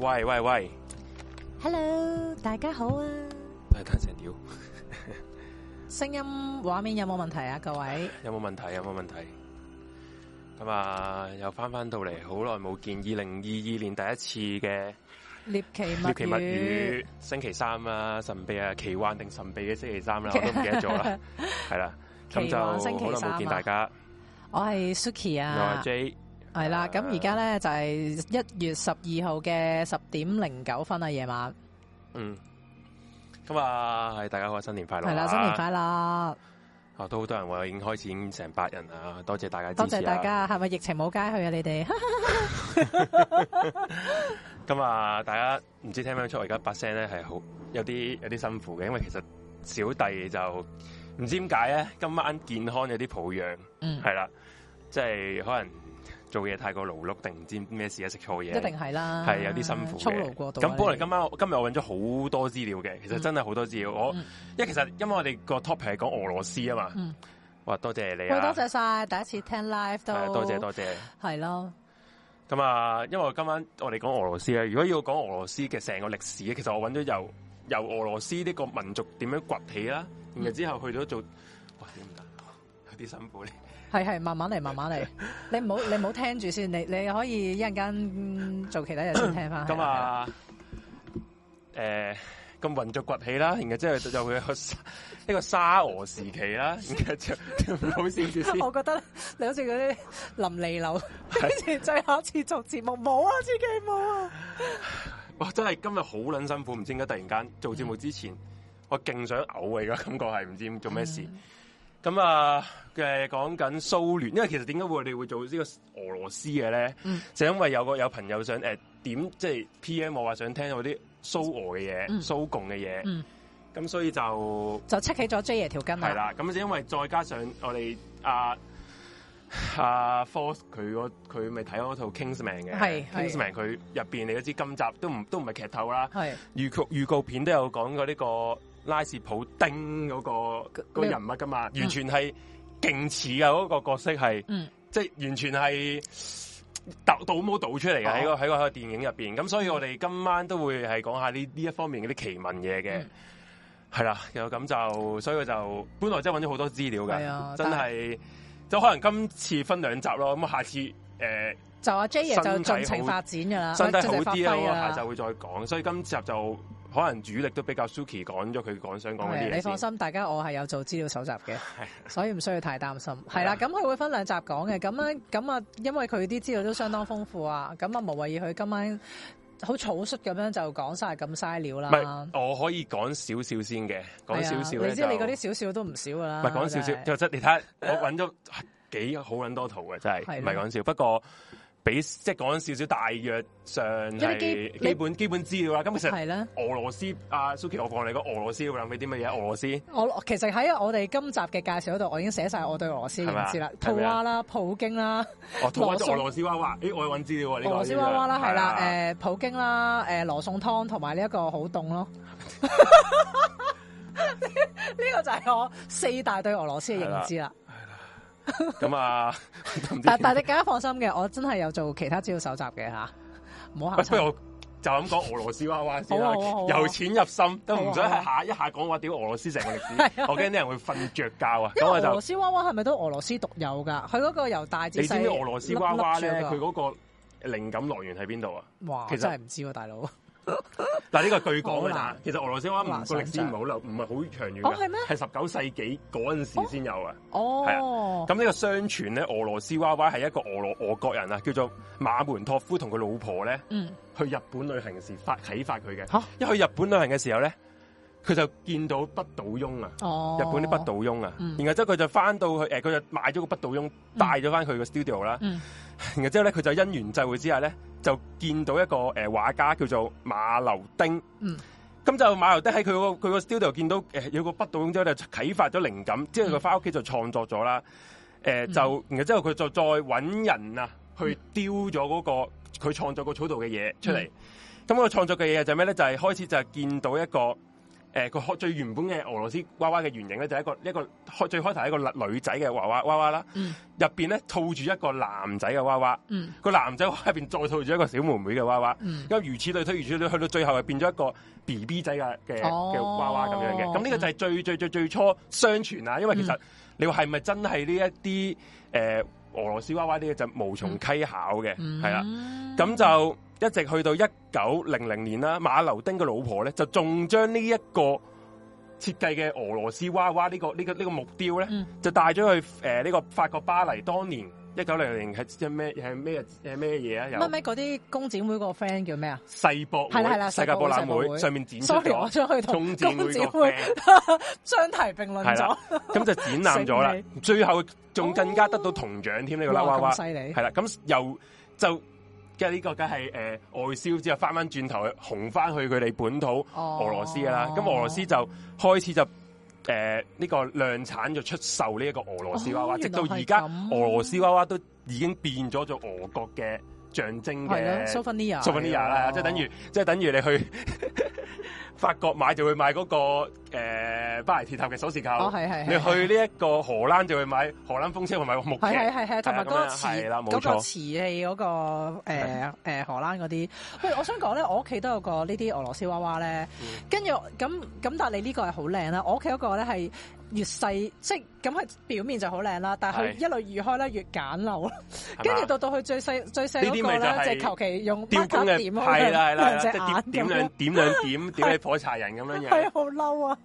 喂喂喂，Hello，大家好啊！係彈成鳥，聲音畫面有冇問題啊？各位、啊、有冇問題？有冇問題？咁啊，又翻翻到嚟，好耐冇見。二零二二年第一次嘅獵奇物獵奇物語，星期三啊，神秘啊，奇幻定神秘嘅星期三啦、啊， 我都唔記得咗啦。係 啦，咁、啊、就好耐冇見大家。我係 Suki 啊，又係 J。係啦，咁而家咧就係一月十二號嘅十點零九分啊，夜晚。嗯，今日係大家好，新年快樂，係啦，新年快樂。啊，都好多人我已經開始成百人啊，多謝大家多謝大家，係咪疫情冇街去啊？你哋。咁 啊， 大家唔知聽唔聽得出？我而家把聲咧係好有啲有啲辛苦嘅，因為其實小弟就唔知點解咧，今晚健康有啲抱養，嗯，係啦，即係可能。做嘢太過勞碌，定唔知咩事啊？食錯嘢一定係啦，係有啲辛苦嘅。操勞過度。咁本嚟今晚今日我揾咗好多資料嘅，其實真係好多資料。嗯、我因為其實因為我哋個 topic 係講俄羅斯啊嘛。嗯。哇！多謝你啊。多謝晒，第一次聽 live 都多謝、啊、多謝。係咯。咁啊，因為今晚我哋講俄羅斯啊。如果要講俄羅斯嘅成個歷史，其實我揾咗由由俄羅斯呢個民族點樣崛起啦，然後之後去咗做。哇！點解有啲辛苦咧？係係，慢慢嚟，慢慢嚟。你唔好，你唔好聽住先。你你可以一陣間做其他嘢先聽翻。咁、嗯、啊，誒，咁渾作崛起啦，然後即係就有一個 一個沙俄時期啦。唔好笑住先。我覺得你好似嗰啲臨利樓，今 次最後一次做節目冇啊，自己冇啊。哇！ 真係今日好撚辛苦，唔知點解突然間做節目之前，嗯、我勁想嘔啊！而、這、家、個、感覺係唔知做咩事。嗯咁、嗯、啊嘅講緊蘇聯，因為其實點解會我哋會做呢個俄羅斯嘅咧、嗯？就是、因為有個有朋友想誒、呃、點即係、就是、P.M. 我話想聽到啲蘇俄嘅嘢、蘇、嗯、共嘅嘢，咁、嗯、所以就就扯起咗 J 爺條筋啦。係啦，咁就因為再加上我哋啊，阿 Force 佢佢咪睇嗰套 Kingsman 嘅，Kingsman 佢入邊你嗰支金集都唔都唔係劇透啦。係預告預告片都有講過呢、這個。拉士普丁嗰個個人物噶嘛，嗯，完全係勁似啊！嗰，嗰個角色係，嗯，即係完全係導導冇倒出嚟嘅，喺個喺個喺個電影入邊。咁，嗯，所以我哋今晚都會係講下呢呢一方面嗰啲奇聞嘢嘅，係，嗯，啦。又咁就，所以我就本來真係揾咗好多資料嘅，真係。就可能今次分兩集咯，咁下次誒，呃，就阿 Jay 就盡情發展噶啦，身體好啲啊，的下集會再講。所以今集就。可能主力都比較 suki 講咗佢講想講嘅嘢，你放心，大家我係有做資料搜集嘅，所以唔需要太擔心。係啦，咁佢會分兩集講嘅。咁咧，咁啊，因為佢啲資料都相當豐富啊，咁啊，無謂要佢今晚好草率咁樣就講晒咁嘥料啦。唔係，我可以講少少先嘅，講少少。你知你嗰啲少少都唔少噶啦。唔係講少少，就你睇下，我揾咗 幾好揾多圖嘅，真係唔係講笑。不過。俾即係講少少，就是，一大約上一基本基本資料啦。咁其實俄羅斯阿 Suki 我講，你講俄羅斯會諗起啲乜嘢？俄羅斯我其實喺我哋今集嘅介紹嗰度，我已經寫晒我對俄羅斯嘅認知花啦。兔娃啦，普京啦，哦羅哦、花俄兔斯俄羅斯娃娃，誒，我係揾資料啊。俄羅斯娃娃啦，係、這、啦、個這個，誒、啊啊呃，普京啦，誒、呃，羅宋湯同埋呢一個好凍咯。呢 個就係我四大對俄羅斯嘅認知啦。咁 啊，但但你更加放心嘅，我真係有做其他資料搜集嘅吓，唔好下不如我就咁講俄羅斯娃娃先， 好好好由淺入深好，好都唔想係下一下講話屌俄羅斯成個歷史，好好我驚啲人會瞓着覺啊。我 就俄羅斯娃娃係咪都是俄羅斯獨有噶？佢嗰個由大至細，你知唔知俄羅斯娃娃咧？佢嗰、嗰個靈感來源喺邊度啊其實？哇，真係唔知喎、啊，大佬。嗱 呢個句講嘅，其實俄羅斯娃娃個歷史唔係好流，唔係好長遠嘅。係咩？係十九世紀嗰陣時先有嘅。哦，係啊。咁呢、哦、個相傳咧，俄羅斯娃娃係一個俄羅俄國人啊，叫做馬門托夫同佢老婆咧、嗯，去日本旅行時發啟發佢嘅。一、啊、去日本旅行嘅時候咧，佢就見到不倒翁啊。哦、日本啲不倒翁啊。嗯、然後之後佢就翻到去，誒、呃，佢就買咗個不倒翁，帶咗翻佢個 studio 啦。嗯、然後之後咧，佢就因緣際會之下咧。就見到一個誒、呃、畫家叫做馬劉丁，嗯，咁就馬劉丁喺佢個佢個 studio 見到誒、呃、有個不倒翁之後就啟發咗靈感，嗯、之後佢翻屋企就創作咗啦，誒、呃、就然、嗯、後之佢就再揾人啊去雕咗嗰個佢、嗯、創作草、嗯那個草圖嘅嘢出嚟，咁佢創作嘅嘢就係咩咧？就係、是、開始就係見到一個。誒、呃，個最原本嘅俄羅斯娃娃嘅原型咧，就係一個一個開最開頭係一個女仔嘅娃娃娃娃啦，入邊咧套住一個男仔嘅娃娃，嗯、個男仔入邊再套住一個小妹妹嘅娃娃，咁、嗯、如、嗯、此類推，如此類推去到最後，係變咗一個 B B 仔嘅嘅嘅娃娃咁、哦、樣嘅。咁呢個就係最最最最初相傳啊，因為其實、嗯、你話係咪真係呢一啲誒俄羅斯娃娃呢個就無從稽考嘅，係、嗯、啦，咁就。一直去到一九零零年啦，馬留丁嘅老婆咧就仲將呢一個設計嘅俄羅斯娃娃、這個這個這個、目標呢個呢個呢個木雕咧，嗯、就帶咗去誒呢、呃這個法國巴黎。當年一九零零係即係咩係咩咩嘢啊？有咪咪嗰啲公展妹個 friend 叫咩啊？世博係啦係啦，世界博覽會，博會，博會上面展出咗。s 我想去同公主妹，的朋友公妹 相提並論咗。咁就展覽咗啦，最後仲更加得到銅獎添呢個啦娃娃。犀利係啦，咁又就。即係呢個梗係誒，外銷之後翻翻轉頭去紅翻去佢哋本土、oh. 俄羅斯啦，咁俄羅斯就開始就誒呢、呃呢個量產就出售呢一個俄羅斯娃娃，oh, 直到而家俄羅斯娃娃都已經變咗做俄國嘅。象徵嘅，Souvenir s o u v e n i r 啦，即係等於、哦，即係等於你去 法國買就會買嗰、那個、呃、巴黎鐵塔嘅鎖匙扣，哦，係，你去呢一個荷蘭就去買荷蘭風車，同埋木，係係係係，同埋嗰個瓷嗰、那個瓷器嗰個誒、呃呃呃、荷蘭嗰啲。喂，我想講咧，我屋企都有個呢啲俄羅斯娃娃咧、嗯，跟住咁咁，但係你呢個係好靚啦，我屋企嗰個咧係。越細，即係咁佢表面就好靚啦，但係佢一路移開咧越簡陋，跟住到到去最細最細嗰、嗰個咧、就是，就求、是、其用雕工點點係啦係啦，即係點兩點兩點點你火柴人咁樣嘢，係好嬲啊！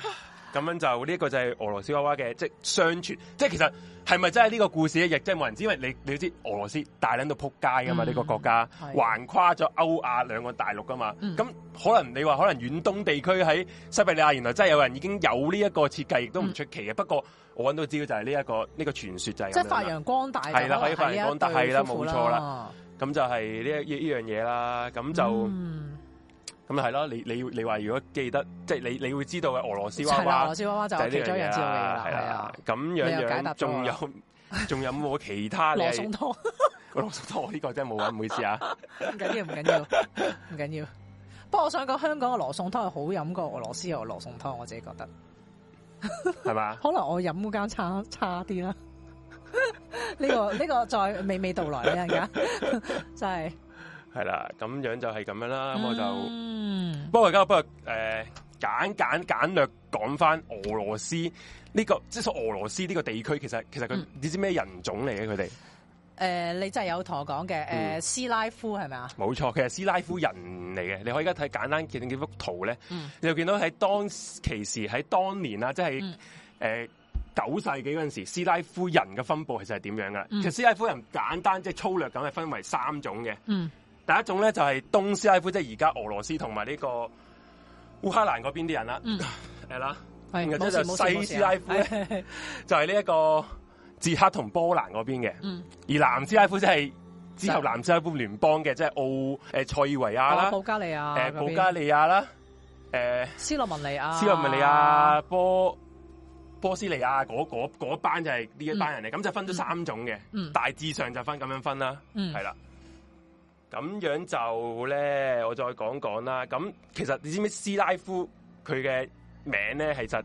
咁樣就呢個個就係俄羅斯娃娃嘅，即係相傳，即係其實係咪真係呢個故事咧，亦真係冇人知，因為你你都知俄羅斯大捻到撲街噶嘛呢、嗯這個國家，橫跨咗歐亞兩個大陸噶嘛，咁、嗯、可能你話可能遠東地區喺西伯利亞，原來真係有人已經有呢一個設計，亦都唔出奇嘅、嗯。不過我揾到資料就係呢一個呢、這個傳說就係，即係發揚光大係啦，可以發揚光大係啦，冇、嗯、錯啦。咁就係呢一呢樣嘢啦，咁就。嗯咁咪係咯，你你你話如果記得，即係你你會知道嘅俄羅斯娃娃。係啦，俄羅斯娃娃就、就是、其中一招嚟啦。係啊，咁樣樣，仲有仲有冇其他？羅 宋湯，羅 宋湯呢個真係冇 啊，唔好意思啊。唔緊要，唔緊要，要，唔緊要，要。不過我想講香港嘅羅宋湯係好飲過俄羅斯嘅羅宋湯，我自己覺得係嘛？ 是吧 可能我飲嗰間差差啲啦。呢、 這個呢、這個再娓娓道來啦，而家真係。係啦，咁樣就係咁樣啦。咁、嗯、我就，不過而家不過誒、呃，簡簡簡略講翻俄羅斯呢、這個，即係所俄羅斯呢個地區，其實其實佢、嗯、你知咩人種嚟嘅佢哋？誒、呃，你真係有同我講嘅，誒、呃嗯，斯拉夫係咪啊？冇錯，其實斯拉夫人嚟嘅。你可以而家睇簡單幾幾幅圖咧、嗯，你就見到喺當時其時喺當年啊，即係誒、嗯呃、九世紀嗰陣時，斯拉夫人嘅分佈其實係點樣嘅、嗯？其實斯拉夫人簡單即係粗略咁係分為三種嘅。嗯第一種咧就係、是、東斯拉夫，即係而家俄羅斯同埋呢個烏克蘭嗰邊啲人啦、嗯，係 啦，然後就是西斯拉夫咧， 就係呢一個捷克同波蘭嗰邊嘅、嗯，而南斯拉夫即、就、係、是、之後南斯拉夫聯邦嘅，即係奧誒塞爾維亞啦、保、哦、加利亞誒保、呃、加利亞啦、誒、呃、斯洛文尼亞、斯洛文尼亞、波波斯利亞嗰班就係呢一班人嚟，咁、嗯、就分咗三種嘅、嗯，大致上就分咁樣分啦，係、嗯、啦。咁樣就咧，我再講講啦。咁其實你知唔知斯拉夫佢嘅名咧，其實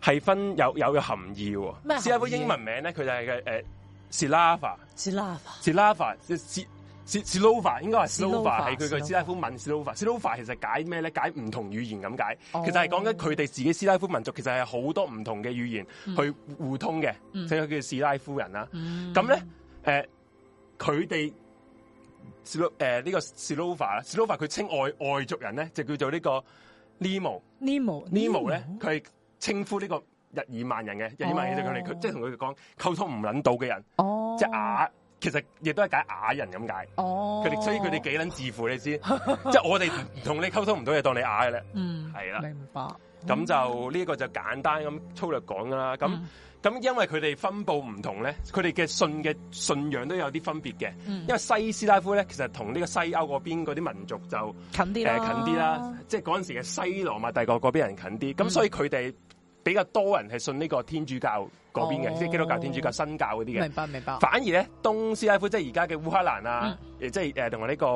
係分有有嘅含義喎。斯拉夫英文名咧，佢就係嘅誒 Slava，Slava，Slava，斯斯斯 Slova，應該話 Slova 係佢嘅斯拉夫文。Slova 其實解咩咧？解唔同語言咁解、哦。其實係講緊佢哋自己斯拉夫民族，其實係好多唔同嘅語言去互通嘅、嗯，所以叫斯拉夫人啦。咁、嗯、咧，誒、嗯，佢哋。呃 s、呃、呢、這個 s l o v a s l o v a 佢稱外外族人咧，就叫做呢個 Limo, Nimo? Nimo 呢個 n e m o n e m o l i m u 咧，佢係稱呼呢個日耳曼人嘅、oh. 日耳曼人佢哋，佢即係同佢哋講溝通唔撚到嘅人，哦、oh.，即係啞，其實亦都係解啞人咁解，哦、oh.，佢哋所以佢哋幾撚自負 你知道， 即係我哋同你溝通唔到嘢當你啞嘅啦，嗯，係啦，明白，咁就呢一、這個就簡單咁粗略講噶啦，咁、嗯。那嗯咁因為佢哋分布唔同咧，佢哋嘅信嘅信仰都有啲分別嘅、嗯。因為西斯拉夫咧，其實同呢個西歐嗰邊嗰啲民族就近啲啦，誒近啲啦，即係嗰陣時嘅西羅馬帝國嗰邊人近啲。咁、嗯、所以佢哋比較多人係信呢個天主教嗰邊嘅，即係基督教、天主教、新教嗰啲嘅。明白明白。反而咧，東斯拉夫即係而家嘅烏克蘭啊，即係誒同埋呢個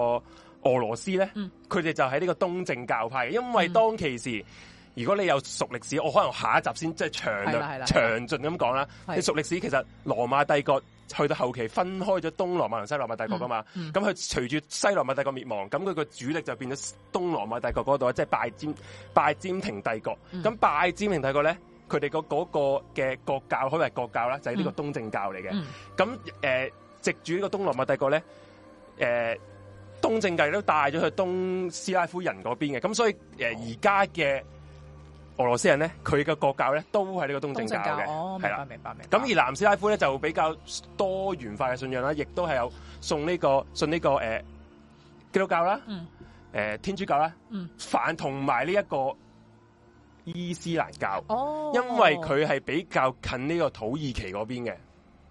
俄羅斯咧，佢、嗯、哋就喺呢個東正教派嘅。因為當其時。嗯如果你有熟歷史，我可能下一集先即係詳啊詳盡咁講啦。你熟歷史，其實羅馬帝國去到後期分開咗東羅馬同西羅馬帝國噶嘛？咁、嗯、佢、嗯、隨住西羅馬帝國滅亡，咁佢個主力就變咗東羅馬帝國嗰度，即、就、係、是、拜占拜占庭帝國。咁、嗯、拜占庭帝國咧，佢哋個嗰個嘅國教可以係國教啦，就係、是、呢個東正教嚟嘅。咁、嗯、誒，籍住呢個東羅馬帝國咧，誒、呃、東正教亦都帶咗去東斯拉夫人嗰邊嘅。咁所以誒，而家嘅。俄羅斯人咧，佢嘅國教咧都係呢個東正教嘅，係啦、哦，明白明。咁而南斯拉夫咧就比較多元化嘅信仰啦，亦都係有信呢、這個信呢、這個誒、呃、基督教啦，誒、嗯呃、天主教啦，嗯，反同埋呢一個伊斯蘭教，哦，因為佢係比較近呢個土耳其嗰邊嘅。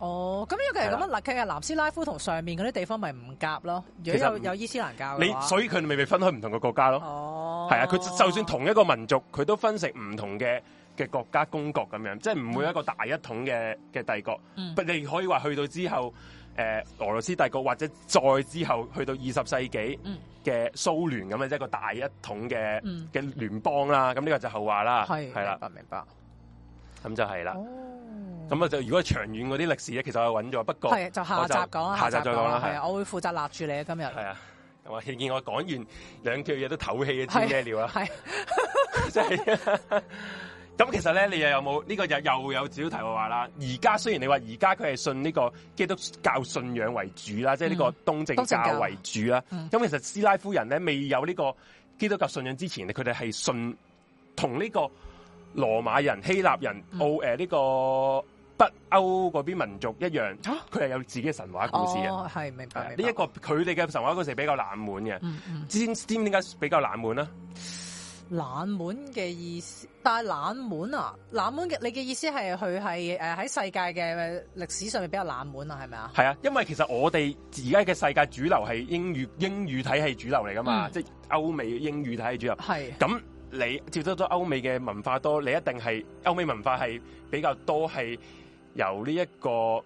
哦，咁因其實咁樣，其南斯拉夫同上面嗰啲地方咪唔夾咯，如果有有伊斯蘭教，你所以佢咪未分開唔同嘅國家咯。哦、oh.，係啊，佢就算同一個民族，佢都分成唔同嘅嘅國家公國咁樣，即係唔會有一個大一統嘅嘅帝國。嗯、mm.，你可以話去到之後，誒、呃，俄羅斯帝國或者再之後去到二十世紀嘅蘇聯咁樣即係、mm. 一個大一統嘅嘅聯邦啦。咁呢個就後話啦，係係啦，明白明白咁就係啦。Oh. 咁啊，就如果長遠嗰啲歷史咧，其實我揾咗，不過係就下集講，下集再講啦，係、啊啊，我會負責立住你啊，今日係啊，我見見我講完兩句嘢都唞氣啊，知咩料啦，係、啊，即係咁、啊， 其實咧，你又有冇呢、呢個又又有小題嘅話啦，而家雖然你話而家佢係信呢個基督教信仰為主啦，即係呢個東正、嗯、東正教為主啦，咁、嗯、其實斯拉夫人咧，未有呢個基督教信仰之前，佢哋係信同呢個羅馬人、希臘人、奧誒呢個。北歐嗰邊民族一樣，佢係有自己嘅神話故事嘅。哦，係明白。呢一，這個佢哋嘅神話故事比較冷門嘅。尖、嗯、尖，點、嗯、解比較冷門咧？冷門嘅意思，但係冷門啊，冷門嘅你嘅意思係佢係誒喺世界嘅歷史上係比較冷門啊？係咪啊？係啊，因為其實我哋而家嘅世界主流係英語英語體系主流嚟㗎嘛。嗯、即係歐美英語體系主流。係咁，那你接觸咗歐美嘅文化多，你一定係歐美文化係比較多係。由呢一個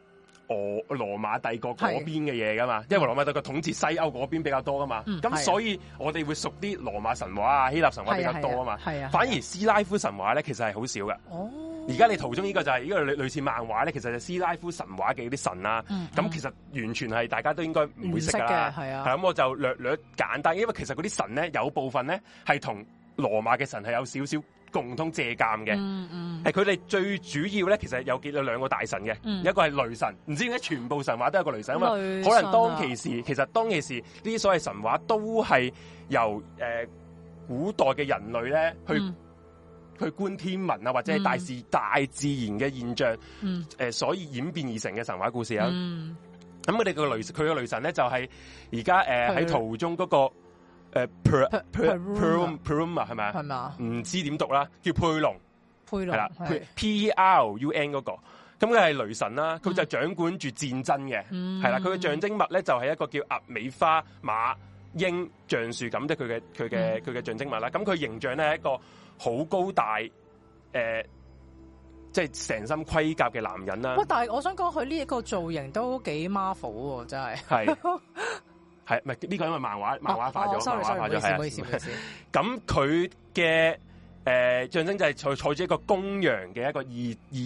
俄羅馬帝國嗰邊嘅嘢㗎嘛，因為羅馬帝國統治西歐嗰邊比較多㗎嘛，咁所以我哋會熟啲羅馬神話啊、希臘神話比較多啊嘛，係啊，反而斯拉夫神話咧，其實係好少嘅。哦，而家你圖中呢個就係呢個類似漫畫咧，其實就斯拉夫神話嘅啲神啊，咁其實完全係大家都應該唔會識㗎，係啊，咁我就略略簡單，因為其實嗰啲神咧有部分咧係同羅馬嘅神係有少少。共通借鑒嘅、嗯，係佢哋最主要咧。其實有結咗兩個大神嘅、嗯，一個係雷神，唔知點解全部神話都係個雷神，雷神啊！可能當其時，其實當其時呢啲所謂神話都係由誒、呃、古代嘅人類咧去、嗯、去觀天文啊，或者係大自、嗯、大自然嘅現象，誒、嗯呃、所以演變而成嘅神話故事啊。咁佢哋個雷佢個雷神咧就係而家誒喺途中嗰、那個。誒、uh，Per Per Perum Perum 啊，係咪係嘛？唔知點讀啦，叫佩龍。佩龍係啦，P E R U N 嗰，那個，咁佢係雷神啦，佢就掌管住戰爭嘅，係、嗯、啦。佢嘅象徵物咧就係一個叫鳶尾花馬鷹橡樹，咁即係佢嘅佢嘅佢嘅象徵、嗯、物啦。咁佢形象咧係一個好高大誒，即係成身盔甲嘅男人啦。哇！但係我想講佢呢一個造型都幾 Marvel 喎，真係。係。 係，唔係呢個因為漫畫，啊、漫畫化咗，啊哦、sorry, 漫畫化咗，唔好意思，咁佢嘅誒象徵就係坐坐住一個公羊嘅一個二二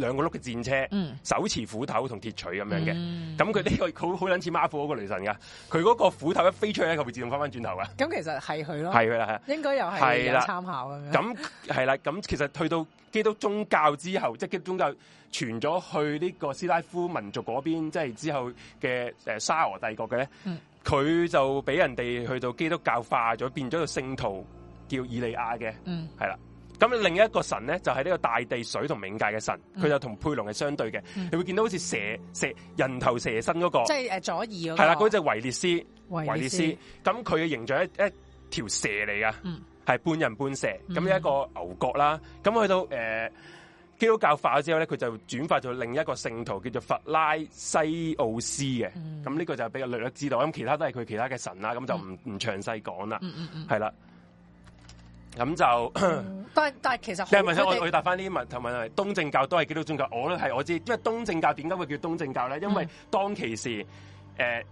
兩個碌嘅戰車，嗯，手持斧頭同鐵錘咁樣嘅，咁佢呢個好好捻似馬虎嗰個雷神噶，佢嗰個斧頭一飛出去，佢會自動翻翻轉頭噶。咁、嗯、其實係佢咯，係佢啦，係，應該又係有參考咁樣。咁係啦，咁 其實去到基督宗教之後，即、就、係、是、基督宗教傳咗去呢個斯拉夫民族嗰邊，即、就、係、是、之後嘅誒、呃、沙俄帝國嘅咧，嗯佢就俾人哋去到基督教化咗，變咗個聖徒叫以利亞嘅，係、嗯、啦。咁另一個神咧就係、是、呢個大地水同冥界嘅神，佢、嗯、就同佩龍係相對嘅、嗯。你會見到好似蛇蛇人頭蛇身嗰、那個，即係誒左耳嗰、那個係啦，嗰隻維列斯維列斯。咁佢嘅形象一一條蛇嚟噶，係、嗯、半人半蛇。咁呢一個牛角啦，咁去到誒。呃基督教化咗之後咧，佢就轉化咗另一個聖徒叫做佛拉西奧斯嘅，咁、嗯、呢、這個就比較略略知道，咁其他都係佢其他嘅神啦，咁就唔唔詳細講啦，係啦，咁、嗯、就，嗯、但係但係其實好，你係咪想我回答翻呢啲問題？同埋東正教都係基督宗教，我都係我知，因為東正教點解會叫東正教咧？因為當其時，誒、嗯。呃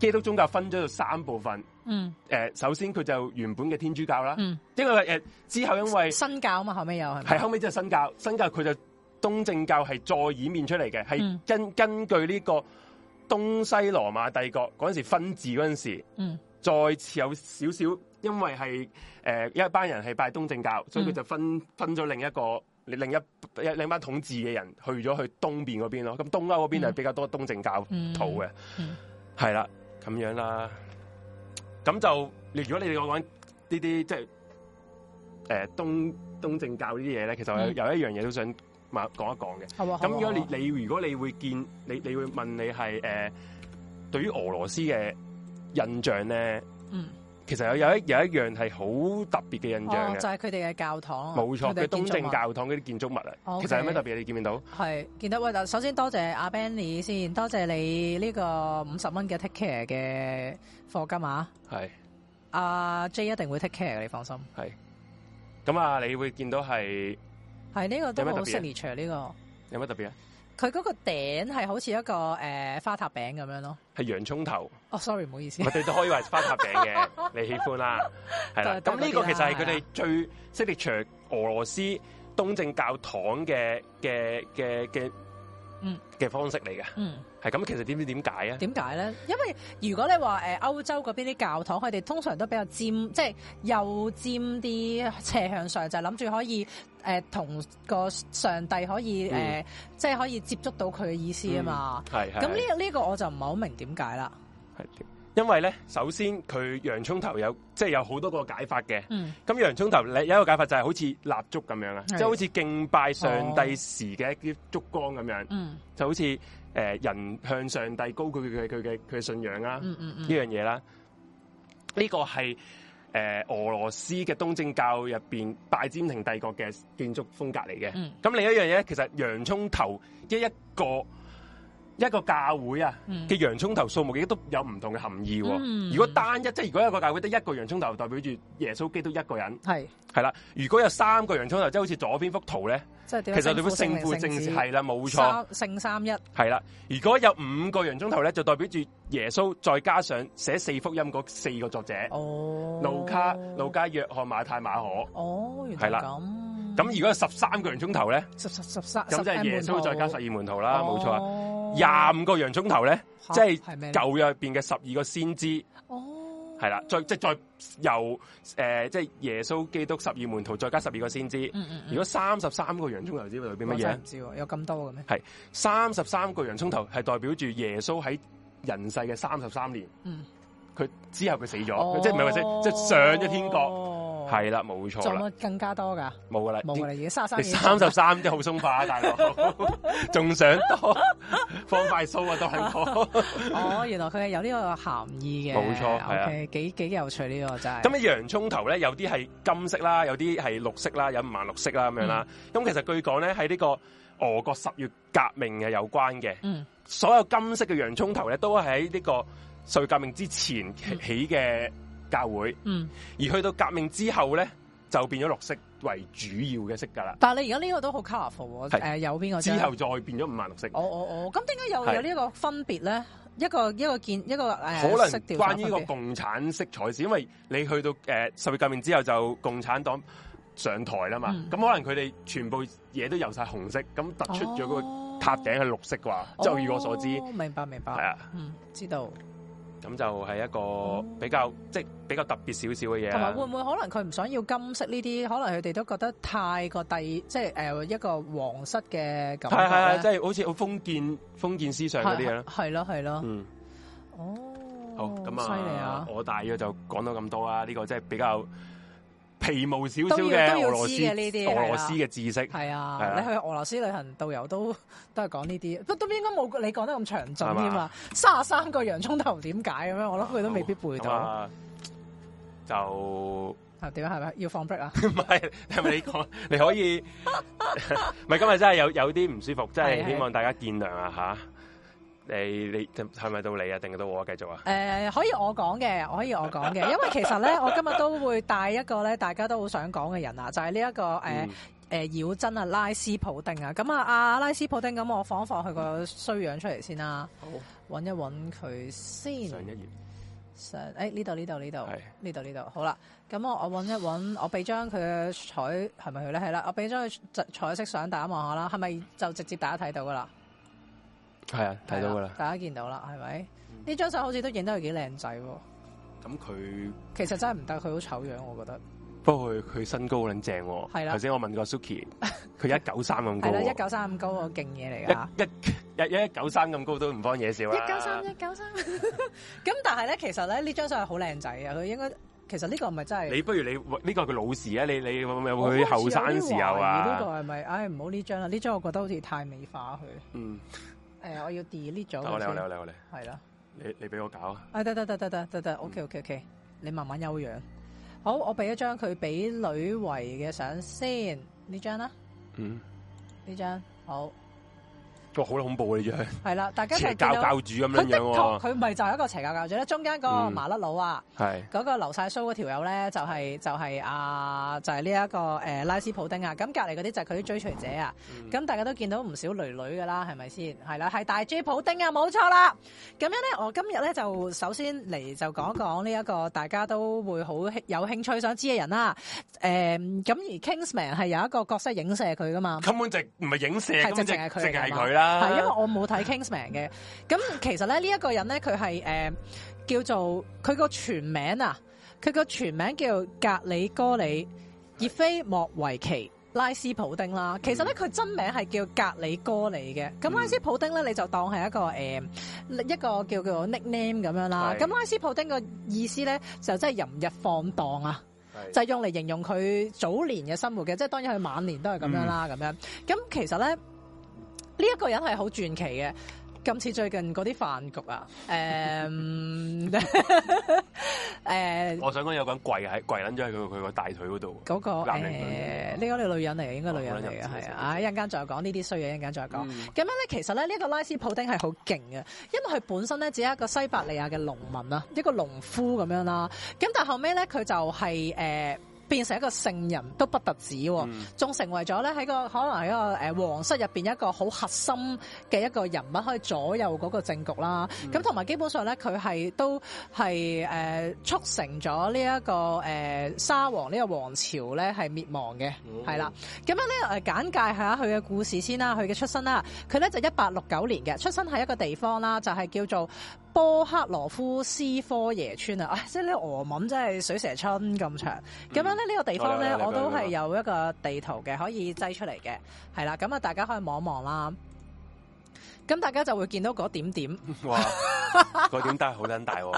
基督宗教分咗三部分，嗯，誒、呃，首先佢就原本嘅天主教啦，嗯，因為誒、呃、之後因為新教啊嘛，後尾又係，係後尾即係新教，新教佢就東正教係再演變出嚟嘅，係、嗯、根根據呢個東西羅馬帝國嗰陣時分治嗰陣時，嗯，再次有少少因為係誒、呃、一班人係拜東正教，所以佢就分、嗯、分咗另一個另一另一班統治嘅人去咗去東邊嗰邊咯，咁東歐嗰邊就比較多東正教徒嘅，係、嗯、啦。嗯嗯咁樣啦，咁就你如果你哋講呢啲即係誒東東正教東呢啲嘢咧，其實我有一樣嘢都想問講一講嘅。咁、嗯、如果你你如果你會見你你會問你係誒、呃、對於俄羅斯嘅印象咧？嗯其實有一有一有一樣係好特別嘅印象嘅，哦，就係佢哋嘅教堂，冇錯嘅東正教堂嗰啲建築物啊，okay, 其實有咩特別你見唔見到？係，見到喂，首先多謝阿 Benny 先，多謝你呢個五十蚊嘅 take care 嘅課金啊，係，阿，啊，J 一定會 take care 你放心。係，咁啊，你會見到係，係呢，這個都好 signature 呢個，有咩特別啊？佢嗰個頂係好似一個、呃、花塔餅咁樣咯，係洋葱頭。哦，sorry，唔好意思，我哋都可以話花塔餅嘅， 你喜歡啦，係 啦。咁呢、嗯、個其實係佢哋最 signature 俄羅斯東正教堂嘅嘅嘅嘅嗯嘅方式嚟嘅，嗯係咁，其實點知點解啊？點解咧？因為如果你話誒歐洲嗰邊啲教堂，佢哋通常都比較尖，即係又尖啲斜向上，就諗、是、住可以誒、呃、同個上帝可以誒、嗯呃，即係可以接觸到佢嘅意思啊嘛。係、嗯、係。咁呢呢個我就唔係好明點解啦。係。因為咧，首先佢洋蔥頭有，即係有好多個解法嘅。咁、嗯、洋蔥頭，你有一個解法就係好似蠟燭咁樣啊，即係、就是、好似敬拜上帝時嘅一啲燭光咁樣、嗯。就好似誒、呃、人向上帝高舉佢佢嘅佢嘅信仰啦呢樣嘢啦。呢、嗯嗯嗯呢個係誒、呃、俄羅斯嘅東正教入邊拜占庭帝國嘅建築風格嚟嘅。咁、嗯、另一樣嘢，其實洋蔥頭一一個。一個教會啊，嘅洋葱頭數目亦都有唔同嘅含義，哦。如果單一，即係如果一個教會得一個洋葱頭，葱頭代表住耶穌基督一個人。係係啦，如果有三個洋葱頭，即係好似左邊幅圖咧，其實你會聖父正係啦，冇錯。聖三,三一係啦，如果有五個洋葱頭咧，就代表住耶穌再加上寫四福音嗰四個作者。哦，路卡、路加、約翰、馬太、馬可。哦，係啦。咁如果十三個洋蔥頭咧，十十十三，咁即係耶穌再加十二門徒啦，冇、哦、錯。廿五、啊、個洋蔥頭咧，即係舊約入邊嘅十二個先知。哦，係啦，再即係再由誒，即係、呃、耶穌基督十二門徒再加十二個先知。嗯嗯嗯，如果三十三個洋蔥頭指代表邊乜嘢？我真係唔知，有咁多嘅咩？係三十三個洋蔥頭係代表住耶穌喺人世嘅三十三年。佢、嗯、之後佢死咗、哦，即係唔係話即係上咗天國。係啦，冇錯做仲更加多噶，冇噶啦，冇噶啦，而家三十三，三十三都好鬆化啊，大佬，仲 想多 放快數啊，都係我，啊、 哦，原來佢係有呢個含義嘅，冇錯，係、okay，啊，幾幾有趣呢、這個真係。咁、嗯、樣、嗯、洋蔥頭咧，有啲係金色啦，有啲係綠色啦，有唔顏綠色啦咁樣啦。咁、嗯、其實據講咧，喺呢個俄國十月革命係有關嘅，嗯，所有金色嘅洋蔥頭咧，都係喺呢個十月革命之前起嘅、嗯。教會，嗯，而去到革命之後咧，就變咗綠色為主要嘅色噶啦。但係你而家呢個都好 colorful，誒、呃，有邊個之後再變咗五萬綠色？哦哦哦，咁點解又有呢個分別咧？一個一個建一個誒、呃，可能關於個共產色彩，是因為你去到誒、呃、十月革命之後就共產黨上台啦嘛。咁、嗯、可能佢哋全部嘢都由晒紅色，咁突出咗個塔頂係綠色啩、哦？就以我所知，明白明白，係啊，嗯，知道。咁就係一個比較、嗯、即係比較特別少少嘅嘢，同埋會唔會可能佢唔想要金色呢啲？可能佢哋都覺得太過帝，即係、呃、誒一個皇室嘅感覺，係係即係好似好封建封建思想嗰啲嘢啦，係咯係咯，嗯，哦，好咁啊，犀利啊，我大約就講到咁多啦，呢、呢個即係比較。皮毛少少嘅俄羅斯，俄羅斯，俄羅斯、啊，俄羅斯嘅知識係啊，啊，你去俄羅斯旅行，導遊都都係講呢啲，都都應該冇你講得咁詳盡添，三十三個洋葱頭點解咁樣？我諗佢都未必背到。麼就啊，點解，係咪要放 break 啊？唔 係，係咪你講？你可以，唔 係 今日真係有有啲唔舒服，真係希望大家見諒啊吓。你，你係咪到你啊？定到我繼續啊？誒、呃，可以我講嘅，我可以我講嘅，因為其實咧， 我今日都會帶一個咧，大家都好想講嘅人啊，就係呢一個誒誒、呃嗯，妖真啊，拉斯普丁啊，咁啊，阿拉斯普丁，咁我放一放佢個衰樣出嚟先啦，搵一搵佢先。上一頁，上誒，呢度呢度呢度，呢度呢度，好啦，咁我我搵一搵，我俾張佢嘅彩係咪佢咧？係啦，我俾張佢彩色相打望下，大家望下啦，係咪就直接大家睇到噶啦？係啊，睇到噶啦、啊，大家見到啦，係咪？呢張相好似都影得佢幾靚仔。咁佢其實真係唔得，佢好醜樣，我覺得。不過佢佢身高好撚正，係啦、啊。頭先我問過 Suki，佢一九三咁高、啊，係 啦、啊，一九三咁高，我勁嘢嚟噶。一一一一九三咁高都唔慌嘢笑啊！一九三一九三，咁 但係咧，其實咧呢張相係好靚仔啊！佢應該其實呢個唔係真係。你不如你呢、這個佢老時啊？你你會唔會去後生的時候啊？呢、這個係咪？唉，唔好呢張啦，呢張我覺得好似太美化佢。嗯。誒、哎，我要 delete 咗。你好，你好，你係啦。你你俾我搞啊。誒、啊，得得得得得得得，OK OK OK，你慢慢休養。好，我俾一張佢俾女圍嘅相先，呢張啦。嗯。呢張好。哇，好恐怖嘅、啊，你真係啦，大家係教教主咁樣樣佢的確唔係就一個邪教教主咧、啊，中間嗰個麻甩佬啊，係、嗯、嗰、嗰個留曬須嗰條友咧，就係就係啊，就係呢一個誒、呃、拉斯普丁啊。咁隔離嗰啲就係佢啲追隨者啊。咁、嗯、大家都見到唔少女女嘅啦，係咪先？係啦，係大 G 普丁啊，冇錯啦。咁樣咧，我今日咧就首先嚟就講講呢一個大家都會好有興趣想知嘅人啦、啊。誒、呃，咁而 Kingsman 係有一個角色影射佢噶嘛？根本就唔係影射嗰隻，淨係佢啦。係、啊，因為我冇睇《Kingsman》嘅，咁其實咧呢一、這個人咧佢係誒叫做佢個全名啊，佢個全名叫格里哥里葉菲莫維奇拉斯普丁啦。其實咧佢、嗯、真名係叫格里哥里嘅，咁拉斯普丁咧你就當係一個誒、呃、一個叫，叫做 nickname 咁樣啦。咁拉斯普丁個意思咧就真係淫逸放蕩啊，是就是用嚟形容佢早年嘅生活嘅，即、就、係、是、當然佢晚年都係咁樣啦，咁、嗯、樣。咁其實咧。呢、這、一個人係好傳奇嘅，今次最近嗰啲飯局啊，誒，誒，我想講有個人跪喺，跪撚咗喺佢佢個大腿嗰度，嗰、那個誒呢個女人嚟嘅、呃，應該女人嚟嘅，係、哦、啊，一陣間再講、嗯、呢啲衰嘢，一陣間再講。咁樣咧，其實咧呢一、這個拉斯普丁係好勁嘅，因為佢本身咧只係一個西伯利亞嘅農民啊，一個農夫咁樣啦，咁但後尾咧佢就係、是、誒。呃變成一個聖人都不特止，仲、嗯、成為咗咧喺個可能喺個皇室入面一個好核心嘅一個人物，可以左右嗰個政局啦。咁同埋基本上咧，佢係都係誒、呃、促成咗呢一個誒、呃、沙皇個王呢個王朝咧係滅亡嘅，係、哦、啦。咁樣咧誒簡介下佢嘅故事先啦，佢嘅出身啦，佢咧就一八六九年嘅出生喺一個地方啦，就係、是、叫做。波克羅夫斯科耶村啊，唉、啊，即係咧俄文，真係水蛇春咁長。咁、嗯、樣咧呢個地方咧、哦，我都係有一個地圖嘅，可以擠出嚟嘅，係、嗯、啦。咁啊，大家可以望望啦。咁大家就會見到嗰點點，哇，嗰點但係好大，大、哦，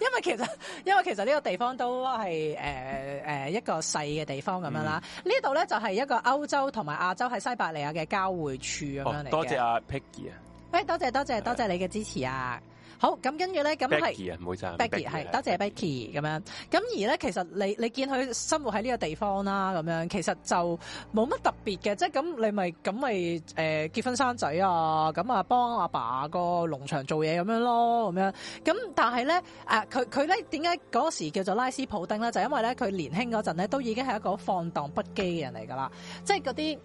因為其實因為其實呢個地方都係誒誒一個細嘅地方咁樣啦。呢度咧就係一個歐洲同埋亞洲喺西伯利亞嘅交匯處咁樣嚟、哦、多謝阿 Peggy 啊、哎，多謝多謝多謝你嘅支持啊！好，咁跟住咧，咁係。Becky 係，係，多謝 Becky 咁樣。咁而咧，其實你你見佢生活喺呢個地方啦，咁樣、咁樣其實就冇乜特別嘅，即係咁你咪咁咪誒結婚生仔啊，咁啊幫阿爸個農場做嘢咁樣咯，咁樣。咁但係咧誒，佢佢咧點解嗰時叫做拉斯普丁咧？就是、因為咧佢年輕嗰陣咧，都已經係一個放蕩不羈嘅人嚟㗎啦。即係嗰啲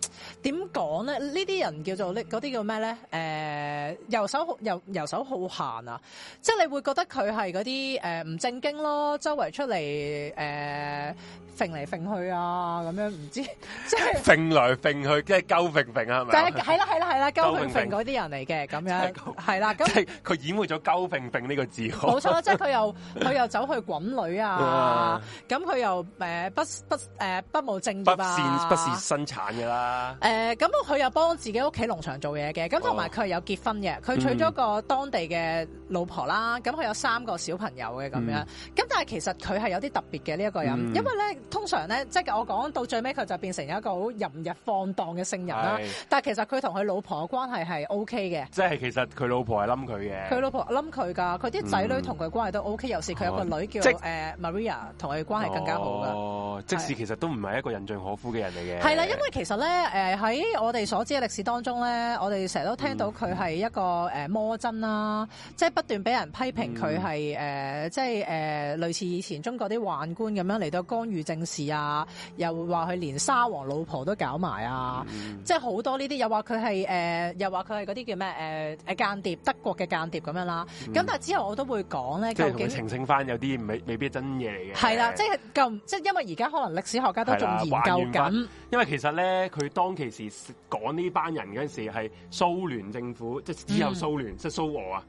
點講咧？呢啲人叫做咧嗰啲叫咩咧？誒、呃、遊手、遊、遊手好閒啊！即係你會覺得佢係嗰啲誒唔正經咯，周圍出嚟誒揈嚟揈去啊，咁樣唔知即係揈來揈去，即係鳩揈揈啊，係咪？係啦係啦係啦，鳩揈揈嗰啲人嚟嘅，咁樣係啦。即係佢掩護咗鳩揈揈呢個字。冇 錯，即係佢又佢又走去滾女啊，咁 佢又誒、呃、不不誒、呃、不務正業、啊、不善不善生產噶啦、呃。誒，咁佢又幫自己屋企農場做嘢嘅，咁同埋佢係有結婚嘅，佢娶咗個當地嘅。老婆啦，咁佢有三個小朋友嘅咁、嗯、樣，咁但係其實佢係有啲特別嘅呢一個人，嗯、因為咧通常咧即係我講到最尾佢就變成一個好淫逸放蕩嘅聖人啦。但係其實佢同佢老婆嘅關係係 O K 嘅。即係其實佢老婆係冧佢嘅。佢老婆冧佢㗎，佢啲仔女同佢關係都 O、OK, K，、嗯、尤其是佢有個女叫誒、呃、Maria 同佢關係更加好、哦、即使其實都唔係一個人象可夫嘅人嚟嘅。係啦，因為其實咧誒喺我哋所知嘅歷史當中咧，我哋成日都聽到佢係一個、嗯呃、魔真啦、啊，即不斷俾人批評佢係誒，即係誒、呃、類似以前中國啲宦官咁樣嚟到干預政事啊，又話佢連沙皇老婆都搞埋啊，嗯、即係好多呢啲，又話佢係誒，又話佢係嗰啲叫咩誒誒間諜、德國嘅間諜咁樣啦、啊。咁、嗯、但係之後我都會講咧，即係澄清翻有啲未未必真嘢嚟嘅。係啦，即係咁，即係因為而家可能歷史學家都仲研究緊，因為其實咧佢當其時講呢班人嗰陣時係蘇聯政府，嗯、即係只有蘇聯即係蘇俄啊，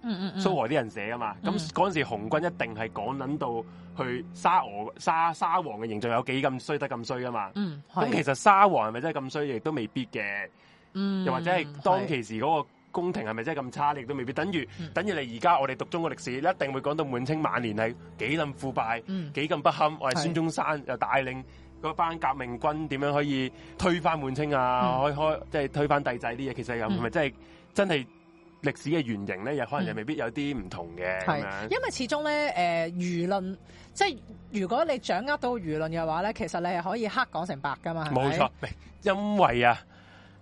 嗰啲人寫噶嘛？咁嗰陣時紅軍一定係講捻到去沙俄沙沙皇嘅形象有幾咁衰得咁衰噶嘛？咁、嗯、其實沙皇係咪真係咁衰？亦都未必嘅、嗯。又或者係當其時嗰個宮廷係咪真係咁差？亦都未必。等於、嗯、等於你而家我哋讀中國歷史，一定會講到滿清晚年係幾咁腐敗，幾、嗯、咁不堪。我係孫中山又帶領嗰班革命軍點樣可以推翻滿清啊、嗯？可以開即係、就是、推翻帝制啲嘢。其實又唔係真係、嗯、真係。歷史嘅原型咧，又可能又未必有啲唔同嘅、嗯。因為始終咧，誒、呃，輿論，即係如果你掌握到輿論嘅話咧，其實你係可以黑講成白噶嘛。冇錯係係，因為啊，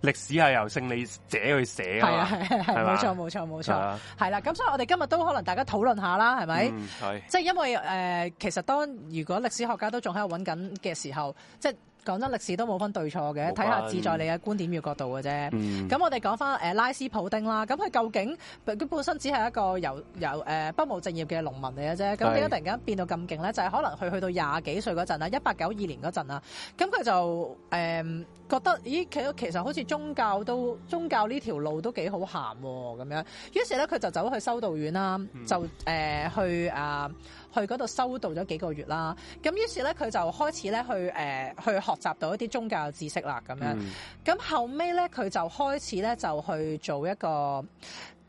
歷史係由勝利者去寫。係啊，係呀、啊，係，冇錯，冇錯，冇錯。係啦、啊，咁、啊啊、所以我哋今日都可能大家討論下啦，係咪、嗯？即係因為誒、呃，其實當如果歷史學家都仲喺度揾緊嘅時候，即講真，歷史都冇分對錯嘅，睇下志在你嘅觀點與角度嘅啫。咁、嗯、我哋講翻拉斯普丁啦，咁佢究竟佢本身只係一個由由誒不務正業嘅農民嚟嘅啫。咁佢突然間變到咁勁咧，就係、是、可能佢去到廿幾歲嗰陣啦，一八九二年嗰陣啦，咁佢就誒、呃、覺得咦，其實實好似宗教都宗教呢條路都幾好行咁樣。於是咧，佢就走去修道院啦、嗯，就誒、呃、去、呃去嗰度修道咗幾個月啦，咁於是咧佢就開始咧去誒、呃、去學習到一啲宗教知識啦，咁樣咁、嗯、後尾咧佢就開始咧就去做一個誒、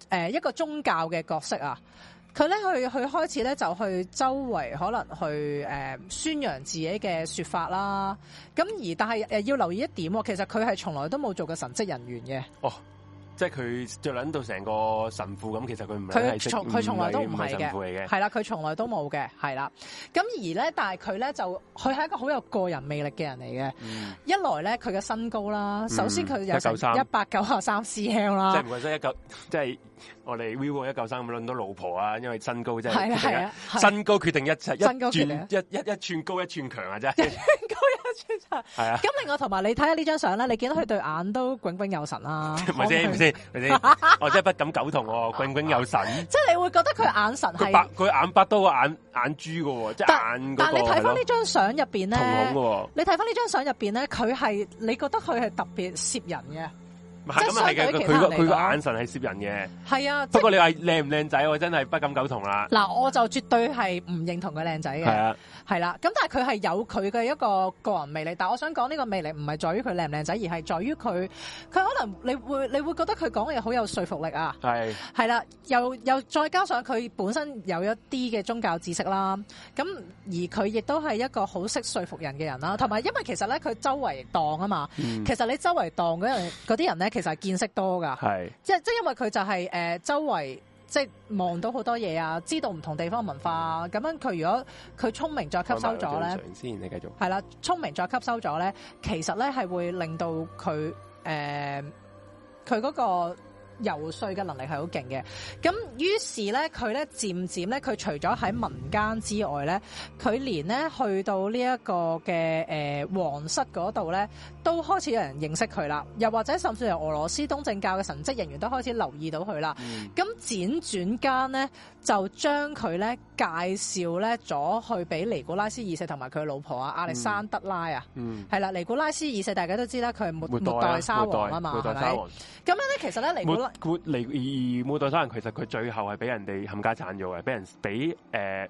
呃、一個宗教嘅角色啊。佢咧去去開始咧就去周圍可能去誒、呃、宣揚自己嘅說法啦。咁而但係誒要留意一點，其實佢係從來都冇做過神職人員嘅哦。即係佢着撚到成個神父咁，其實佢唔係。佢從佢從來都唔係嘅。係啦，佢從來都冇嘅，係啦。咁而咧，但係佢咧就佢係一個好有個人魅力嘅人嚟嘅。嗯、一來咧，佢嘅身高啦，首先佢有九一八九啊三 cm 啦。即係唔係一九？即係。我哋 Will 一嚿生咁樣攞到老婆啊，因為身高真係，係啊，是啊是啊是啊身高決定一切，身高決定、啊、一一一寸高一寸強啊，啫，一寸高一寸強，係啊。 咁、啊、另外同埋，你睇下呢張相咧，你見到佢對眼都炯炯有神啦、啊， 係咪先？係咪先？ 我真係不敢苟同喎、啊，炯 炯有神。 即係你會覺得佢眼神係，佢白佢眼白都眼眼珠噶喎、啊，即係眼、那個但。但你睇翻呢張相入邊咧，啊、你睇翻呢張相入邊咧，佢係你覺得佢係特別攝人嘅。咁係嘅，佢個佢個眼神係攝人嘅。係啊，不過你話靚唔靚仔，我真係不敢苟同啦。嗱，我就絕對係唔認同佢靚仔嘅。係啊，啊，係啦。咁但係佢係有佢嘅一個個人魅力。但係我想講呢個魅力唔係在於佢靚唔靚仔，而係在於佢佢可能你會你會覺得佢講嘢好有說服力啊。係係啦，又又再加上佢本身有一啲嘅宗教知識啦。咁而佢亦都係一個好識說服人嘅人啦。同埋、啊、因為其實咧，佢周圍當啊嘛，嗯、其實你周圍當嗰樣嗰啲人咧。其實係見識多㗎，即係即係因為佢就係、是、誒、呃、周圍即係望到好多嘢啊，知道唔同地方嘅文化、啊，咁樣佢如果佢聰明再吸收咗咧，先你繼續。係啦，聰明再吸收咗咧，其實咧係會令到佢誒佢嗰個。游説嘅能力係好勁嘅，咁於是咧，佢咧漸漸咧，佢除咗喺民間之外咧，佢連咧去到呢一個嘅誒、呃、皇室嗰度咧，都開始有人認識佢啦。又或者甚至係俄羅斯東正教嘅神職人員都開始留意到佢啦。咁、嗯、輾轉間呢，就將佢咧介紹咧咗去俾尼古拉斯二世同埋佢老婆啊亞歷山德拉啊，係、嗯、啦，尼古拉斯二世大家都知啦，佢係末代沙皇啊嘛，係咪？咁樣咧，其實咧尼古拉。good，嚟，冇代山其實佢最後係俾人哋冚家鏟咗嘅，俾人俾誒。呃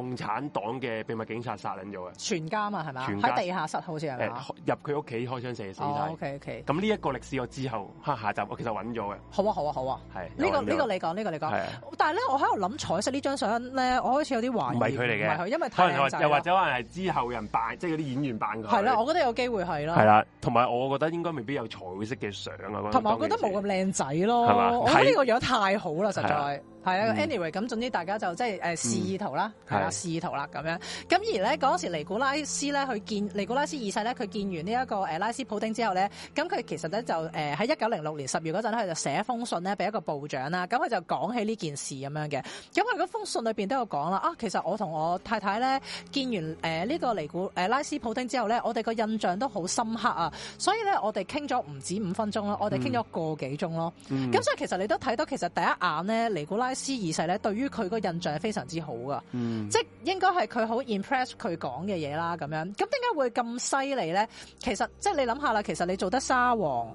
共產黨嘅秘密警察殺人咗嘅，全家啊，係咪？喺地下室好似係嘛？入佢屋企開槍射死。哦、oh,，OK OK。咁呢一個歷史我之後下集我其實揾咗嘅。好啊，好啊，好啊。係呢、這個呢、這個你講呢、這個你講、啊。但係咧，我喺度諗彩色呢張相咧，我開始有啲懷疑。唔係佢嚟嘅，唔係佢，因為又或者可能係之後人扮，即係嗰啲演員扮。係啦、啊，我覺得有機會係啦。係啦、啊。同埋，我覺得應該未必有彩色嘅相啊。同埋，我覺得冇咁靚仔咯。係嘛？我睇呢個樣太好啦，實在。係、嗯、a n y、anyway, w a y 咁總之大家就即係誒示意圖啦，係啦示意圖啦咁樣。咁而咧嗰時尼古拉斯咧，佢見尼古拉斯二世咧，佢見完呢一個誒拉斯普丁之後咧，咁佢其實咧就誒喺一九零六年十月嗰陣，佢就寫一封信咧俾一個部長啦。咁佢就講起呢件事咁樣嘅。咁佢嗰封信裏面都有講啦。啊，其實我同我太太咧見完誒呢個尼古拉斯普丁之後咧，我哋個印象都好深刻啊。所以咧，我哋傾咗唔止五分鐘啦、嗯，我哋傾咗個幾鐘咯。咁、嗯、所以其實你都睇到，其實第一眼咧尼古拉斯施二世咧，對於佢嗰個印象係非常之好噶、嗯，即係應該係佢好 impress 佢講嘅嘢啦，咁樣，咁點解會咁犀利咧？其實即係你諗下啦，其實你做得沙皇，誒、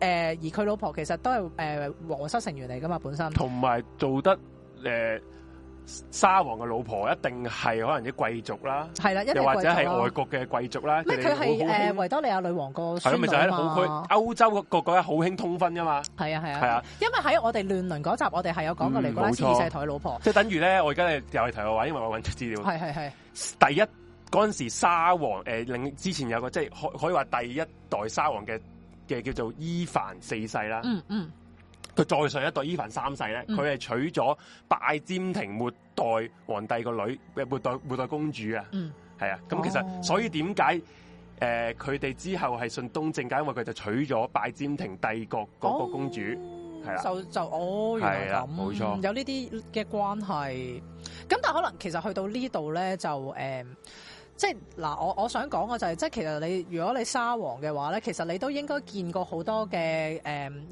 呃，而佢老婆其實都係誒皇室成員嚟噶嘛，本身同埋做得誒。呃沙皇嘅老婆一定係可能啲貴族啦，係啦，又或者係外國嘅貴族啦。咩？佢係誒維多利亞女王女是、就是、個係咪就係好興歐洲各個國家好興通婚噶嘛？係啊係啊係啊，因為喺我哋亂倫嗰集，我哋係有講過嚟講一世同佢老婆，即係等於咧，我而家又去提個話，因為我揾出資料。係係係，第一嗰陣時沙皇誒、呃，之前有個即係可以話第一代沙皇嘅嘅叫做伊凡四世啦。嗯嗯。佢再上一代伊凡三世咧，佢係娶咗拜占庭末代皇帝個女，末代末代公主啊，係、嗯、啊。咁其實、哦、所以點解？誒、呃，佢哋之後係信東正，解？因為佢就娶咗拜占庭帝國嗰個公主，係、哦、啦。就就哦，原來咁，冇錯，有呢啲嘅關係。咁但係可能其實去到這裏呢度咧，就誒。嗯即係嗱，我我想講嘅就係，即係其實你如果你沙皇嘅話咧，其實你都應該見過好多嘅誒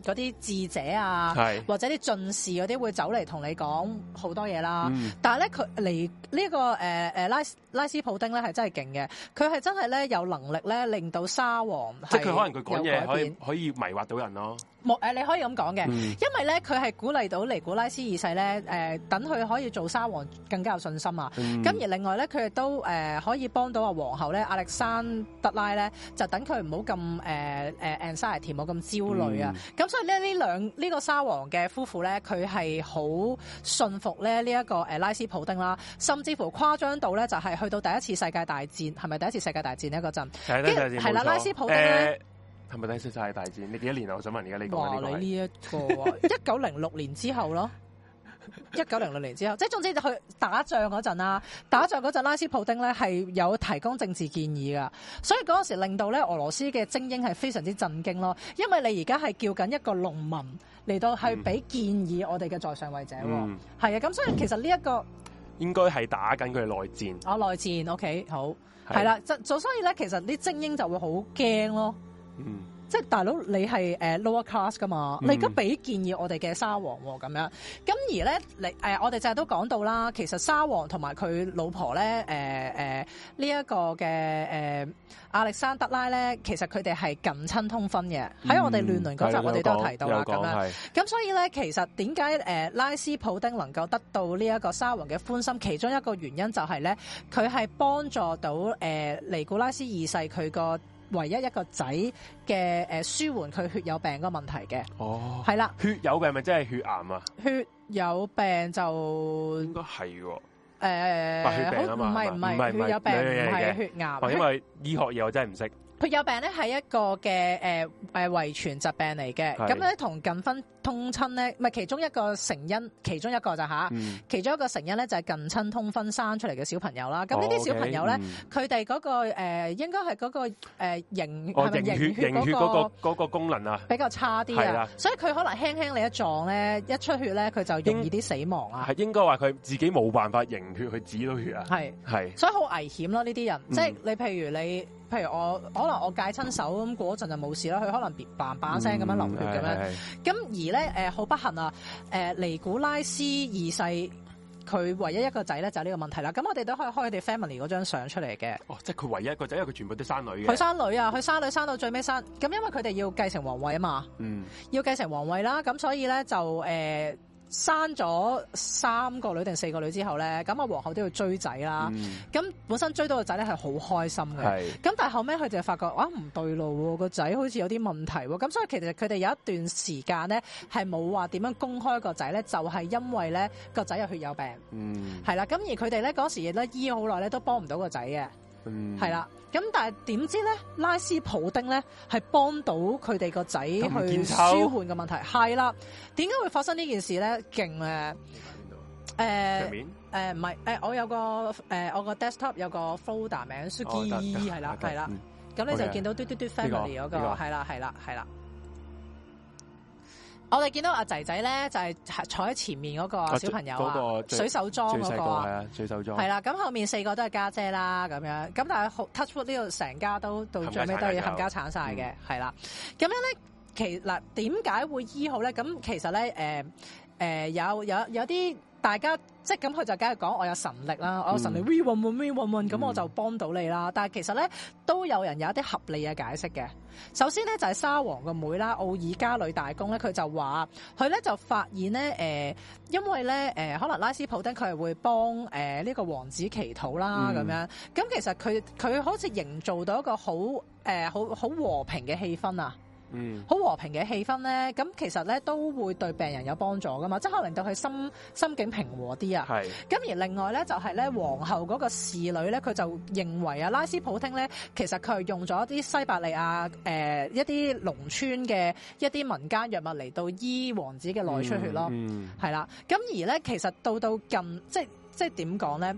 嗰啲智者啊，或者啲進士嗰啲會走嚟同你講好多嘢啦。嗯、但係咧佢嚟呢、這個誒、呃、拉斯拉斯普丁咧係真係勁嘅，佢係真係咧有能力咧令到沙皇係即係佢可能佢講嘢可以可以，可以迷惑到人咯。你可以咁講嘅，因為咧佢係鼓勵到尼古拉斯二世咧，誒等佢可以做沙皇更加有信心啊。咁、嗯、而另外咧，佢亦都誒可以幫到阿皇后咧，亞歷山德拉咧，就等佢唔好咁誒誒 anxiety，冇咁焦慮啊。咁、嗯、所以咧呢兩呢個沙皇嘅夫婦咧，佢係好信服咧呢一個拉斯普丁啦，甚至乎誇張到咧就係去到第一次世界大戰，係咪第一次世界大戰呢嗰陣？第一次世界大戰冇係咪睇晒？曬大戰？你幾多年啊？我想問而家呢讀緊啲咩？你呢一個一九零六年之後咯，一九零六年之後，即 係總之就去打仗嗰陣啦。打仗嗰陣，拉斯普丁咧係有提供政治建議噶，所以嗰陣時令到咧俄羅斯嘅精英係非常之震驚咯，因為你而家係叫緊一個農民嚟到去俾建議我哋嘅在上位者，係、嗯、啊。咁所以其實呢、這、一個應該係打緊佢內戰啊，內戰。OK，好係啦，就所以咧，其實啲精英就會好驚咯。嗯，即係大佬，你係誒、uh, lower class 噶嘛？嗯、你而家俾建議我哋嘅沙皇咁、哦、樣，咁而咧，你誒、呃、我哋就都講到啦。其實沙皇同埋佢老婆咧，誒誒呢一個嘅誒亞歷山德拉咧，其實佢哋係近親通婚嘅。喺、嗯、我哋亂倫嗰集，我哋都有提到啦咁樣。咁所以咧，其實點解誒拉斯普丁能夠得到呢一個沙皇嘅歡心？其中一個原因就係咧，佢係幫助到誒、呃、尼古拉斯二世佢個。唯一一個仔嘅誒舒緩佢血有病個問題嘅，係、oh，啦。血有病咪即係血癌啊？血有病就應該係喎、哦。誒、呃，白血病啊嘛，唔係唔係血有病，唔係血，血癌，血癌血。因為醫學嘢我真係唔識。佢有病咧，係一個嘅、呃、遺傳疾病嚟嘅。咁咧同近婚通親咧，唔係其中一個成因，其中一個就下、是嗯，其中一個成因咧就係、是、近親通婚生出嚟嘅小朋友啦。咁呢啲小朋友咧，佢哋嗰個誒、呃、應該係嗰、那個誒凝、呃哦、血凝血嗰、那、嗰、個那個那個、功能啊，比較差啲啊。所以佢可能輕輕你一撞咧，一出血咧，佢就容易啲死亡啊。係應該話佢自己冇辦法凝血去止到血啊。係所以好危險咯、啊。呢啲人、嗯、即係你，譬如你。譬如我可能我戒親手咁，嗰陣就冇事啦。佢可能扮把吧聲咁樣流血咁樣，咁而咧好、呃、不幸啊！誒、呃、尼古拉斯二世佢唯一一個仔咧就係呢個問題啦。咁我哋都可以開佢哋 family 嗰張相出嚟嘅。哦，即係佢唯一一個仔，因為佢全部都生女嘅。佢生女啊！佢生女生到最尾生咁，因為佢哋要繼承皇位啊嘛。嗯。要繼承皇位啦，咁所以咧就誒。呃生咗三個女定四個女之後咧，咁阿皇后都要追仔啦。咁、嗯、本身追到個仔咧係好開心嘅。咁但係後尾佢就發覺啊唔對路喎，個仔好似有啲問題喎。咁所以其實佢哋有一段時間咧係冇話點樣公開個仔咧，就係、係、因為咧個仔有血友病。嗯，係啦。咁而佢哋咧嗰時亦都醫好耐咧，都幫唔到個仔嘅。嗯，係啦，咁但係點知咧？拉斯普丁咧係幫到佢哋個仔去舒緩嘅問題，係啦。點解會發生呢件事咧？勁誒，誒誒唔係誒，我有個誒、呃、我個 desktop 有個 folder 名，Suki 係啦係啦，咁、嗯、你 okay，就見到嘟嘟嘟 family 嗰、這個係啦係啦係啦。那個這個我哋見到阿仔仔咧，就係、是、坐喺前面嗰個小朋友啊，水手裝嗰個，係啦，水手裝、啊。係啦，咁、啊啊、後面四個都係家姐，姐啦，咁樣，咁但係 touchwood 呢度成家都到最尾都要冚家鏟晒嘅，係、嗯啊、啦。咁樣咧，其嗱點解會醫好咧？咁其實咧，誒、呃呃、有有有啲。大家即係咁，佢就梗係講我有神力啦，我有神力 vun vun vun vun 咁，嗯 V1, V1, V1, V1, 嗯、我就幫到你啦。但係其實咧都有人有一啲合理嘅解釋嘅。首先咧就係、是、沙皇個妹啦，奧爾加女大公咧，佢就話，佢咧就發現咧誒、呃，因為咧誒、呃，可能拉斯普丁佢係會幫誒呢個王子祈禱啦咁樣，咁其實佢佢好似營造到一個好誒好好和平嘅氣氛啊！嗯，好和平嘅氣氛咧，咁其實咧都會對病人有幫助㗎嘛，即係可能令到佢心心境平和啲啊。係。咁而另外咧，就係、是、咧皇后嗰個侍女咧，佢就認為啊拉斯普汀咧，其實佢係用咗一啲西伯利亞誒、呃、一啲農村嘅一啲民間藥物嚟到醫王子嘅內出血咯。係、嗯、啦。咁、嗯、而咧，其實到到近即係即係點講咧？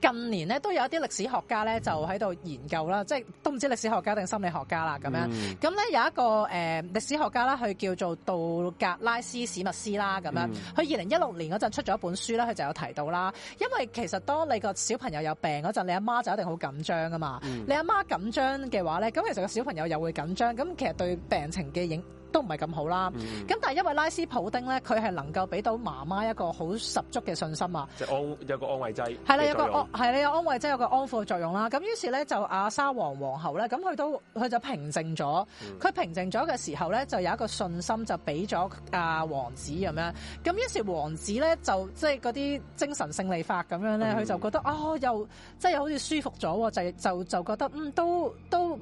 近年咧都有一啲歷史學家咧就喺度研究啦，即係都唔知歷史學家定心理學家啦咁樣。咁、嗯、咧有一個誒歷史學家啦，佢叫做道格拉斯史密斯啦咁樣。佢二零一六年嗰陣出咗一本書咧，佢就有提到啦。因為其實當你個小朋友有病嗰陣，你阿媽就一定好緊張噶嘛。你阿媽緊張嘅話咧，咁其實個小朋友又會緊張。咁其實對病情嘅影都唔係咁好啦，咁、嗯、但係因為拉斯普丁咧，佢係能夠俾到媽媽一個好十足嘅信心啊！即、就是、安有，個安，有個安慰劑，係啦，有個安係啦，有安慰劑有個安撫作用啦。咁於是咧就阿沙皇皇后咧，咁佢都佢就平靜咗，佢、嗯、平靜咗嘅時候咧，就有一個信心就俾咗阿王子咁樣。咁、嗯、於是王子咧就即係嗰啲精神勝利法咁樣咧，佢、嗯、就覺得啊、哦、又即係好似舒服咗就就就覺得嗯都都。都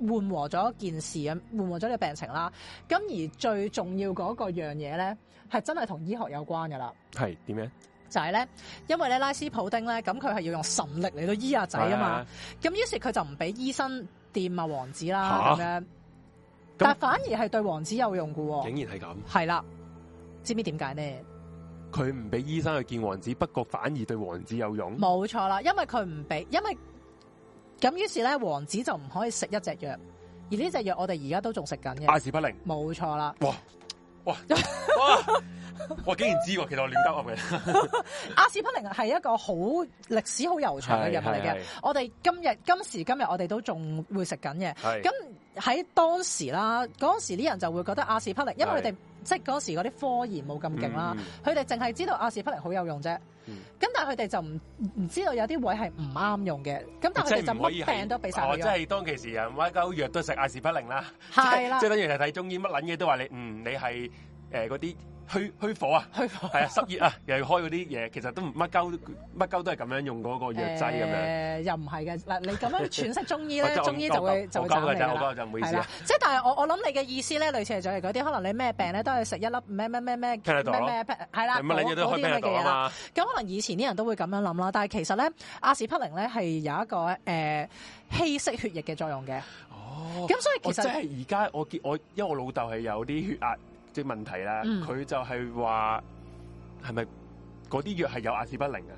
緩和咗一件事啊，緩和咗呢個病情啦。咁而最重要嗰個樣嘢咧，係真係同醫學有關噶啦。係，點樣？就係、是、咧，因為咧拉斯普丁咧，咁佢係要用神力嚟到醫阿仔啊嘛。咁於是佢就唔俾醫生掂啊王子啦，咁、啊、樣。但係反而係對王子有用噶、啊。竟然係咁。係啦，知唔知點解咧？佢唔俾醫生去見王子、嗯，不過反而對王子有用。冇錯啦，因為佢唔俾，因為。咁於是咧，王子就唔可以食一隻藥，而呢隻藥我哋而家都仲食緊嘅。阿士匹靈，冇錯啦。哇哇哇！我 竟然知喎，其實我亂鳩我嘅。 阿士匹靈係一個好歷史好悠長嘅藥物嚟嘅，我哋今日今時今日我哋都仲會食緊嘅。咁喺當時啦，嗰陣時啲人就會覺得阿士匹靈，因為佢哋。即係嗰時嗰啲科研冇咁勁啦，佢哋淨係知道阿士匹靈好有用啫，咁、嗯、但係佢哋就唔唔知道有啲位係唔啱用嘅。咁、嗯、即係唔可以係我、哦、即係當其時人揾嚿藥都食阿士匹靈啦，嗯、即係即係等於係睇中醫，乜撚嘢都話你，嗯，你係嗰啲。呃虛虛火啊，虛火係啊，啊，濕熱啊， 又要開嗰啲嘢，其實都唔乜鳩乜鳩都係咁樣用嗰個藥劑咁樣、呃。誒又唔係嘅，嗱你咁樣詮釋中醫咧， 中醫就會我就斬你啦。係啦，即係但係我我諗你嘅意思咧、啊， 類似係就係嗰啲可能你咩病咧，都係食一粒咩咩咩咩咩咩係啦，嗰啲咩嘅嘢啦。咁可能以前啲人都會咁樣諗啦，但係其實咧，阿士匹靈咧係有一個誒稀釋血液嘅作用嘅。哦，咁所以其實即係而家我我，我因為我老豆係有啲血壓。啲問題啦，佢、嗯、就係話係咪嗰啲藥係有阿士匹靈啊？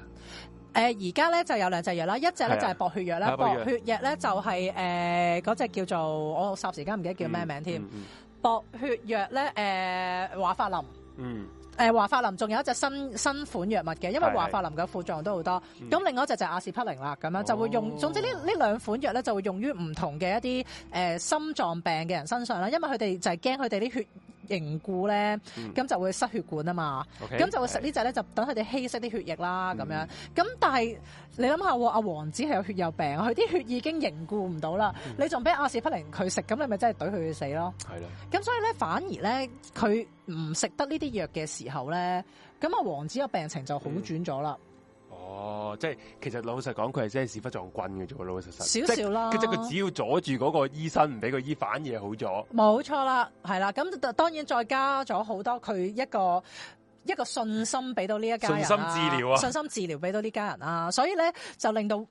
誒、呃，而家咧就有兩隻藥啦，一隻咧、啊、就係、是、博血藥啦、嗯就是呃嗯嗯嗯，薄血藥咧就係誒嗰隻叫做我霎時間唔記得叫咩名添。薄血藥咧誒，華法林，嗯，誒、呃、華法林仲有一隻新新款藥物嘅，因為華法林嘅副作用都好多。咁、嗯、另外一隻就係阿士匹靈啦，咁樣就會用。哦、總之呢呢兩款藥咧就會用於唔同嘅一啲誒、呃、心臟病嘅人身上啦，因為佢哋就係驚佢哋啲血。凝固咧，咁就會塞血管啊嘛，咁、okay, 就會食呢隻咧就等佢哋稀釋啲血液啦，咁、嗯、樣咁但係你諗下喎，阿王子係有血有病，佢啲血已經凝固唔到啦，你仲俾阿士匹靈佢食，咁你咪真係懟佢去死咯。係啦，咁所以咧反而咧佢唔食得呢啲藥嘅時候咧，咁阿王子個病情就好轉咗啦。嗯哦，即係其實老實講，佢係真係屎忽撞棍嘅啫，老實講少少啦。即係佢只要阻住嗰個醫生，唔俾個醫反應好咗。冇錯啦，係啦。咁當然再加咗好多，佢一個一個信心俾到呢一家人啊，信心治療啊，信心治療俾、啊、到呢家人啊，所以咧就令到。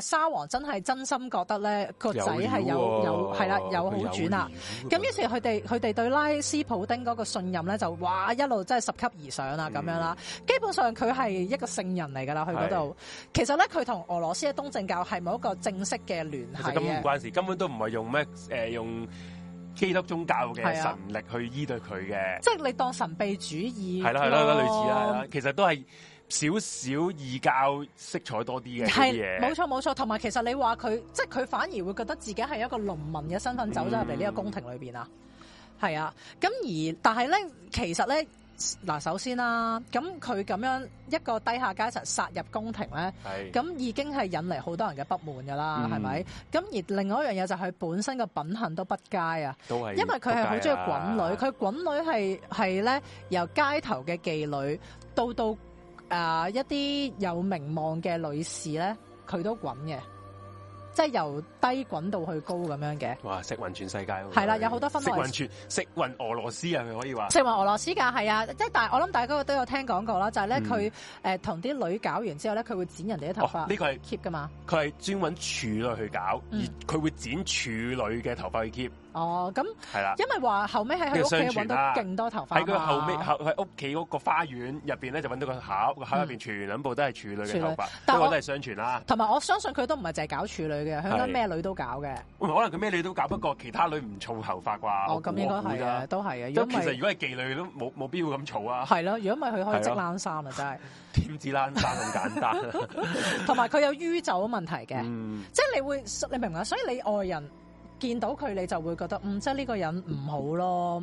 沙皇真係真心覺得咧個仔係有有係啦、哦、有，有好轉啦，咁、哦、於是佢哋佢哋對拉斯普丁嗰個信任咧就哇一路真係十級而上啦咁、嗯、樣啦，基本上佢係一個聖人嚟㗎啦，佢嗰度其實咧佢同俄羅斯嘅東正教係冇一個正式嘅聯繫。咁唔關事，根本都唔係用咩誒、呃、用基督宗教嘅神力去醫對佢嘅，即、就、係、是、你當神秘主義係啦係啦係啦，類似啦，其實都係。少少異教色彩多啲嘅嘢，冇錯冇錯。同埋其實你話佢，即係佢反而會覺得自己係一個農民嘅身份走咗入嚟呢個宮廷裏面、嗯、啊，係啊。咁而但係咧，其實咧，嗱首先啦、啊，咁佢咁樣一個低下階層殺入宮廷咧，咁已經係引嚟好多人嘅不滿噶啦，係、嗯、咪？咁而另外一樣嘢就係本身嘅品行都不佳啊，都係因為佢係好中意滾女，佢、啊、滾女係係咧由街頭嘅妓女到到。啊、呃！一啲有名望嘅女士咧，佢都滾嘅，即係由低滾到去高咁樣嘅。哇！食勻全世界係、啊、啦，有好多分類。食勻全食勻俄羅斯啊，可以話食勻俄羅斯噶係啊！即係但係我諗，大家都有聽講過啦，就係咧佢誒同啲女搞完之後咧，佢會剪人哋啲頭髮、哦。呢、這個係 keep 噶嘛？佢係專揾處女去搞，而佢會剪處女嘅頭髮去 keep。哦，咁係啦，因為後話後尾喺佢屋企揾到勁多頭髮，喺佢後尾、啊、後喺屋企嗰個花園入邊咧就揾到個盒個、嗯、盒入邊全部都係處女嘅頭髮，我但係都係相傳啦。同埋我相信佢都唔係淨係搞處女嘅，佢都咩女都搞嘅。可能佢咩女都搞，不過其他女唔燥頭髮啩？哦，咁應該係啊，都係啊。其實如果係妓女都冇冇必要咁燥啊。係咯，如果唔係佢可以織冷衫啊，真係。 天子冷衫好簡單，同埋佢有瘀酒問題嘅、嗯，即係你會你明唔明啊？所以你外人。見到佢你就會覺得，嗯，真係呢個人唔好咯。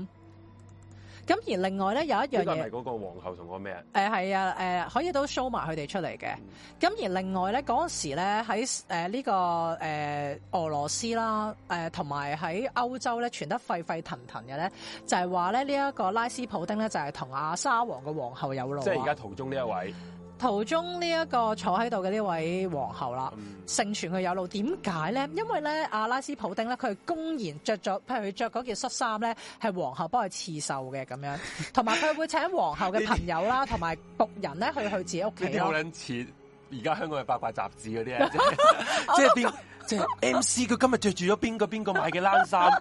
咁而另外咧有一樣嘢，嗰個皇后同個咩、呃、啊？誒係啊，誒可以都 show 埋佢哋出嚟嘅。咁而另外咧嗰時咧喺誒呢、呃這個誒、呃、俄羅斯啦，誒同埋喺歐洲咧傳得沸沸騰騰嘅咧，就係話咧呢一、這個拉斯普丁咧就係同阿沙皇嘅皇后有路、啊。即係而家途中呢一位。途中呢一個坐喺度嘅呢位皇后啦、嗯，盛傳佢有路。點解咧？因為咧，阿拉斯普丁咧，佢公然着咗，譬如佢着嗰件恤衫咧，係皇后幫佢刺繡嘅，咁樣，同埋佢會請皇后嘅朋友啦，同埋僕人咧去去自己屋企，有好撚似而家香港嘅八卦雜誌嗰啲啊， 就是、 即係即即係 MC，佢今日着住咗邊個邊個買嘅冷衫，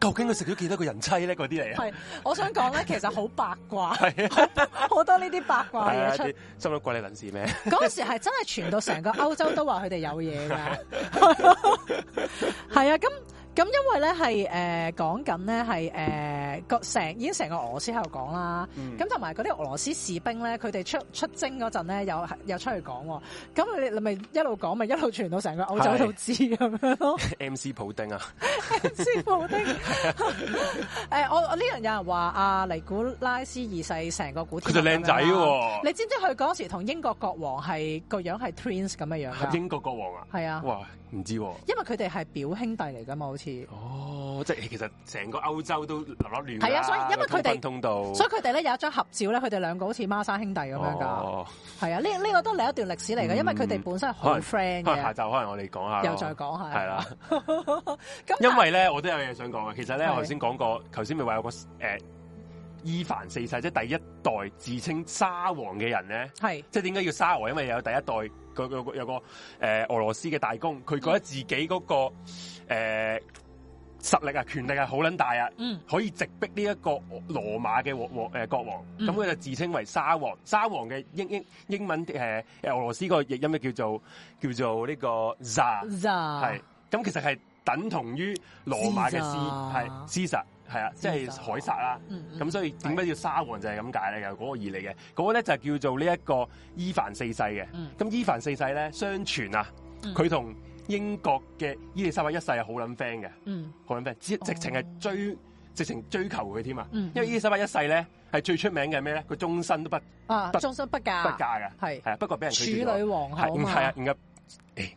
究竟佢食咗幾多個人妻咧？嗰啲嚟啊！係，我想講咧，其實好八卦，係 是啊，好 多呢啲八卦嘢，出，收都貴利人士咩？嗰 時係真係傳到成個歐洲都話佢哋有嘢嘅，係 啊，咁。咁因為咧，係誒講緊咧，係誒個成已經成個俄羅斯喺度講啦，咁同埋嗰啲俄羅斯士兵咧，佢哋出出征嗰陣咧，又又出去講，咁你你咪一路講咪一路傳到成個歐洲都知咁樣咯。M C 普丁啊，M C 普丁！誒、 欸、我我呢樣有人話啊尼古拉斯二世成個古，佢就靚仔、啊，你知唔知佢嗰時同英國國王係個樣係 twins 咁嘅樣？英國國王啊，係啊，哇！唔知、啊，因為佢哋係表兄弟嚟噶嘛，好似哦，即係其實成個歐洲都立立亂係啊，所以因為佢哋軍通道，所以佢哋咧有一張合照咧，佢哋兩個好似孖生兄弟咁樣噶，係、哦、啊，呢、這、呢、個這個都係一段歷史嚟嘅、嗯，因為佢哋本身係好 friend 嘅。下晝可能，可能我哋講下，又再講下，係啦。 因為咧，我都有嘢想講啊。其實咧，我頭先講過，頭先咪話有個誒、欸、伊凡四世，即係第一代自稱沙皇嘅人咧，係即係點解叫沙皇？因為有第一代。有個有個誒俄羅斯嘅大公，佢覺得自己嗰、那個誒、呃、實力啊、權力啊好捻大啊、嗯，可以直逼呢一個羅馬嘅王誒國王，咁、嗯、佢就自稱為沙皇，沙皇嘅英英英文誒誒、呃、俄羅斯個譯音咧叫做叫做呢、這個 za，係咁其實係等同於羅馬嘅事係事實。係啊，即係凱撒啦，咁、嗯、所以點解叫沙皇就係咁解咧？由、嗯、嗰、那個而嚟嘅，嗰、那個咧就叫做呢一個伊凡四世嘅。咁、嗯、伊凡四世咧，相傳啊，佢、嗯、同英國嘅伊利沙伯一世係好撚 friend 嘅，好撚 friend，直情係、哦、追，直情追求佢添啊！因為伊利沙伯一世咧係最出名嘅係咩咧？佢終身都不啊，終生不，不嫁，不嫁嘅，係係不過俾人處女皇后啊，不啊，而、哎、家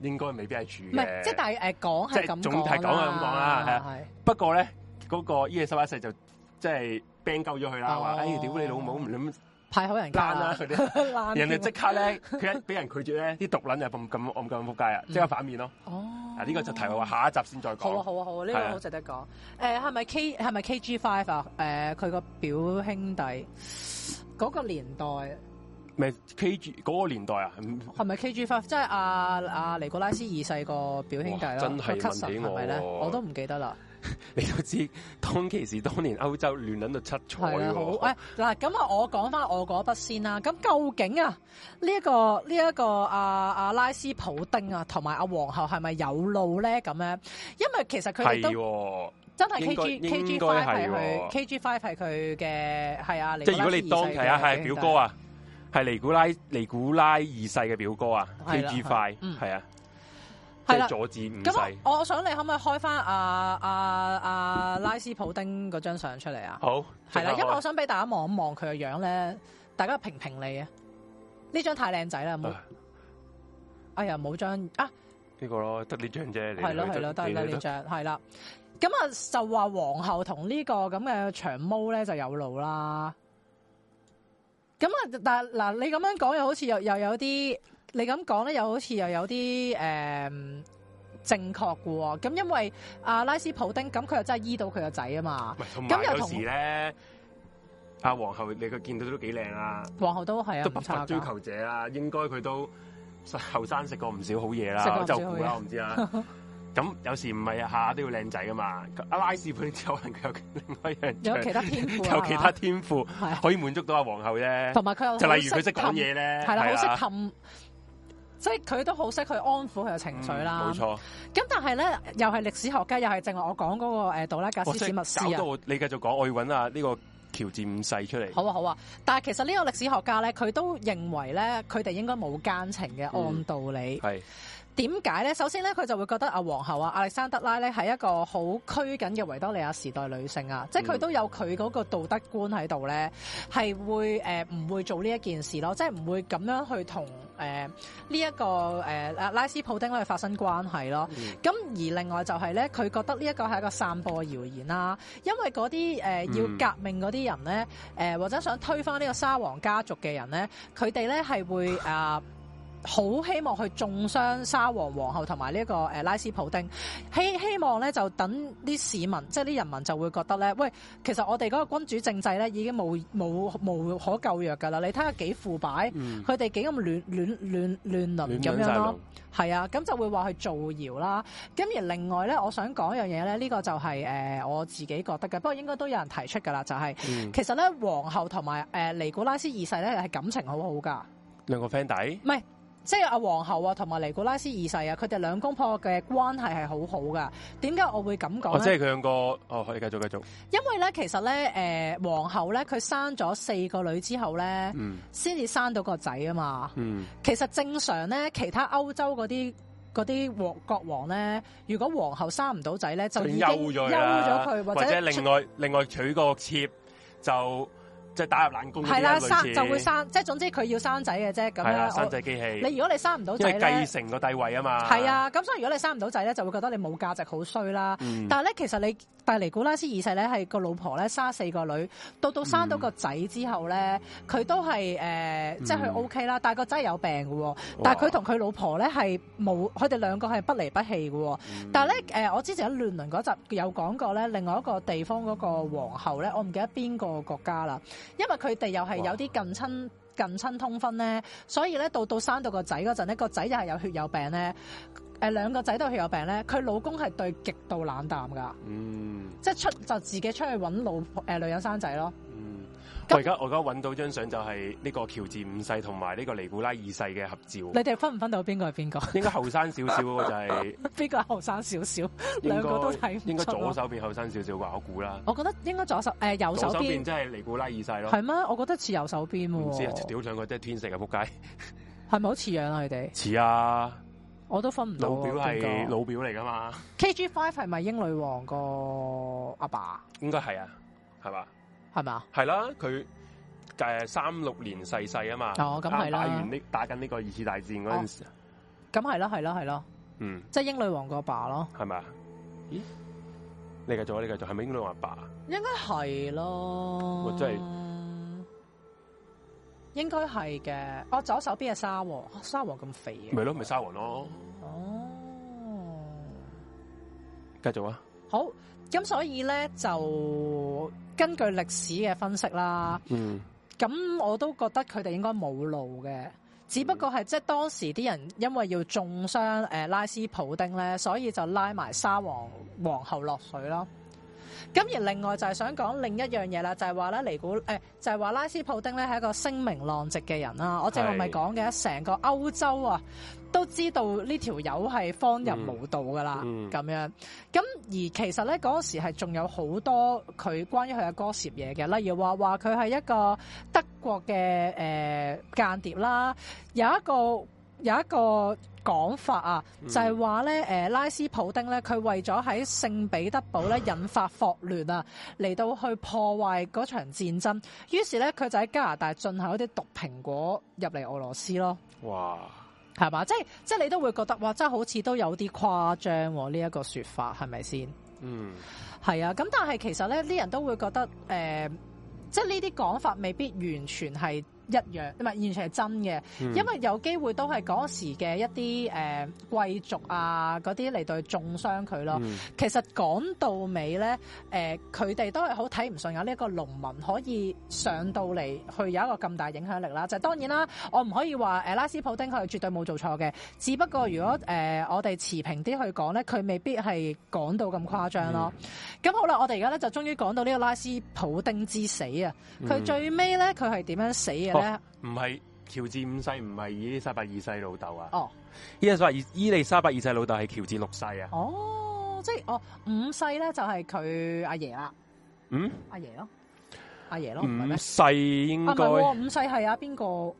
應該未必係處，唔係即係但係誒講係咁講係講係咁講啦，係、啊啊、不過咧。嗰、那個伊耶沙一世就即係病救咗佢啦，話屌你老母唔諗派好人攔啦。佢啲人哋即刻咧，佢俾人拒絕咧，啲毒撚又咁咁咁咁撲街啊！即刻反面咯。哦，嗱、這、呢個就題外話，下一集先再講。好啊好啊好啊，呢、啊這個好值得講。係咪 K 係咪 K G Five 啊？佢個、啊 uh, 表兄弟嗰、那個年代咪 K G 嗰個年代啊？係咪 K G Five？即係阿阿尼古拉斯二世個表兄弟咯？真係問我、那個，我都唔記得啦。 你都知，當其時當年歐洲亂捻到七彩、哦啊、好，好，嗱、哎，咁啊，我講翻我嗰筆先啦。咁究竟啊，呢、這、一個呢一、這個阿阿、啊、拉斯普丁啊，同埋阿皇后係咪有路咧？咁樣，因為其實佢哋都真係 K G K G five 係佢 K G five 係佢嘅係阿即係如果你當係啊係表哥啊，係、啊啊、尼古拉尼古拉二世嘅表哥啊，K G five 係啊。KG5, 係啦，咁我想你可唔可以開翻阿阿阿拉斯普丁嗰張相出嚟啊？好係啦，因為我想俾大家望一望佢嘅樣咧，大家評評你啊！呢張太靚仔啦，冇，哎呀，冇張啊呢個咯，得呢張啫。係咯係咯，得得呢張，係啦。咁啊，就話皇后同呢個咁嘅長毛咧就有路啦。咁啊，但嗱，你咁樣講又好似又又有啲。你咁講咧，又好似又有啲誒、嗯、正確嘅喎。咁因為阿拉斯普丁，咁佢又真係醫到佢個仔啊嘛。咁有，有時咧，阿皇后你佢見到都幾靚啊。皇后都係啊，都不乏追求者啦。應該佢都後生食過唔少好嘢啦。食過就好我唔知啦。咁 有時唔係下下都要靚仔噶嘛。阿 拉斯普丁可能佢有佢另外一樣有其他天有其他天賦， 有其他天賦 可以滿足到阿皇后啫。同埋佢就例如佢識講嘢咧，係啦，好識氹。所以佢都好識去安撫佢嘅情緒啦，冇、嗯、錯。咁但係咧，又係歷史學家，又係正話我講嗰、那個、欸、杜拉格斯史密斯啊。搞到你繼續講，我要揾下呢個喬治五世出嚟。好啊好啊，但係其實呢個歷史學家咧，佢都認為咧，佢哋應該冇奸情嘅、嗯、按道理。係。點解咧？首先咧，佢就會覺得阿皇后啊、阿歷山德拉咧係一個好拘謹嘅維多利亞時代女性啊、嗯，即係佢都有佢嗰個道德觀喺度咧，係會誒唔、呃、會做呢一件事咯，即係唔會咁樣去同誒呢一個誒、呃、拉斯普丁去發生關係咯。咁、嗯、而另外就係咧，佢覺得呢一個係一個散播謠言啦，因為嗰啲誒要革命嗰啲人咧，誒、呃、或者想推翻呢個沙皇家族嘅人咧，佢哋咧係會啊。呃好希望去重傷沙皇皇后同埋呢個拉斯普丁，希希望咧就等啲市民，即係啲人民就會覺得咧，喂，其實我哋嗰個君主政制咧已經冇冇無、無可救藥噶啦！你睇下幾腐敗，佢哋幾咁亂亂亂亂倫咁樣咯，係啊，咁、啊、就會話去造謠啦。咁而另外咧，我想講一樣嘢咧，呢、這個就係、是、誒、呃、我自己覺得嘅，不過應該都有人提出噶啦，就係、是嗯、其實咧皇后同埋誒尼古拉斯二世咧係感情好好噶，兩個 friend 底唔係即係阿皇后啊，同埋尼古拉斯二世啊，佢哋兩公婆嘅關係係好好噶。點解我會咁講、哦、即係佢兩個哦，可以繼續繼續。因為咧，其實咧，誒、呃、皇后咧，佢生咗四個女之後咧，先、嗯、至生到個仔啊嘛。嗯，其實正常咧，其他歐洲嗰啲嗰啲國王咧，如果皇后生唔到仔咧，就已經休咗佢，或者另外者取另外娶個妾就。即係打入冷宮嗰啲就會生，即係總之佢要生仔嘅啫。咁樣、啊、生仔機器，你如果你生唔到仔咧，繼承個帝位啊嘛。係啊，咁所以如果你生唔到仔咧，就會覺得你冇價值，好衰啦。嗯、但係咧，其實你但尼古拉斯二世咧係個老婆咧生四個女，到到生到個仔之後咧，佢都係誒、呃嗯，即係佢 O K 啦。但係個仔有病喎。但係佢同佢老婆咧係冇，佢哋兩個係不離不棄喎、嗯。但係咧、呃，我之前喺亂倫嗰集有講過咧，另外一個地方嗰個皇后咧，我唔記得邊個國家啦。因為佢哋又係有啲近親近親通婚咧，所以咧到到生到個仔嗰陣咧，個仔又係有血有病咧，誒兩個仔都係血有病咧，佢老公係對極度冷淡噶，嗯，即係出就自己出去揾老婆、呃、女人生仔咯。我而家我而家揾到張相就係呢個喬治五世同埋呢個尼古拉二世嘅合照。你哋分唔分到邊、 就是、 個係邊個？應該後生少少嗰個就係邊個後生少少，兩個都睇唔出。應該左手邊後生少少啩，我估啦。我覺得應該左手誒、呃、右手邊。左手邊即係尼古拉二世咯。係咩？我覺得似右手邊、哦。唔知啊，屌兩個即係天成嘅仆街。係咪好似樣啊？佢哋似啊，我都分唔到、啊、老表係老表嚟噶嘛。KG Five 係咪英女王個阿爸，爸？應該係啊，係嘛？係咪？係啦，佢誒三六年逝世啊嘛。哦，咁係啦。打完呢，打緊呢個二次大戰嗰陣時，咁係啦，係啦，係啦。嗯，即係英女王個爸咯，係咪？咦？你繼續啊，你繼續，係咪英女王阿爸？應該係咯。我真係，應該係嘅。我，哦，左手邊係沙皇，哦，沙皇咁肥啊，咪咯，咪沙皇咯。哦，繼續啊！好。咁所以咧就根據歷史嘅分析啦，咁、嗯、我都覺得佢哋應該冇路嘅，只不過係即係當時啲人因為要中傷、呃、拉斯普丁咧，所以就拉埋沙皇皇后落水咯。咁而另外就係想講另一樣嘢啦，就係話咧尼古誒、哎、就係、是、話拉斯普丁咧係一個聲名狼藉嘅人啦。我正話咪講嘅，成個歐洲啊都知道呢條友係荒淫無道噶啦咁樣。咁而其實咧嗰時係仲有好多佢關於佢嘅歌涉嘢嘅，例如話話佢係一個德國嘅誒、呃、間諜啦，有一個。有一個講法啊，就係話咧，誒，拉斯普丁咧，佢為咗喺聖彼得堡咧引發霍亂啊，嚟到去破壞嗰場戰爭，於是咧佢就喺加拿大進口一啲毒蘋果入嚟俄羅斯咯。哇，係嘛？即係即係，你都會覺得哇，真係好似都有啲誇張呢一個説法，係咪先？嗯，係啊。咁但係其實咧，啲人都會覺得誒、呃，即係呢啲講法未必完全係。一樣唔係完全係真嘅，因為有機會都係嗰時嘅一啲誒、呃、貴族啊嗰啲嚟到去中傷佢咯。其實講到尾咧，誒佢哋都係好睇唔順，有呢一個農民可以上到嚟去有一個咁大影響力啦。就係、當然啦，我唔可以話誒、呃、拉斯普丁佢係絕對冇做錯嘅。只不過如果誒、嗯呃、我哋持平啲去講咧，佢未必係講到咁誇張咯。咁、嗯、好啦，我哋而家咧就終於講到呢個拉斯普丁之死啊！佢最尾咧佢係點樣死嘅咧？唔、啊、係喬治五世，唔係伊利沙伯二世老豆啊。哦，伊利沙伯二伊利沙伯二世老豆係喬治六世啊。哦，即係哦，五世咧就係、是、佢阿爺啦。嗯，阿爺咯，阿爺咯。五世應該、啊啊、五世係啊，邊個？誒、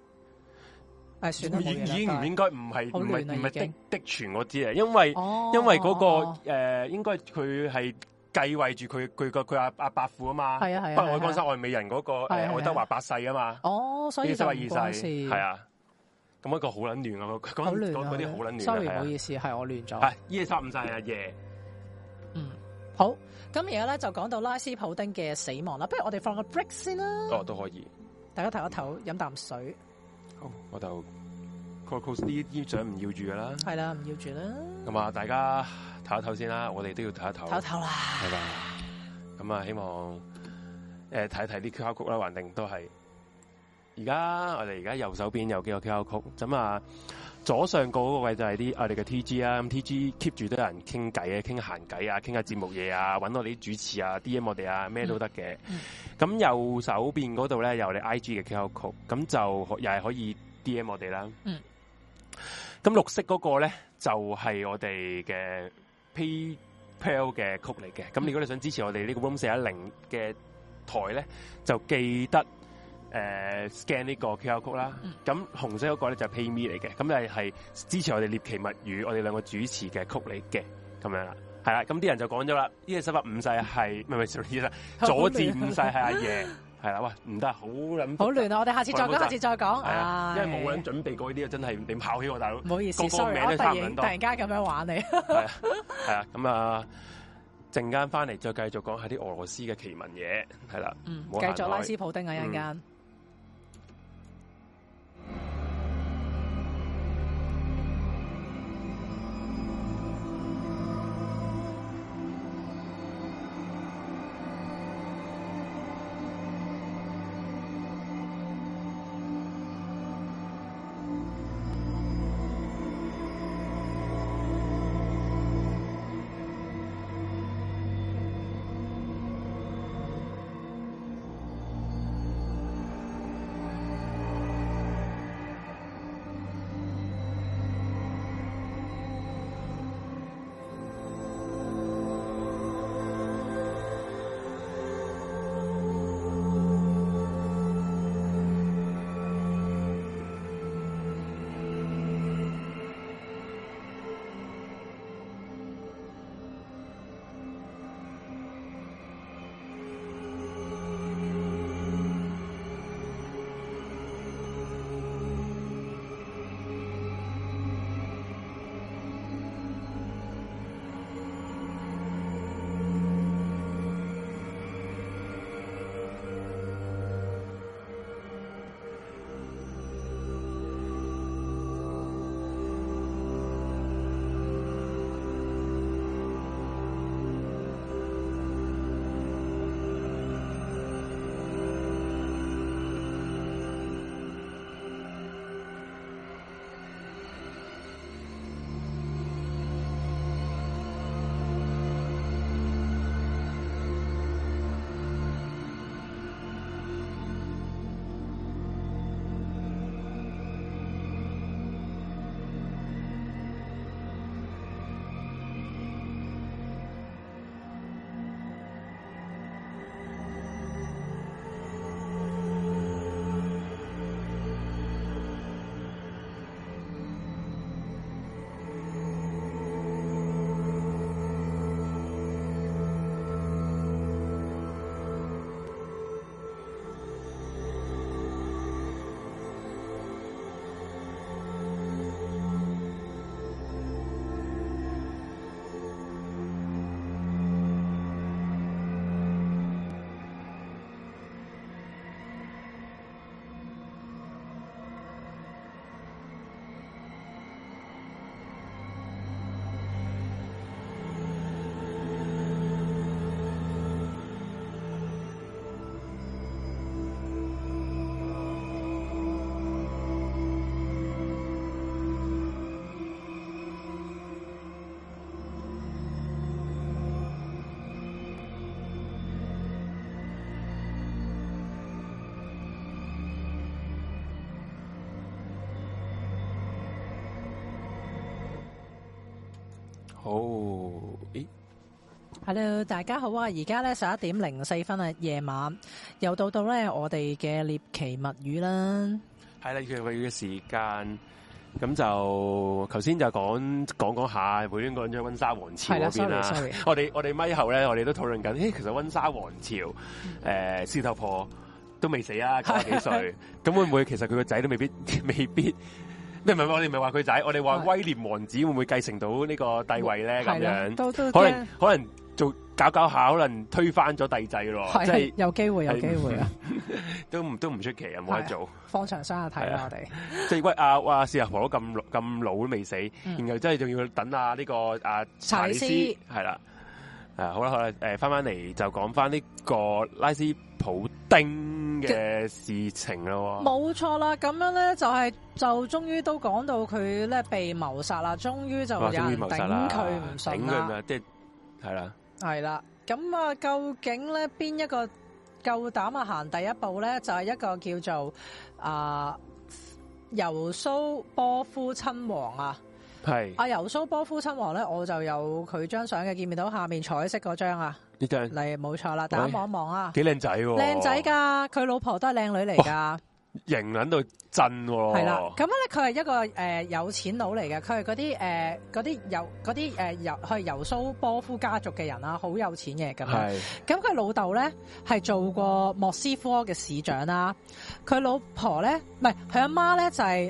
哎，算啦，已經應該、啊、已唔應該唔係唔係唔係的的傳嗰啲啊。因為、哦、因為嗰、那個誒、呃，應該佢係。繼位住佢佢個佢阿阿伯父啊嘛，啊不愛江山愛美人嗰、那個誒愛、啊呃啊、德華八世啊嘛，哦，所以三世二世係啊，咁、那、一個好捻亂啊，講講嗰啲好捻亂，sorry，唔好意思，係我亂咗，係耶三五世阿耶、yeah，嗯好，咁而家咧就講到拉斯普丁嘅死亡啦，不如我哋放個 break 先啦，都、哦、都可以，大家唞一唞，飲、嗯、啖水，好，我就。c o u 啲掌唔要住噶啦，係啦，唔要住啦。咁啊，大家唞一唞先啦，我哋都要唞一唞，唞唞睇啦，係嘛。咁啊，希望誒睇、呃、一睇啲 QR code 啦，還定都係。而家我哋而家右手邊有幾個 QR code，咁啊，左上角嗰個位置就係啲我哋嘅 T G 啊，T G keep 住都有人傾偈啊，傾閒偈啊，傾下節目嘢啊，搵我哋啲主持啊，D M 我哋啊，咩都得嘅。咁、嗯嗯、右手邊嗰度咧，又係 I G 嘅 QR code，咁就又係可以 D M 我哋啦。嗯咁綠色嗰個咧就係、是、我哋嘅 Pay Pal 嘅曲嚟嘅，咁如果你想支持我哋呢個 Room 四一零嘅台咧，就記得誒、呃、scan 呢個 QR 曲啦。咁紅色嗰個咧就係、是、Pay Me 嚟嘅，咁就係支持我哋獵奇物語我哋兩個主持嘅曲嚟嘅，咁樣啦，係啦。咁啲人就講咗啦，呢個手法五世係唔係唔 sorry 啦，佐治五世係阿爺。 yeah 係啦，喂，唔得，好諗，好亂啊！我哋下次再講，下次再講。係啊，哎、因為冇人準備過呢啲啊，真係亂跑起我大佬。唔好意思，個個名都差唔多，sorry 突。突然間咁樣玩你。係啊，咁 啊，陣間翻嚟再繼續講下啲俄羅斯嘅奇聞嘢，係啦。嗯，繼續拉斯普丁啊，一陣間。好，誒，hello，大家好啊！而家咧十一點零四分啊，夜晚又到到咧我哋嘅獵奇物語啦。係獵奇物語嘅時間，咁就頭先就講講講下，回轉過嚟溫莎王朝嗰邊啦。我哋我哋咪後咧，我哋都討論緊，誒、欸，其實溫莎王朝，誒、 呃，事頭婆都未死啊，九十幾歲，咁 會唔會其實佢個仔都未必未必？你唔係話我，你唔係話佢仔，我哋話威廉王子會唔會繼承到呢個帝位咧？咁、嗯嗯、樣可，可能可能做搞搞，搞下，可能推翻咗帝制咯，即係有機會，有機會，會啊、哎嗯！都唔都唔出奇、嗯、啊！冇得做，放長生下睇啦我哋。即係喂，阿阿四阿婆都咁老咁老都未死，嗯、然後真係仲要等阿、啊、呢、這個阿查理斯係啦。誒、啊，好啦好啦，誒，翻翻嚟就講翻呢個拉斯。普丁嘅事情啦，冇錯啦，咁樣咧就係、是、就終於都講到佢咧被謀殺啦，終於就有人謀頂佢唔順啦，即係係啦，係啦，咁啊、嗯、究竟咧邊一個夠膽啊行第一步咧，就係、是、一個叫做啊、呃、尤蘇波夫親王啊，係阿、啊、尤蘇波夫親王咧，我就有佢張相嘅，見面到下面彩色嗰張啊。嚟冇 錯啦，大家望一望啊！幾靚仔喎！靚仔㗎，佢老婆都係靚女嚟㗎。型喺到震喎！係啦、哦，咁呢，咧，佢係一個誒、呃、有錢佬嚟嘅，佢係嗰啲誒嗰啲油嗰啲誒油，佢、呃、係、呃呃、猶蘇波夫家族嘅人啦，好有錢嘅咁。係，咁佢老豆咧係做過莫斯科嘅市長啦。佢老婆咧，唔係佢阿媽咧，就係、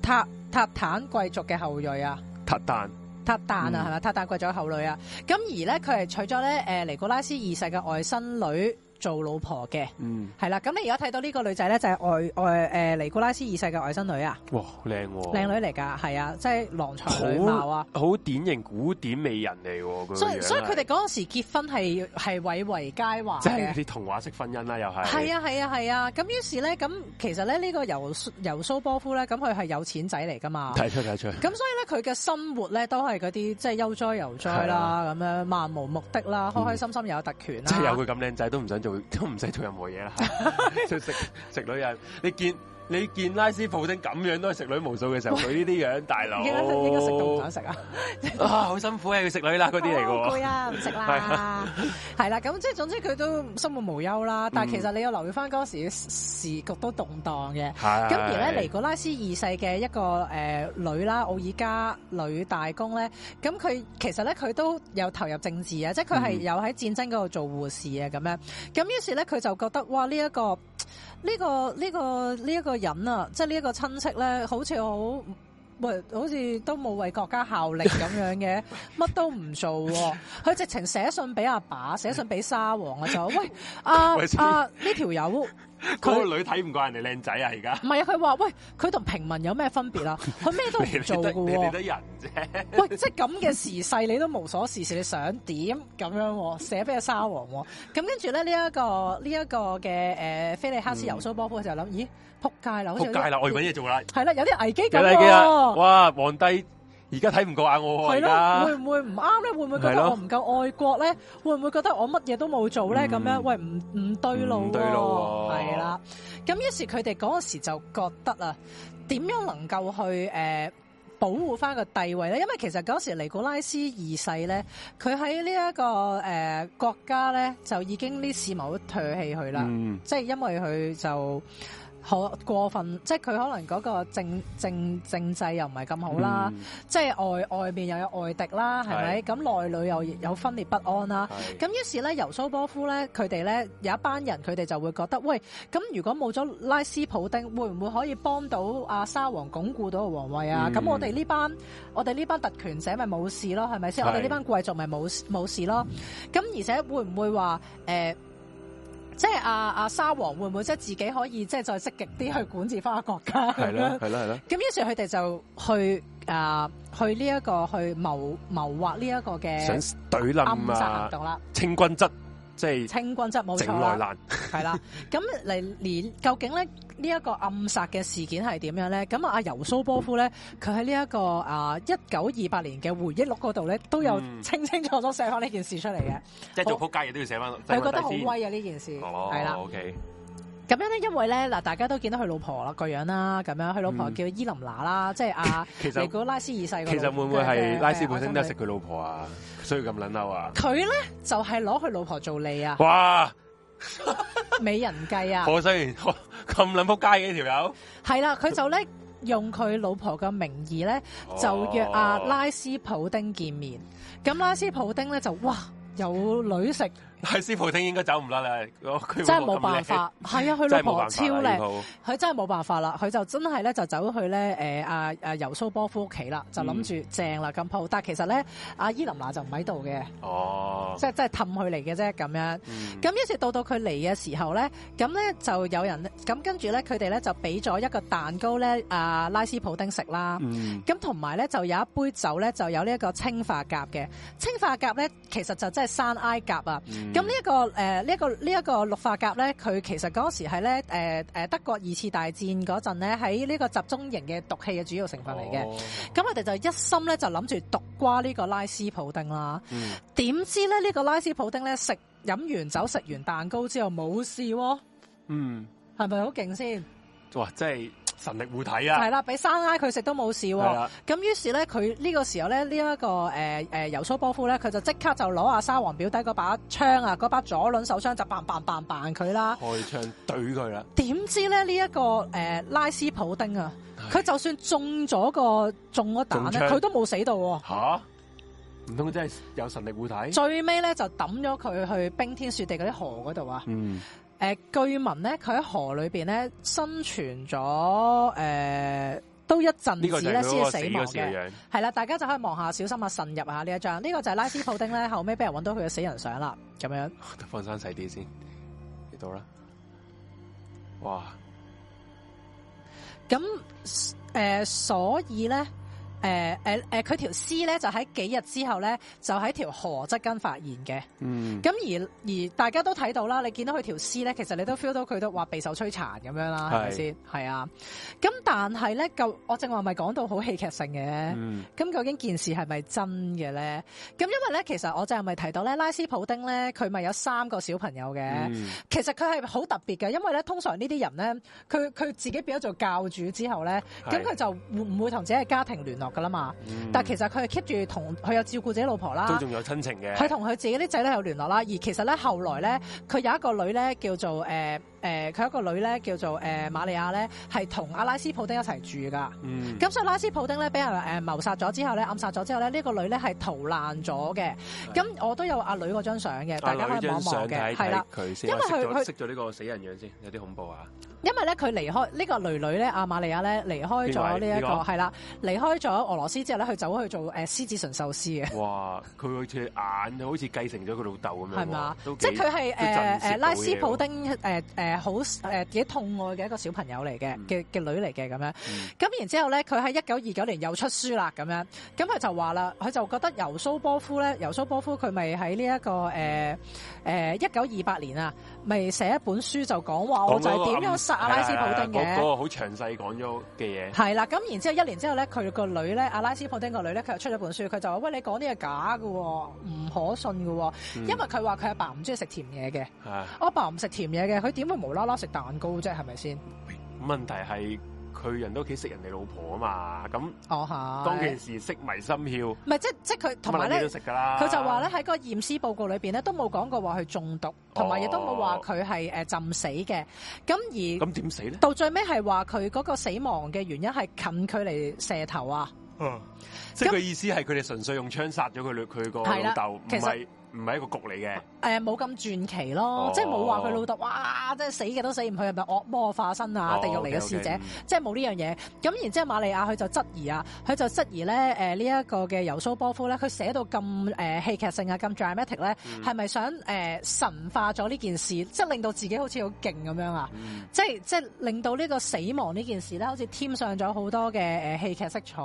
係、塔塔坦貴族嘅後裔啊。塔坦。他但啊，係、嗯、嘛？他但貴咗後女啊，咁而咧，佢係娶咗咧，誒、呃，尼古拉斯二世嘅外甥女。做老婆嘅，係、嗯、啦，咁你而家睇到呢個女仔咧，就係外外誒尼古拉斯二世嘅外甥女啊！哇，好靚靚女嚟噶，係啊，即係、就是、郎才女貌啊，好典型古典美人嚟。所以所以佢哋嗰時結婚係係偉為佳話嘅，即係啲童話式婚姻啦、啊，又係係啊係啊係啊！咁於是咧，咁其實咧呢、這個尤尤蘇波夫咧，咁佢係有錢仔嚟噶嘛？睇出睇出。咁所以咧，佢嘅生活咧都係嗰啲即係悠哉悠哉啦，咁樣漫無目的啦，開開心心又有特權啦，嗯、即係有佢咁靚仔都唔想做。都唔使做任何嘢啦， 就食食女人，你見。你見拉斯普京咁樣都係食女無數嘅時候，佢呢啲樣大佬，應該食都唔想食啊！ 啊，好辛苦呀、啊，要食女、啊啊、食 啦，嗰啲嚟嘅喎。唔食啦，係啦，咁即係總之佢都生活無憂啦。嗯、但係其實你又留意翻嗰時嘅時局都動蕩嘅。係。咁而呢，尼古拉斯二世嘅一個、呃、女啦，奧爾加女大公咧，咁佢其實咧佢都有投入政治啊，嗯、即係佢係有喺戰爭嗰度做護士啊，咁樣。咁於是咧佢就覺得哇，呢、這、一個。呢個呢個呢一個人啊，即係呢一個親戚咧，好似好。喂，好似都冇為國家效力咁樣嘅，乜 都唔做。佢直情寫信俾阿爸，爸，寫信俾沙皇就喂啊，就喂阿呢條友，佢、啊 啊這個那個女睇唔慣人哋靚仔啊，而家。唔係啊，佢話喂，佢同平民有咩分別啊？佢咩都唔做嘅喎。 你哋得你哋得人啫。 喂，即係咁嘅時勢，你都無所事事，你想點咁樣，樣？寫俾阿沙皇。咁跟住咧，呢、這、一個呢一、這個嘅、呃、菲利克斯尤蘇波夫就諗，咦？仆街啦！仆街啦！我要搵嘢做啦！係啦，有啲危機感咯！危機啊！哇！皇帝而家睇唔過眼我啦！會唔會唔啱咧？會唔會覺得我唔夠愛國咧？會唔會覺得我乜嘢都冇做咧？咁樣喂，唔唔對路！唔對路！係啦，咁於是佢哋嗰時就覺得啦，點樣能夠去誒保護翻個帝位咧？因為其實嗰時尼古拉斯二世咧，佢喺呢一個誒國家咧就已經啲事務都唾棄佢啦，即係因為佢就。過過分，即係佢可能嗰個政政政制又唔係咁好啦、嗯，即係外外面又有外敵啦，係咪？咁內裏又有分裂不安啦，咁於是咧，尤蘇波夫咧，佢哋咧有一班人，佢哋就會覺得，喂，咁如果冇咗拉斯普丁，會唔會可以幫到阿沙皇鞏固到個皇位啊？咁、嗯、我哋呢班我哋呢班特權者咪冇事咯，係咪先？我哋呢班貴族咪冇冇事咯？咁而且會唔會話誒？呃即係阿阿沙皇會唔會即係自己可以即係、就是、再積極啲去管治翻個國家？係啦，係啦，係啦。咁於是佢哋就去啊，去呢、這、一個去謀謀劃呢一個嘅，想懟冧啊，暗殺行動啦，清君側。即係清軍真冇錯，係啦。咁嚟連究竟咧呢一個暗殺嘅事件係點樣咧？咁啊，阿尤蘇波夫咧，佢喺呢一個啊一九二八年嘅回憶錄嗰度咧，都有清清楚楚寫翻呢件事出嚟嘅。即、嗯、係做撲街嘢都要寫翻，佢、哦、覺得好威啊呢件事，係、哦、啦。咁樣咧，因為咧嗱，大家都見到佢老婆啦個樣啦，咁樣佢老婆叫伊琳娜啦，嗯、即係阿尼古拉斯二世太太。其實會唔會係拉斯普丁得食佢老婆啊？所以咁撚嬲啊？佢咧就係攞佢老婆做利啊！哇，美人計啊！我雖然咁撚撲街嘅條友，係啦，佢、啊 啊、就咧用佢老婆嘅名義咧，就約阿拉斯普丁見面。咁拉斯普丁咧就哇有女食。拉斯普丁應該走唔甩啦！真係冇辦法，係、呃、啊！佢老婆超叻，佢真係冇辦法啦！佢就真係咧就走去咧誒啊誒尤蘇波夫屋企啦，就諗住、嗯、正啦咁鋪。但其實咧，阿伊琳娜就唔喺度嘅，哦，即係即係氹佢嚟嘅啫咁樣。咁於是到到佢嚟嘅時候咧，咁咧就有人咁跟住咧，佢哋咧就俾咗一個蛋糕咧，阿、啊、拉斯普丁食啦。咁同埋咧就有一杯酒咧，就有呢一個氰化鉀嘅氰化鉀咧，其實就真係山埃鉀啊！嗯咁、嗯，這個呃，這個這個、呢一個誒呢一呢一個氰化鉀咧，佢其實嗰時係咧誒德國二次大戰嗰陣咧，喺呢個集中營嘅毒氣嘅主要成分嚟嘅。咁我哋就一心咧就諗住毒瓜呢個拉斯普丁啦。點、嗯、知咧呢、這個拉斯普丁咧食飲完酒食完蛋糕之後冇事喎。嗯，係咪好勁先？哇！真係。神力護體啊！係啦，俾山埃佢食都冇事喎、啊。咁於是咧，佢呢個時候咧，呢、這、一個誒誒尤蘇波夫咧，佢就即刻就攞阿沙皇表弟嗰把槍啊，嗰把左輪手槍就 bang bang bang bang 佢啦。開槍懟佢啦！點知咧呢一個誒、呃、拉斯普丁啊，佢就算中咗個中咗彈咧，佢都冇死到、啊、喎。唔通佢真係有神力護體？嗯、最尾咧就抌咗佢去冰天雪地嗰啲河嗰度啊！嗯誒、呃，據聞咧，佢喺河裏邊咧生存咗，誒、呃，都一陣子咧先，這個、死亡嘅。係啦，大家就可以望下小心啊，慎入下呢一張。呢、這個就係拉斯普丁咧， 後尾俾人搵到佢嘅死人相啦，咁樣。得放生細啲先，呢度啦？哇！咁誒、呃，所以咧。誒誒誒佢條屍咧就喺幾日之後咧，就喺條河側根發現嘅。嗯。咁而而大家都睇到啦，你見到佢條屍咧，其實你都 feel 到佢都話備受摧殘咁樣啦，係咪先？係啊。咁但係咧，究我正話咪講到好戲劇性嘅。嗯。咁究竟件事係咪真嘅咧？咁因為咧，其實我就係咪提到咧，拉斯普丁咧，佢咪有三個小朋友嘅。嗯。其實佢係好特別嘅，因為咧，通常呢啲人咧，佢佢自己變咗做教主之後咧，咁佢就唔會同自己嘅家庭聯絡。噶啦嘛，但其實佢係 keep 住同佢有照顧自己老婆啦，都仲有親情嘅。佢同佢自己啲仔咧有聯絡啦，而其實咧後來咧，佢有一個女咧叫做誒誒，佢、呃、一個女咧叫做誒瑪、呃、利亞咧，係同阿拉斯普丁一齊住噶。咁、嗯、所以阿拉斯普丁咧俾人誒、呃、謀殺咗之後咧暗殺咗之後咧，呢、這個女咧係逃難咗嘅。咁、嗯、我都有阿女嗰張相嘅，大家可以望望嘅，係啦。因為佢佢識咗呢個死人樣先，有啲恐怖啊。因為咧佢離開呢、這個女女咧，阿瑪利亞咧離開咗呢一個係啦，離開咗、這個。俄羅斯之後咧，佢走去做誒獅、呃、子純壽司嘅。哇！佢好似眼好似繼承咗佢老豆咁樣。係嘛？即係佢係誒誒拉斯普丁誒誒好誒幾痛愛嘅一個小朋友嚟嘅，嘅、嗯、嘅女嚟嘅咁樣。咁、嗯、然之後咧，佢喺一九二九年又出書啦咁樣。咁佢就話啦，佢就覺得尤蘇波夫咧，尤蘇波夫佢咪喺呢一個誒誒一九二八年啊。未寫一本書就講話，我就係點樣殺阿拉斯普丁嘅、嗰個，嗰、嗯嗰個好詳細講咗嘅嘢。係啦，咁然之後一年之後咧，佢個女咧，阿拉斯普丁個女咧，佢又出咗本書，佢就話：喂，你講啲係假㗎喎，唔可信喎。嗯。因為佢話佢阿爸唔中意食甜嘢嘅。我阿爸唔食甜嘢嘅，佢點會無啦啦食蛋糕啫？係咪先？問題係。佢人都屋企食人哋老婆啊嘛，咁哦吓，當其時色迷心竅。唔係即即佢同埋咧，佢就話咧，喺個驗屍報告裏邊咧都冇講過話佢中毒，同埋亦都冇話佢係誒浸死嘅。咁而咁點死咧？到最尾係話佢嗰個死亡嘅原因係近距離射頭啊。嗯，即係佢意思係佢哋純粹用槍殺咗佢，佢個老豆，唔係。唔係一個局嚟嘅，誒冇咁傳奇咯，哦、即係冇話佢老豆，哇！即係死嘅都死唔去，係咪惡魔化身啊？地獄嚟嘅使者，哦、okay, okay, 即係冇呢樣嘢。咁然之後瑪利亞佢就質疑啊，佢就質疑咧誒呢一、呃這個嘅尤蘇波夫咧，佢寫到咁誒戲劇性啊，咁 dramatic 咧、嗯，係咪想誒神化咗呢件事，即係令到自己好似好勁咁樣啊？嗯、即係即係令到呢個死亡呢件事咧，好似添上咗好多嘅誒戲劇色彩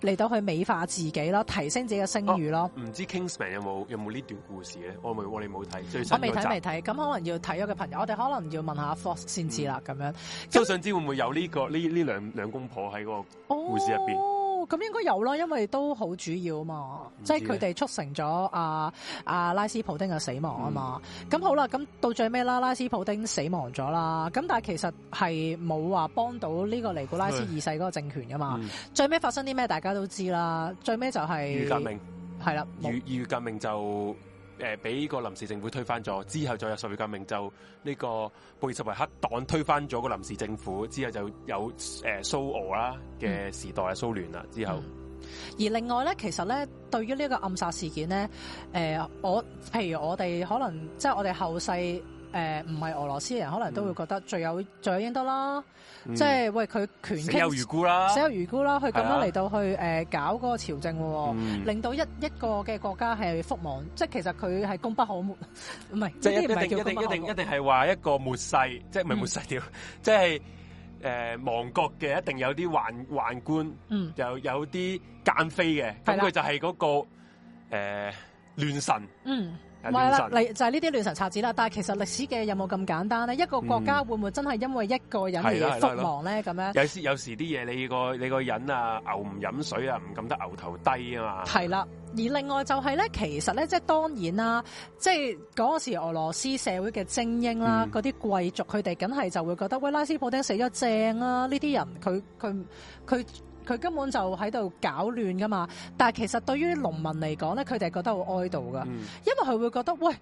嚟到去美化自己咯，提升自己嘅聲譽咯。唔、哦、知 Kingsman 有冇有冇呢段？故事咧，我未我哋冇睇最新嗰集，我未睇未睇，咁可能要睇咗嘅朋友，嗯、我哋可能要問下 Fox 先知啦，咁、嗯、樣周信知會唔會有呢、這個呢呢兩兩公婆喺嗰個故事入邊？咁、哦、應該有啦，因為都好主要啊嘛，即係佢哋促成咗阿阿拉斯普丁嘅死亡、嗯、啊嘛。咁好啦，咁到最尾啦，拉斯普丁死亡咗啦，咁但係其實係冇話幫到呢個尼古拉斯二世嗰個政權㗎嘛。嗯、最尾發生啲咩？大家都知啦。最尾就係、是、革命，係啦，二月革命就。誒俾個臨時政府推翻咗，之後再有十月革命，就呢個布爾什維克黨推翻咗個臨時政府，之後就有誒、呃、蘇俄啦嘅時代啊，嗯、蘇聯啦，之後。嗯、而另外咧，其實咧，對於呢個暗殺事件咧，誒、呃、我譬如我哋可能即係我哋後世。誒唔係俄羅斯人，可能都會覺得最有、嗯、罪有應得啦。嗯、即係喂佢權傾，死有餘辜啦，死有餘辜啦。佢咁樣嚟到去、呃、搞個朝政喎、啊嗯，令到一一個嘅國家係覆亡。即係其實佢係功不可沒，唔係即一定一定一定係話一個末世，即係唔係末世掉，即係誒亡國嘅。一定，一定，一定，一、嗯呃、一定有啲宦宦官，有啲奸妃嘅。咁佢、嗯、就係嗰、嗰個亂神，嗯，係啦，嚟就係呢啲亂神賊子啦。但係其實歷史嘅有冇咁簡單咧？一個國家會唔會真係因為一個人而覆亡咧？咁、嗯、樣有時有時啲嘢你、那個你個人啊牛唔飲水啊唔咁得牛頭低啊嘛。係啦，而另外就係咧，其實咧即係當然啦、啊，即係嗰時俄羅斯社會嘅精英啦、啊，嗰啲貴族佢哋梗係就會覺得喂，拉斯普丁死咗正啊！呢啲人佢佢佢。佢根本就喺度搞亂噶嘛，但係其實對於農民嚟講咧，佢哋覺得好哀悼噶，嗯、因為佢會覺得，喂，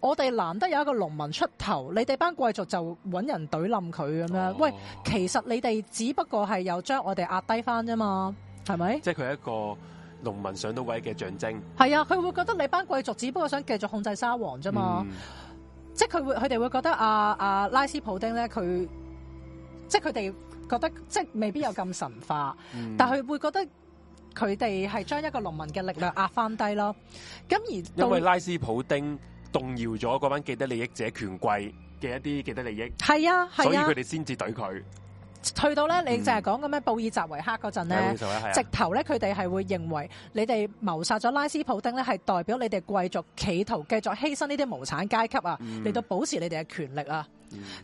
我哋難得有一個農民出頭，你哋班貴族就揾人懟冧佢咁樣。哦、喂，其實你哋只不過係有將我哋壓低翻啫嘛，係咪？即係佢一個農民上到位嘅象徵。係啊，佢會覺得你班貴族只不過想繼續控制沙皇啫嘛。嗯、即係佢會，佢哋會覺得阿、啊、阿、啊、拉斯普丁咧，佢即係佢哋。覺得即係未必有咁神化，嗯、但佢會覺得佢哋係將一個農民嘅力量壓翻低咯。咁而因為拉斯普丁動搖咗嗰班既得利益者、權貴嘅一啲既得利益，係啊，啊，所以佢哋先至懟佢。去到咧，你就係講咁樣布爾什維克嗰陣咧，嗯、直頭咧，佢哋係會認為你哋謀殺咗拉斯普丁咧，係代表你哋貴族企圖繼續犧牲呢啲無產階級啊，嚟、嗯、到保持你哋嘅權力啊。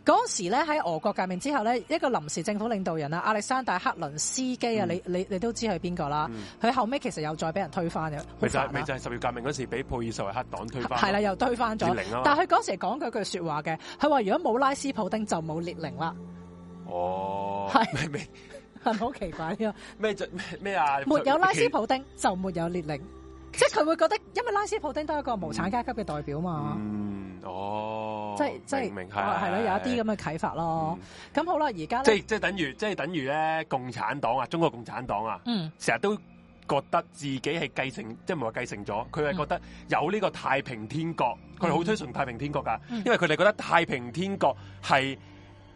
嗰、嗯、時咧喺俄國革命之後咧，一個臨時政府領導人啊，亞歷山大克倫斯基啊、嗯，你你你都知佢邊個啦？佢、嗯、後尾其實又再俾人推翻咗，咪就咪就係十月革命嗰時俾布爾什維克黨推翻，係啦又推翻咗列寧咯。但係佢嗰時講佢句話說話嘅，佢話如果冇拉斯普丁就冇列寧啦。哦，係咪係好奇怪啲咩咩啊？沒有拉斯普丁就沒有列寧。即係佢會覺得，因為拉斯普京都係一個無產階級嘅代表嘛。嗯，哦，即係即係，明係啊，係、哦、有一啲咁嘅啟發咯。咁、嗯、好啦，而家咧，即即等於即係等於咧，共產黨啊，中國共產黨啊，嗯，成日都覺得自己係繼承，即係唔係話繼承咗？佢係覺得有呢個太平天國，佢好推崇太平天國噶，因為佢哋覺得太平天國係誒、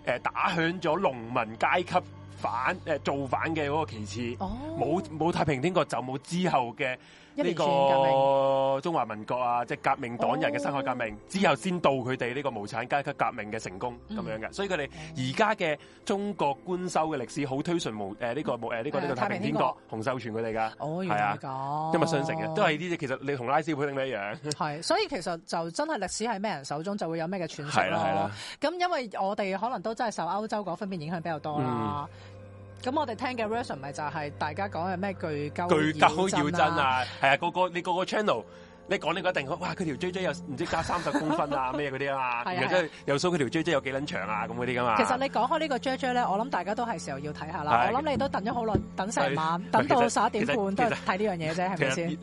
呃、打響咗農民階級反誒、呃、造反嘅嗰個旗幟。哦，冇冇太平天國就冇之後嘅。呢個中華民國啊，即係革命黨人嘅辛亥革命之後，先到佢哋呢個無產階級革命嘅成功咁樣嘅，所以佢哋而家嘅中國官修嘅歷史好推崇無誒呢、呃這個無誒呢個呢、這個太平天國，洪秀全佢哋噶，係、哦、啊，今日相承嘅，都係呢啲其實你同拉斯背景一樣。係，所以其實就真係歷史喺咩人手中就會有咩嘅傳承咯。咁因為我哋可能都真係受歐洲嗰方面影響比較多啦。嗯咁我哋聽嘅 version 咪就係大家講係咩鉅好要真啊，係啊個個你個個 channel，你講你覺一定哇佢條 J J 有唔知加三十公分啊咩嗰啲啊嘛，然 啊，即係、啊、又數佢條 J J 有幾撚長啊咁嗰啲噶嘛。其實你講開呢個 J J 咧，我諗大家都係時候要睇下啦。啊、我諗你都等咗好耐，等成晚、啊、等到十一點半都係睇呢樣嘢啫，係咪先？是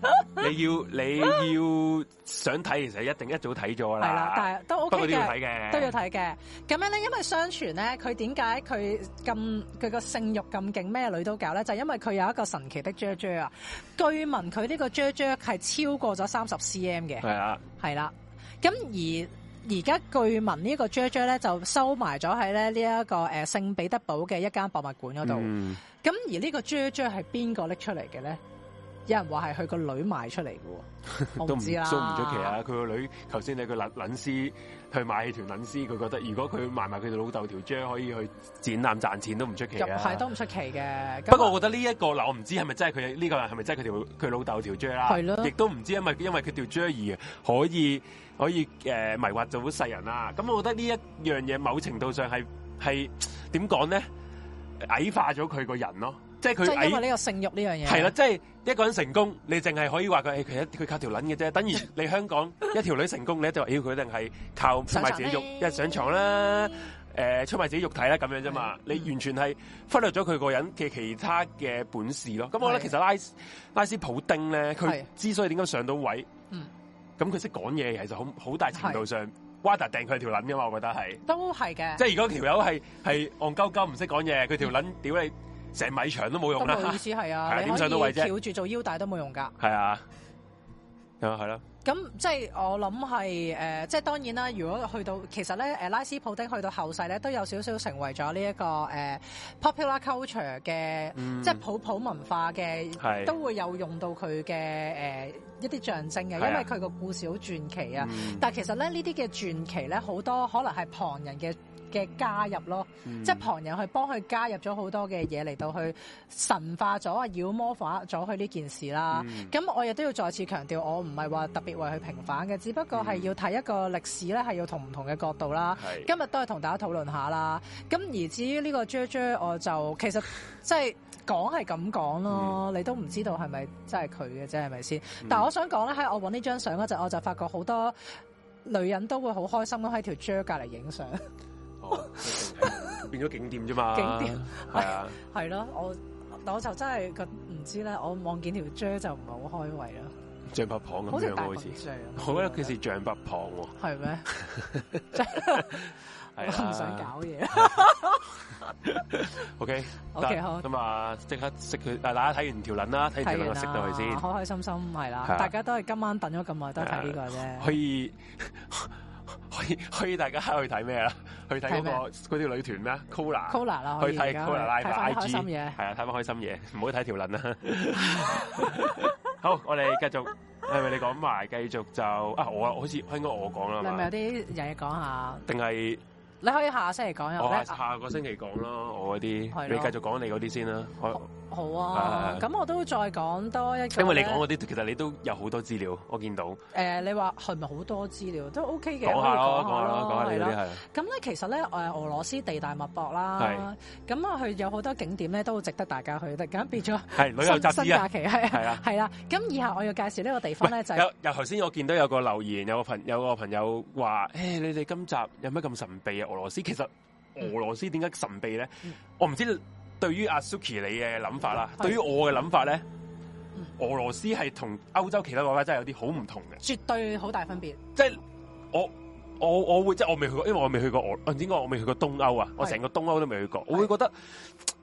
你要你要想睇，其實一定一早睇咗啦。係啦，但係都 O K，都要睇嘅。都要睇嘅。咁樣咧，因為相傳咧，佢點解佢咁佢個性慾咁勁，咩女都搞咧？就係，因為佢有一個神奇的 J J 啊！據聞佢呢個 J J 係超過咗三十 C M 嘅。係啦係啦。咁而而家據聞呢個 J J 咧就收埋咗喺咧呢一個誒聖彼得堡嘅一間博物館嗰度。咁、嗯、而個 J J 呢個 J J 係邊個拎出嚟嘅咧？有人話係佢個女賣出嚟嘅，都唔出奇啊！佢個女頭先你佢捻捻絲去買條捻絲佢覺得如果佢賣埋佢老豆條 j 可以去展覽賺錢，都唔出奇係，都唔出奇嘅。不過我覺得呢、這、一個我唔知係咪真係佢呢個人係咪真係佢條佢老豆條 j 啦？亦都唔知，因為因為佢條 j 而可以可以誒、呃、迷惑做好世人啦、啊、咁我覺得呢一樣嘢，某程度上係係點講咧矮化咗佢個人咯。即係佢，就係、因為呢個性慾呢樣嘢。係啦，即係一個人成功，你淨係可以話佢，佢、欸、一佢靠條撚嘅啫。等於你香港 一條女成功，你就話，誒、欸，佢一定係靠出賣自己肉，一上牀啦，誒、呃，出賣自己肉體啦，咁樣啫嘛。你完全係忽略咗佢個人嘅其他嘅本事咯。咁我覺得其實拉斯拉斯普丁咧，佢之所以點解上到位，咁佢識講嘢，其實好好大程度上 w a 掟佢係條撚噶嘛，我覺得係。都係嘅。即係如果條友係係戇鳩鳩唔識講嘢，佢條撚屌你。米長都冇用啦，意思係啊，啊，你可以吊住做腰帶都冇用噶，係啊，咁係咯。咁、啊、即係我諗係誒，即係當然啦。如果去到其實咧，誒拉斯普丁去到後世咧，都有少少成為咗呢一個誒、呃、popular culture 嘅，即、嗯、係、就是、普普文化嘅、啊，都會有用到佢嘅誒一啲象徵嘅。因為佢個故事好傳奇啊。但係其實咧呢啲嘅傳奇咧，好多可能係旁人嘅。嘅加入咯，嗯、即係旁人去幫佢加入咗好多嘅嘢嚟到去神化咗啊，妖魔化咗佢呢件事啦。咁、嗯、我亦都要再次強調，我唔係話特別為佢平反嘅，只不過係要睇一個歷史咧，係要同唔同嘅角度啦。嗯、今日都係同大家討論下啦。咁而至於呢個 J J，我就其實即係、就是、講係咁講咯，嗯、你都唔知道係咪真係佢嘅啫，係咪先、嗯？但係我想講咧，喺我搵呢張相嗰陣，我就發覺好多女人都會好開心咁喺條 J J 隔離影相。 變咗景點啫嘛，景點，係啊，係咯，我，但我就真係個唔知咧，我望見條蕉就唔係好開胃咯，象拔蚌咁樣好似，我覺得佢似象拔蚌喎，係咩？我唔、啊 啊、想搞嘢，OK，OK 好，咁啊，即刻食佢，大家睇完條論啦，睇完我食到佢先，開開心心係啦，大家都係今晚等咗咁耐，都睇呢個啫，可以。可以可以，可以大家去睇咩啊？去睇嗰、嗰個嗰啲、嗰個、女團咩 Kola Kola 啦，去睇 Kola Live IG 係啊，睇翻開心嘢，唔好睇條論啦。 好，我哋繼續係咪你講埋？繼續就啊，我啊，好似應該我講啦。係咪有啲嘢講下？定係。你可以下,下個星期講我下個星期講咯，我嗰啲你繼續講你嗰啲先啦。好，好啊，咁我都再講多一，因為你講嗰啲，其實你都有好多資料，我見到。誒、呃，你話係咪好多資料都 OK 嘅？講下咯，講下咯，講下嗰啲咁咧，其實咧，誒，俄羅斯地大物博啦，咁啊，去有好多景點咧，都值得大家去。得，咁變咗係旅遊、啊、假期，係啊，係啦。咁以下我要介紹呢個地方咧，就由由頭先我見到有個留言，有個朋友有個朋友話：誒、哎，你哋今集有咩咁神秘啊？俄羅斯，其實俄羅斯點解神秘咧？嗯、我唔知對於阿 Suki 你嘅諗法啦，嗯、對於我嘅諗法咧，嗯、俄羅斯係同歐洲其他國家真係有啲好唔同嘅，絕對好大分別，就是。即係我。我我會，即係我未去過，因為我未去過俄，應該我未去過東歐啊！我成個東歐都未去過，我會覺得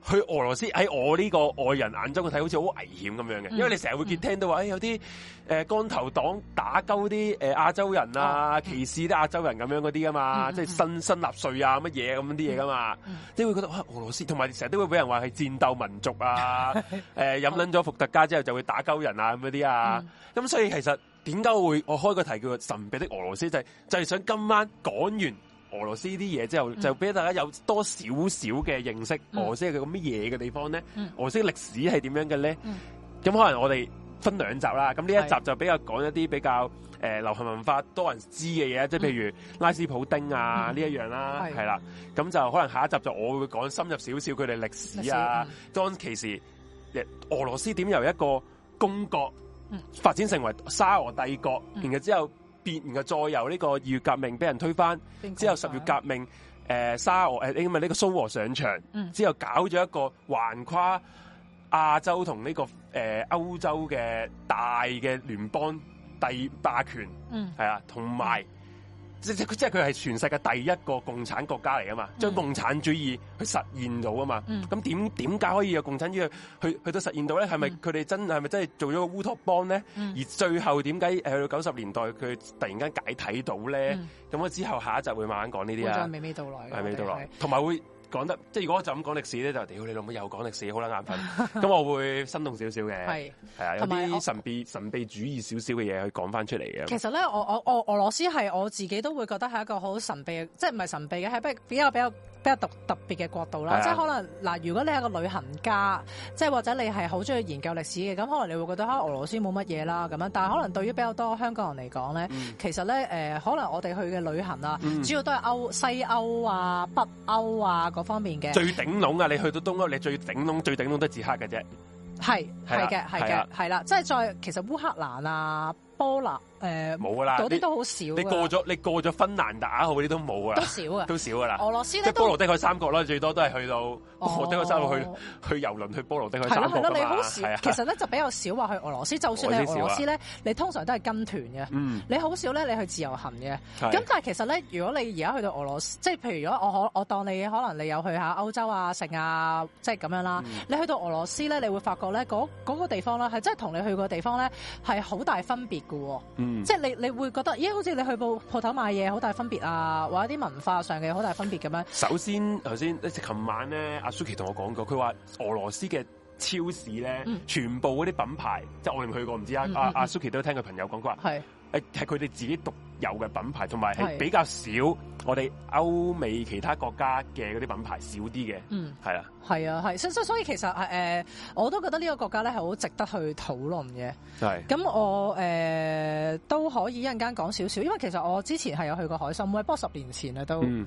去俄羅斯喺我呢個外人眼中去睇，好似好危險咁樣嘅。因為你成日會見聽到話，誒、嗯哎，有啲誒光頭黨打鳩啲誒亞洲人啊，啊歧視啲亞洲人咁樣嗰啲噶嘛，嗯、即係新新納粹啊乜嘢咁啲嘢噶嘛、嗯，你會覺得哇俄羅斯同埋成日都會俾人話係戰鬥民族啊，誒飲捻咗伏特加之後就會打鳩人啊咁嗰啲啊，咁、嗯、所以其實。點解會？我開個題叫做神秘的俄羅斯，就係、就係想今晚講完俄羅斯啲嘢之後、嗯，就俾大家有多少少嘅認識、嗯、俄羅斯嘅咁乜嘢嘅地方咧？嗯、俄羅斯歷史係點樣嘅咧？咁、嗯、可能我哋分兩集啦。咁呢一集就比較講一啲比較誒、呃、流行文化多人知嘅嘢，即係譬如拉斯普丁啊呢一、嗯、樣啦、啊、係、嗯、啦。咁就可能下一集就我會講深入少少佢哋歷史啊。當、嗯、其時，俄羅斯點由一個公國？發展成為沙俄帝國，然後之後變，然後再由呢個二月革命俾人推翻，之後十月革命，誒沙俄誒因為呢個蘇俄上場，之後搞咗一個橫跨亞洲同呢個誒歐洲嘅大嘅聯邦帝霸權，嗯，係啊，同埋。即即係佢係全世界第一個共產國家嚟啊嘛，將、嗯、共產主義去實現到啊嘛。咁點點解可以有共產主義去去到實現到咧？係咪佢哋真係咪、嗯、真係做咗個烏托邦咧？而最後點解去到九十年代佢突然間解體到咧？咁、嗯、我之後下一集會慢慢講呢啲啊，再娓娓道來，娓娓道來，同埋會。講得即係如果我就咁講歷史咧，就屌你老母又講歷史，好撚眼瞓。咁 我會生動少少嘅，係係啊，有啲神秘神秘主義少少嘅嘢講翻出嚟嘅。其實咧，我我我俄羅斯係我自己都會覺得係一個好神秘嘅，即係唔係神秘嘅，係比較比較比較獨特別嘅國度啦。啊、即係可能嗱、呃，如果你係個旅行家，即係或者你係好中意研究歷史嘅，咁可能你會覺得可能俄羅斯冇乜嘢啦咁樣。但係可能對於比較多香港人嚟講咧，嗯、其實咧誒、呃，可能我哋去嘅旅行啊，嗯、主要都係歐西歐啊、北歐啊。嗰方面嘅最頂籠啊！你去到東歐，你最頂籠、最頂籠都係捷克嘅啫。係係嘅係嘅係啦，即係再其實烏克蘭啊、波蘭。誒冇噶啦，嗰啲都好少你。你過咗你過咗芬蘭打嗰啲都冇啊。都少啊，都少噶啦。俄羅斯咧，波羅的海三國啦，最多都係去到波羅的海三國去、哦、去遊輪去波羅的海三國，你好少，其實咧就比較少話去俄羅斯。就算你去俄羅斯咧，你通常都係跟團嘅。嗯，你好少咧，你去自由行嘅。咁、嗯、但係其實咧，如果你而家去到俄羅斯，即係譬如如果我我當你可能你有去一下歐洲啊、城啊，即係咁樣啦。嗯、你去到俄羅斯咧，你會發覺咧嗰、嗰個地方啦，係真係同你去過地方咧係好大分別嘅喎。嗯嗯、即係你，你會覺得，咦？好似你去部鋪頭買嘢，好大分別啊，或者啲文化上嘅好大分別咁樣。首先，頭先喺琴晚咧，阿 Suki 同我講過，佢話俄羅斯嘅超市咧、嗯，全部啲品牌，即係我哋未去過，唔知啊、嗯嗯嗯。阿阿 Suki 都聽佢朋友講過係誒係佢哋自己做。有嘅品牌，同埋係比較少，我哋歐美其他國家嘅嗰啲品牌少啲嘅，嗯，係啊，係啊，係，所所以其實係誒、呃，我都覺得呢個國家咧係好值得去討論嘅，係，咁我誒、呃、都可以一陣間講少少，因為其實我之前係有去過海參崴，不過十年前咧都。嗯。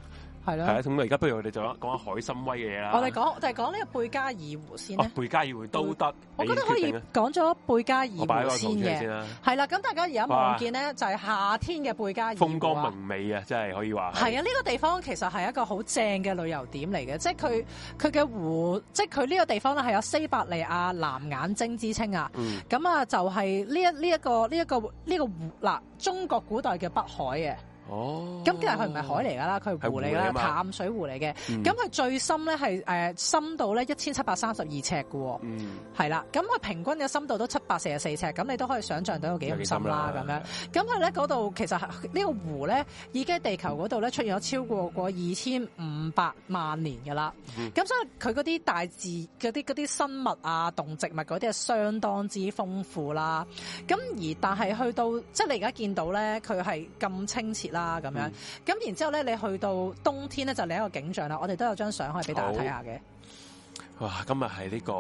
係啦，咁啊，而家不如我哋就講下海參崴嘅嘢啦。我哋講就係講呢個貝加爾湖先咧。貝、啊、加爾湖都得，我覺得可以講咗貝加爾湖先嘅。係啦，咁、啊、大家而家望見咧，就係、是、夏天嘅貝加爾湖、啊，風光明媚啊，真係可以話。係啊，呢、這個地方其實係一個好正嘅旅游點嚟嘅，即係佢佢嘅湖，即係佢呢個地方咧，係有西伯利亞藍眼睛之稱啊。咁、嗯、啊，就係呢一呢一、這個呢一、這個呢、這個這個湖嗱、啊，中國古代嘅北海嘅。哦，咁即係佢唔係海嚟噶啦，佢係湖嚟嘅啦，淡水湖嚟嘅。咁、嗯、佢最深咧係誒深度咧一千七百三十二尺噶，係、嗯、啦。咁佢平均嘅深度都七百四十四尺。咁你都可以想象到有幾深啦。咁樣，咁佢咧嗰度其實呢個湖咧，已經喺地球嗰度咧出現咗超過過二千五百萬年噶啦。咁、嗯嗯、所以佢嗰啲大自嗰啲嗰啲生物啊、動植物嗰啲係相當之豐富啦。咁而但係去到即係你而家見到咧，佢係咁清澈啦。啦咁樣，咁、嗯、然之後咧，你去到冬天咧，就另一個景象啦。我哋都有張相可以俾大家睇下嘅、哦。哇，今日係呢個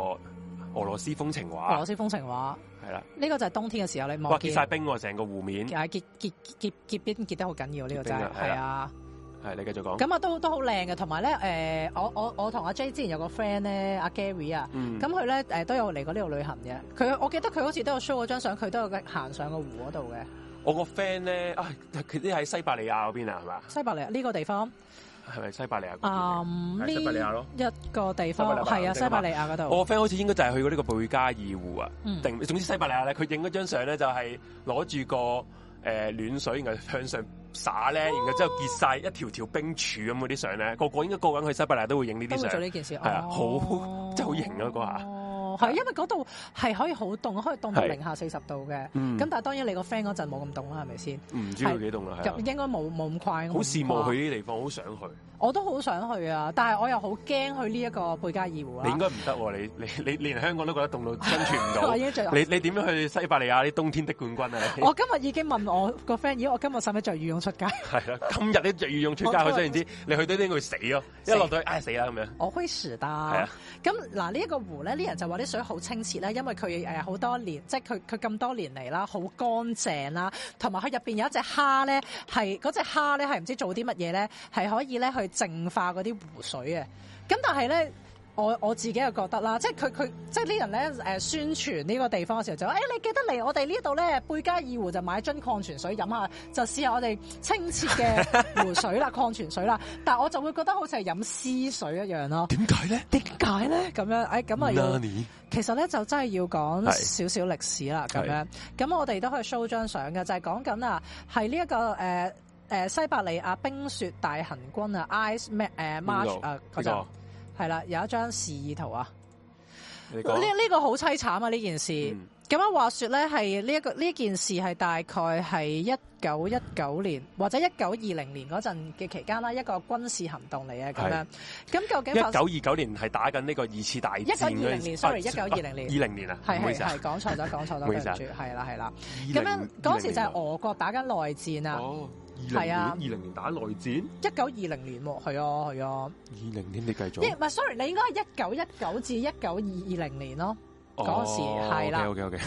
俄羅斯風情畫。俄羅斯風情畫係啦，呢、這個就係冬天嘅時候你望結晒冰，成個湖面。係結結結結，結，結，結冰結得好緊要，呢、這個真係係啊。係你繼續講。咁啊，都都好靚嘅，同埋咧，誒、呃，我我我同阿 J 之前有個 friend 咧，阿、啊、Gary 啊、嗯，咁佢咧誒都有嚟過呢度旅行嘅。佢我記得佢好似都有 show 嗰張相，佢都有行上個湖嗰度嘅。我個 friend 咧啊，佢啲喺西伯利亞嗰邊啊，係嘛？西伯利亞呢、呢個地方係咪西伯利亞？啊，西伯利亞咯一個地方，係啊，西伯利亞嗰度。我個 friend 好似應該就係去過呢個貝加爾湖啊，定、嗯、總之西伯利亞咧，佢影咗張相咧就係攞住個誒、呃、暖水然後向上灑咧，oh. 然後之後結晒一條條冰柱咁嗰啲相咧，個個應該個個人去西伯利亞都會影呢啲相。做呢件事係、oh. 啊，好真係好型嗰下。係，因為嗰度係可以好凍，可以凍到零下四十度嘅。咁、嗯、但係當然你個 friend 嗰陣冇咁凍啦，係咪先？唔知佢幾凍啦，係。就、啊、應該冇冇咁快。好羨慕佢啲地方，好想去。我都好想去啊，但係我又好驚去呢一個貝加爾湖啦。你應該唔得、啊，你你你，你連香港都覺得凍到生存唔到。 你你點樣去西伯利亞啲冬天的冠軍啊？ 我今日已經問我個 friend，咦我今日使唔使著羽絨出街？係 啊，今日都著羽絨出街。可想而知， 你去到應該會死咯、啊。一落到去，唉、哎、死啦咁樣。我開始啦。咁嗱、啊，呢一、呢個湖呢，啲人就話。啲水好清澈啦，因為佢誒好多年，即係佢佢咁多年嚟啦，好乾淨啦，同埋佢入邊有一隻蝦咧，係嗰隻蝦咧，係唔知做啲乜嘢咧，係可以咧去淨化嗰啲湖水嘅，咁但係咧。我我自己又覺得啦，即係佢佢即係呢人咧、呃、宣傳呢個地方嘅時候就誒、哎、你記得嚟我哋呢度咧貝加爾湖就買樽礦，礦泉水飲下，就試下我哋清澈嘅湖水啦、 礦泉水啦。但係我就會覺得好似係飲屍水一樣咯。點解咧？點解咧？咁樣誒咁啊其實咧就真係要講少少歷史啦。咁樣咁我哋都可以 show 張相嘅，就係講緊啊係呢一個誒、呃、西伯利亞冰雪大行軍啊，Ice 咩 March 啊。係啦，有一張示意圖啊。呢呢、這個好、這個、淒慘啊！呢件事咁樣，嗯、那話說咧係呢一、這個呢件事係大概係一九一九年或者一九二零年嗰陣嘅期間啦，一個軍事行動嚟嘅咁樣。咁究竟一九二九年係打緊呢個二次大戰的？一九二零年，sorry，一九二零年，二、uh, 零、uh, 年，、uh, 年啊，係係係，講錯咗，講錯咗，對唔住，係啦係啦。咁樣嗰時就係俄國打緊內戰啊。Oh. 係啊，二零年打內戰，一九二零年喎，係啊，係啊，二零、啊、年你繼續，唔係，sorry，你應該係一九一九至一九二二零年咯，嗰、oh, 時係啦，ok ok 係、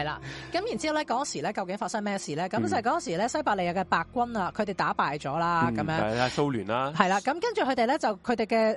okay. 啦、 啊，咁然後之後咧，嗰時咧究竟發生咩事咧？咁、嗯、就係嗰時咧，西伯利亞嘅白軍啊，佢哋打敗咗啦，咁、嗯、樣，係啦，蘇聯啦，係啦、啊，咁跟住佢哋咧就佢哋嘅誒，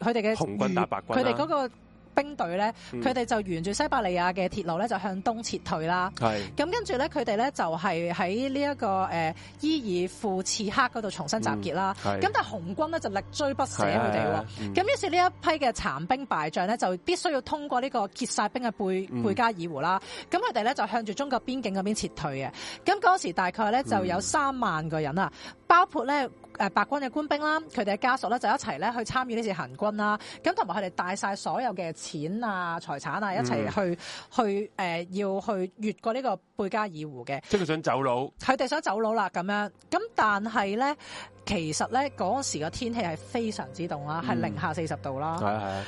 佢哋嘅紅軍打白軍、啊，佢哋、嗰個。兵隊咧，佢哋就沿住西伯利亞嘅鐵路咧，就向東撤退啦。係。咁跟住咧，佢哋咧就係喺呢一個誒、呃、伊爾庫茨克嗰度重新集結啦。咁、嗯、但係紅軍咧就力追不捨佢哋喎。咁、嗯、於是呢一批嘅殘兵敗將咧，就必須要通過呢個結晒冰嘅貝貝加爾湖啦。咁佢哋咧就向住中國邊境嗰邊撤退嘅。咁嗰時大概咧就有三萬個人啦、嗯，包括咧。誒白軍嘅官兵啦，佢哋嘅家屬咧就一齊咧去參與呢次行軍啦，咁同埋佢哋帶晒所有嘅錢啊、財產啊一齊去、嗯、去誒、呃，要去越過呢個貝加爾湖嘅。即係佢想走佬，佢哋想走佬啦咁樣。咁但係咧，其實咧嗰時嘅天氣係非常之凍啦，係零下四十度啦、嗯。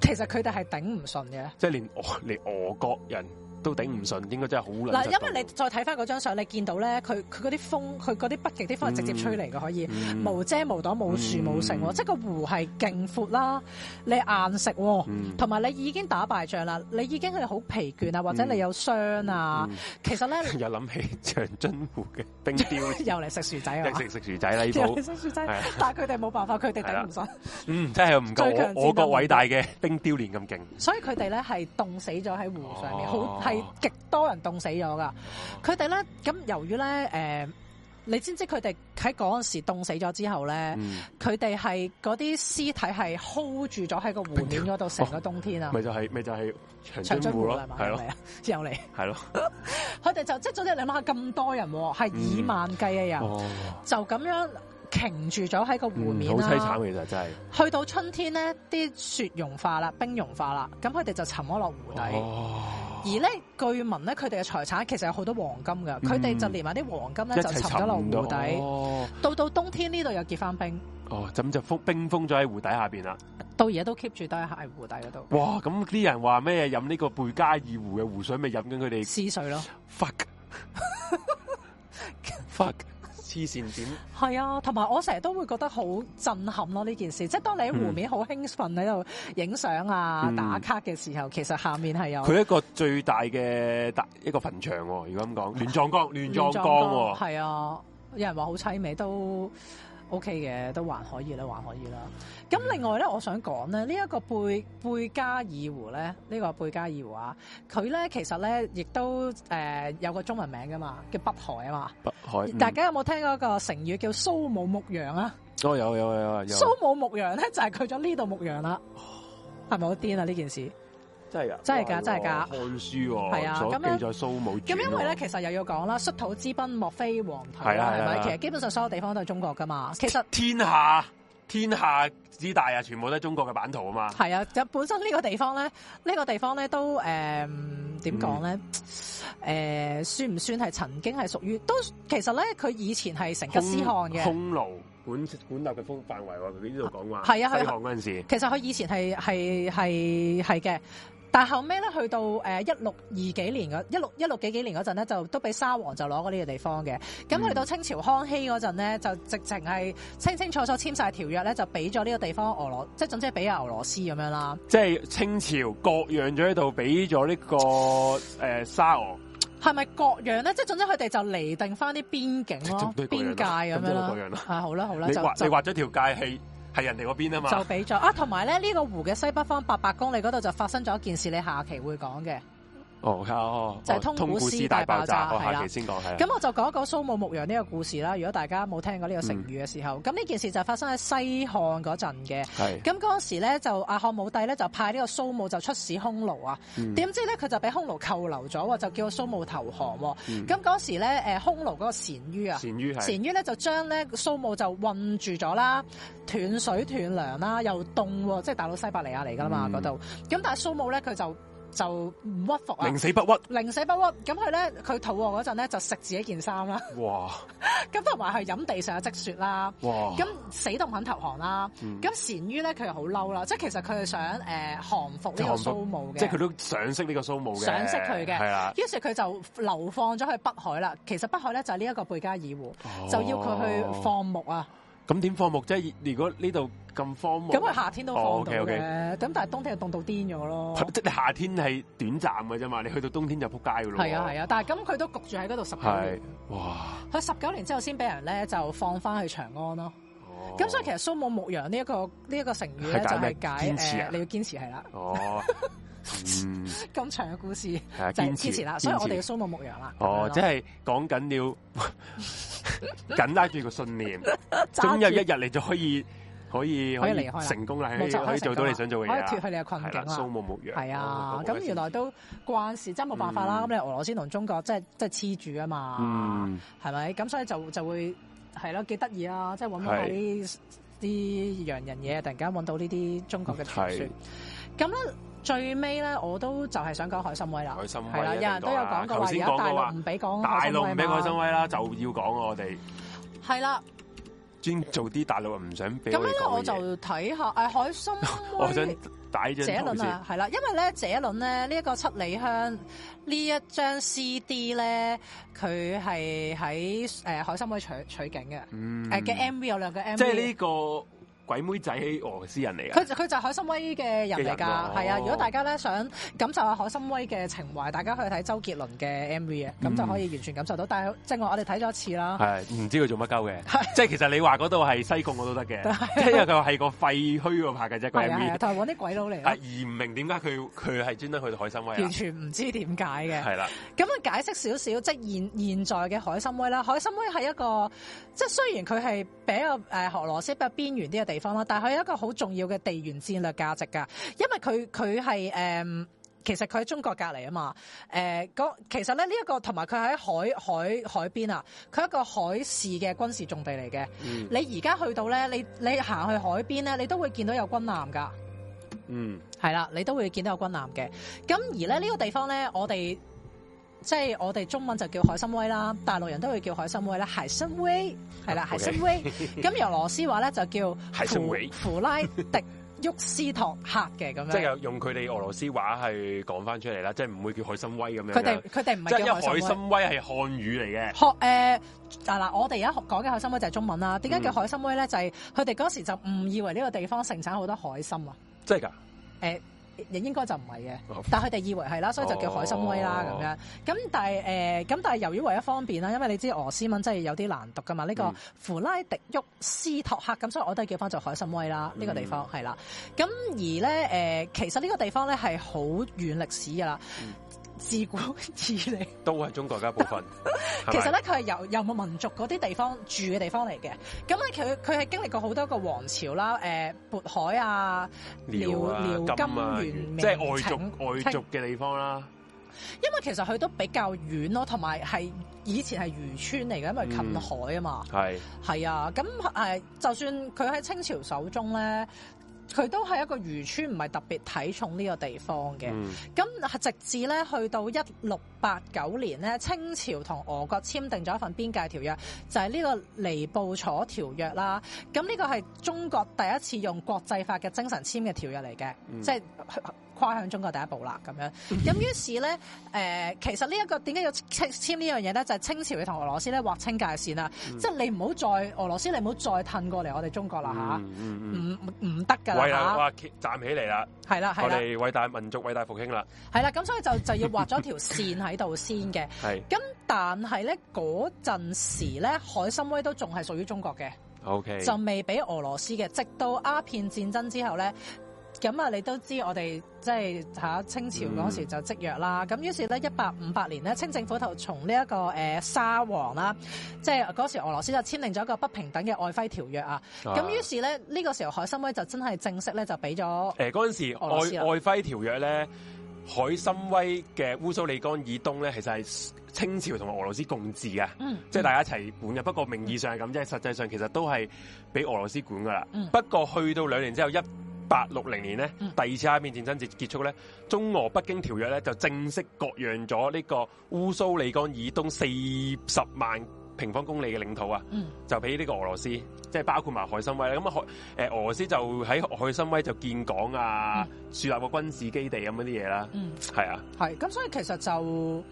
其實佢哋係頂唔順嘅，即係連俄連俄國人都頂唔順，應該真係好嗱，因為你再睇翻嗰張相，你見到咧，佢佢嗰啲風，佢嗰啲北極啲風係直接吹嚟嘅。可以、嗯、無遮無擋、冇樹冇城、嗯，即係個湖係勁闊啦。你硬食，同、嗯、埋你已經打敗仗啦，你已經係好疲倦啊，或者你有傷啊、嗯嗯。其實咧， 又諗起長津湖嘅冰雕， 又嚟食薯仔啊！食食食薯仔啦， 薯仔，但係佢哋冇辦法，佢哋頂唔順。 嗯，真係唔夠我國偉大嘅冰雕連咁勁。所以佢哋咧係凍死咗喺湖上面，啊.係極多人凍死咗㗎。佢哋咧，咁由於咧，誒、呃，你知唔知佢哋喺嗰陣時凍死咗之後咧，佢哋係嗰啲屍體係 hold 住咗喺個湖面嗰度成個冬天啊？咪、哦、就係、是、咪就係長津湖咯？係咪啊？之又嚟？係咯，佢 哋就即係總之你諗下咁多人，係以萬計嘅人，嗯、就咁樣擎住咗喺個湖面啦。好、嗯、淒慘其實真係。去到春天咧，啲雪融化啦，冰融化啦，咁佢哋就沉咗落湖底。哦而咧，據聞咧，佢哋嘅財產其實有好多黃金㗎。佢、嗯、哋就連埋啲黃金咧就沉咗落湖底。哦、到到冬天呢度又結翻冰。哦，咁就封冰封咗喺湖底下邊啦。到而家都 keep 住都喺湖底嗰度。哇！咁啲人話咩飲呢個貝加爾湖嘅湖水咪飲緊佢哋？屍水咯。Fuck。Fuck。黐線點？係啊，同埋我成日都會覺得好震撼咯，啊！呢件事，即係當你喺湖面好興奮喺度影相啊、嗯、打卡嘅時候，其實下面係有佢一個最大嘅一個墳場，哦。如果咁講，亂葬崗，亂葬崗喎，哦。係啊，有人話好淒美都。OK 嘅，都還可以啦，還可以啦。咁另外咧，我想講咧，呢、這、一個貝貝加爾湖咧，呢、這個貝加爾湖啊，佢咧其實咧亦都誒有個中文名㗎嘛，叫北海啊嘛。北海，嗯、大家有冇聽過一個成語叫蘇武牧羊啊？都、哦、有有有有。蘇武牧羊咧，就係去咗呢度牧羊啦。係咪好癲啊？呢件事？真係噶，真係噶，真係噶。漢書喎，係啊，咁、啊啊、記載蘇武。咁因為咧，其實又要講啦，率土之濱莫非皇土，係咪、啊啊？其實基本上所有地方都係中國噶嘛。其實天下天下之大啊，全部都係中國嘅版圖啊嘛。係啊，就本身呢個地方咧，呢、呢個地方咧都誒點講咧？誒、呃，算唔算係曾經係屬於都其實咧，佢以前係成吉思汗嘅匈奴管管轄嘅範範圍喎。佢呢度講話係啊，係啊。嗰陣時其實佢以前係係係係嘅。但後尾咧，去到誒一六二幾年一六一六幾幾年嗰陣咧，就都俾沙皇就攞過呢個地方嘅。咁去到清朝康熙嗰陣咧，就直情係清清楚楚簽晒條約咧，就俾咗呢個地方俄羅，即係總之係俾阿俄羅斯咁樣啦。即係清朝割讓咗喺度，俾咗呢個誒沙俄。係咪割讓咧？即係總之佢哋就釐定翻啲邊境咯、啊啊，邊界咁樣咯、啊啊。好啦，好啦，你畫就，就你畫你咗條界氣。係人哋嗰邊啊嘛就，就俾咗啊，同埋咧呢、呢個湖嘅西北方八百公里嗰度就發生咗一件事，你下期會講嘅。哦、oh, yeah，oh, oh, 就係通古斯大爆炸。係咁我、嗯嗯、我就講一講蘇武牧羊呢個故事啦。如果大家冇聽過呢個成語嘅時候，咁呢件事就發生喺西漢嗰陣嘅。係咁嗰時咧，就阿漢武帝咧就派呢個蘇武就出使匈奴啊。點、嗯、知咧佢就俾匈奴扣留咗，就叫蘇武投降。咁、嗯、嗰、嗯、時咧，誒匈奴嗰個單于啊，單于係單于咧就將咧蘇武就困住咗啦，斷水斷糧啦，又凍，即係大陸西伯利亞嚟噶啦嘛嗰度。咁、嗯、但係蘇武咧佢就。就唔屈服啊！寧死不屈，寧死不屈。咁佢咧，佢肚餓嗰陣咧，就食自己件衫啦。哇！咁不如話係飲地上有積雪啦。哇！咁死都唔肯投降啦。咁單于咧，佢又好嬲啦。即係其實佢係想誒降、呃、服呢個蘇武嘅，即係佢都賞識呢個蘇武嘅，賞識佢嘅。係啊。於是佢就流放咗去北海啦。其實北海咧就係呢一個貝加爾湖，哦、就要佢去放牧啊。咁點放牧即係如果呢度咁荒漠，咁佢夏天都放到嘅。咁、哦 okay, okay、但係冬天又凍到癲咗咯。即係夏天係短暫嘅啫嘛，你去到冬天就撲街噶咯。係啊，係啊，但係咁佢都焗住喺嗰度十九年。哇！佢十九年之後先俾人咧就放翻去長安咯。咁、哦、所以其實蘇武牧羊、這個這個、呢一個呢一個成語咧就係解誒、啊呃、你要堅持係啦、啊。哦 咁、嗯、長嘅故事、啊、就堅、是、持啦，所以我哋嘅蘇武牧羊啦。哦，即係講緊要緊拉住個信念，終 有一日你就可以，可以可以離開，成功啦，可以可以，可以做到你想做嘅嘢，可以脫去你嘅困境木木啊。蘇武牧羊係啊，咁原來都關事，真係冇辦法啦。咁、嗯、你俄羅斯同中國即係即係黐住啊嘛，係、嗯、咪？咁所以就就會係咯，幾得意啊！即係搵到啲啲洋人嘢，突然間搵到呢啲中國嘅傳說，咁最尾咧，我都就係想講海參崴啦，海參崴啦，啊，人都有講過有大陸唔俾講啦，大陸唔俾海參崴啦，就要講我哋。係啦，專做啲大陸唔想。咁樣咧，我就睇下，啊、海參崴， 我想解咗。杰倫啊，係啦，因為咧杰倫咧呢一，這個七里香一張呢一張 CD 咧，佢係喺海參崴取取景嘅，誒，嗯，嘅，呃、MV 有兩個 MV，即係呢個。鬼妹仔俄羅斯人嚟噶，佢就佢就海參崴嘅人嚟噶，係、哦、啊！如果大家咧想感受下海參崴嘅情懷，大家去睇周杰倫嘅 MV 啊，咁就可以完全感受到。但係正話我哋睇咗一次啦、嗯啊，係唔知佢做乜鳩嘅， 即係其實你話嗰度係西貢我都得嘅、 啊啊啊，即係佢係個廢墟個拍嘅啫，係啊，同埋搵啲鬼佬嚟，而唔明點解佢佢係專登去到海參崴，完全唔知點解嘅。係啦，咁啊解釋少少，即係現現在嘅海參崴啦，海參崴係一個即係雖然佢係比較誒、呃、俄羅斯比較邊緣啲嘅地。方啦，但係佢有一個好重要嘅地緣戰略價值噶，因為佢佢係誒，其實佢喺中國隔籬啊嘛，誒、呃，其實咧呢一個同埋佢喺海海海邊啊，佢係一個海事嘅軍事重地嚟嘅。你而家去到咧，你你行去海邊咧，你都會見到有軍艦噶，嗯，係啦，你都會見到有軍艦嘅。咁而咧呢、嗯這個地方咧，我哋。即係我哋中文就叫海參崴啦，大陸人都會叫海參崴啦，海參崴係啦，海參崴。咁、okay. 用 俄羅斯話咧就叫海參崴， 弗拉迪沃斯托克嘅咁樣。即係用佢哋俄羅斯話係講翻出嚟啦，嗯，即係唔會叫海參崴咁樣。佢哋佢哋唔係。即係因為海參崴係漢語嚟嘅。學誒嗱嗱，我哋而家講嘅海參崴就係中文啦。點解叫海參崴咧、嗯？就係佢哋嗰時就誤以為呢個地方盛產好多海參啊。真係噶。誒、欸。亦應該就唔係嘅，但係佢哋以為係啦，所以就叫海參崴啦咁、oh. 樣。咁但係誒，咁、呃、但係由於為咗方便啦，因為你知俄羅斯文真係有啲難讀噶嘛，呢、這個弗拉迪沃斯托克，咁所以我都係叫翻做海參崴啦。呢、這個地方係啦。咁、mm. 而咧誒、呃，其實呢個地方咧係好遠歷史噶啦。Mm. 自古而嚟，都係中國嘅一部分。其實咧，佢係由遊牧民族嗰啲地方住嘅地方嚟嘅。咁咧，佢佢係經歷過好多個王朝啦。誒，渤海啊，遼遼金元明即係外族外族嘅地方啦、啊。因為其實佢都比較遠咯，同埋係以前係漁村嚟嘅，因為近海啊嘛。係、嗯、係啊，咁誒，就算佢喺清朝手中咧。佢都係一個漁村，唔係特別睇重呢個地方嘅。咁、嗯、直至咧去到一六八九年咧，清朝同俄國簽訂咗一份邊界條約，就係、是、呢個《尼布楚條約》啦。咁呢個係中國第一次用國際法嘅精神簽嘅條約嚟嘅、嗯，即係。跨向中國第一步啦，咁樣咁於是咧、呃，其實呢、這、一個點解要簽呢樣嘢咧，就係、是、清朝要同俄羅斯咧劃清界線啦、嗯，即係你唔好再俄羅斯，你唔好再褪過嚟我哋中國啦吓，唔唔得噶啦嚇，站起嚟啦，係啦係啦，我哋偉大民族偉大復興啦，係啦，咁所以就就要畫咗條線喺度先嘅，係， 咁但係咧嗰陣時咧，海參崴都仲係屬於中國嘅，OK，就未俾俄羅斯嘅，直到鴉片戰爭之後咧。咁啊，你都知我哋即係吓清朝嗰時就積弱啦。咁、嗯、於是咧，一八五八年咧，清政府就從呢一個誒、呃、沙皇啦，即係嗰時俄羅斯就簽訂咗一個不平等嘅璦琿條約啊。咁於是咧，呢、這個時候海參崴就真係正式咧就俾咗誒嗰陣時俄璦琿條約咧，海參崴嘅烏蘇里江以東咧，其實係清朝同俄羅斯共治，嗯，即係大家一齊管嘅。不過名義上係咁啫，實際上其實都係俾俄羅斯管噶啦、嗯。不過去到兩年之後一八六零年咧，第二次鴉片戰爭結結束咧，中俄北京條約咧就正式割讓咗呢個烏蘇里江以東四十萬平方公里嘅領土啊，就俾呢個俄羅斯，即係包括埋海參崴啦。咁啊，誒俄羅斯就喺海參崴就建港啊，樹立個軍事基地咁嗰啲嘢啦，係、嗯、啊。係，咁所以其實就。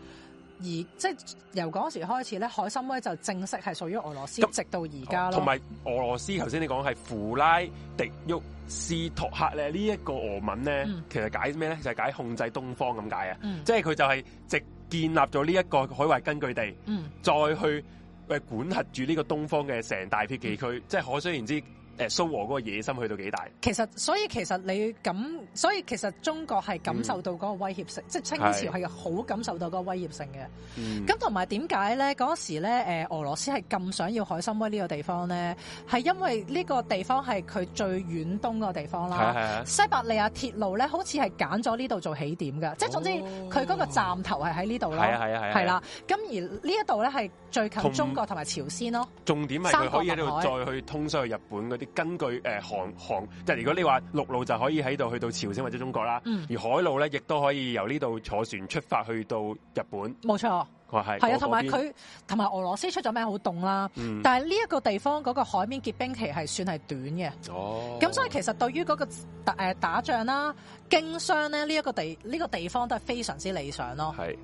而即係由嗰時開始咧，海參崴就正式係屬於俄羅斯。一直到而家咯。同埋俄羅斯頭先你講係弗拉迪沃斯托克咧，呢、這、一個俄文咧、嗯，其實解咩咧？就係解控制東方咁解啊！即係佢就係直建立咗呢一個海外根據地，嗯、再去管轄住呢個東方嘅成大片地區。嗯、即係可想而知。誒、呃、蘇和嗰個野心去到幾大？其實，所以其實你咁，所以其實中國係感受到嗰個威脅性，嗯、即係清朝係好感受到嗰個威脅性嘅。咁同埋點解咧？嗰時咧，誒俄羅斯係咁想要海參崴呢個地方咧，係因為呢個地方係佢最遠東個地方啦、啊啊。西伯利亞鐵路咧，好似係揀咗呢度做起點嘅、哦，即係總之佢嗰個站頭係喺呢度啦。係啊，啦、啊。咁、啊啊啊、而呢一度咧係最近中國同埋朝鮮咯。重點係佢可以喺度再去通出去日本嗰啲。根據誒、呃、航航，即係如果你話陸路就可以喺度去到朝鮮或者中國啦，嗯、而海路咧亦都可以由呢度坐船出發去到日本，冇錯。係啊，同埋佢同埋俄羅斯出咗名好凍啦。嗯、但係呢一個地方嗰個海面結冰期係算係短嘅。哦，咁所以其實對於嗰個誒打仗啦、經商咧，呢一個地呢、呢個地方都係非常之理想咯。係。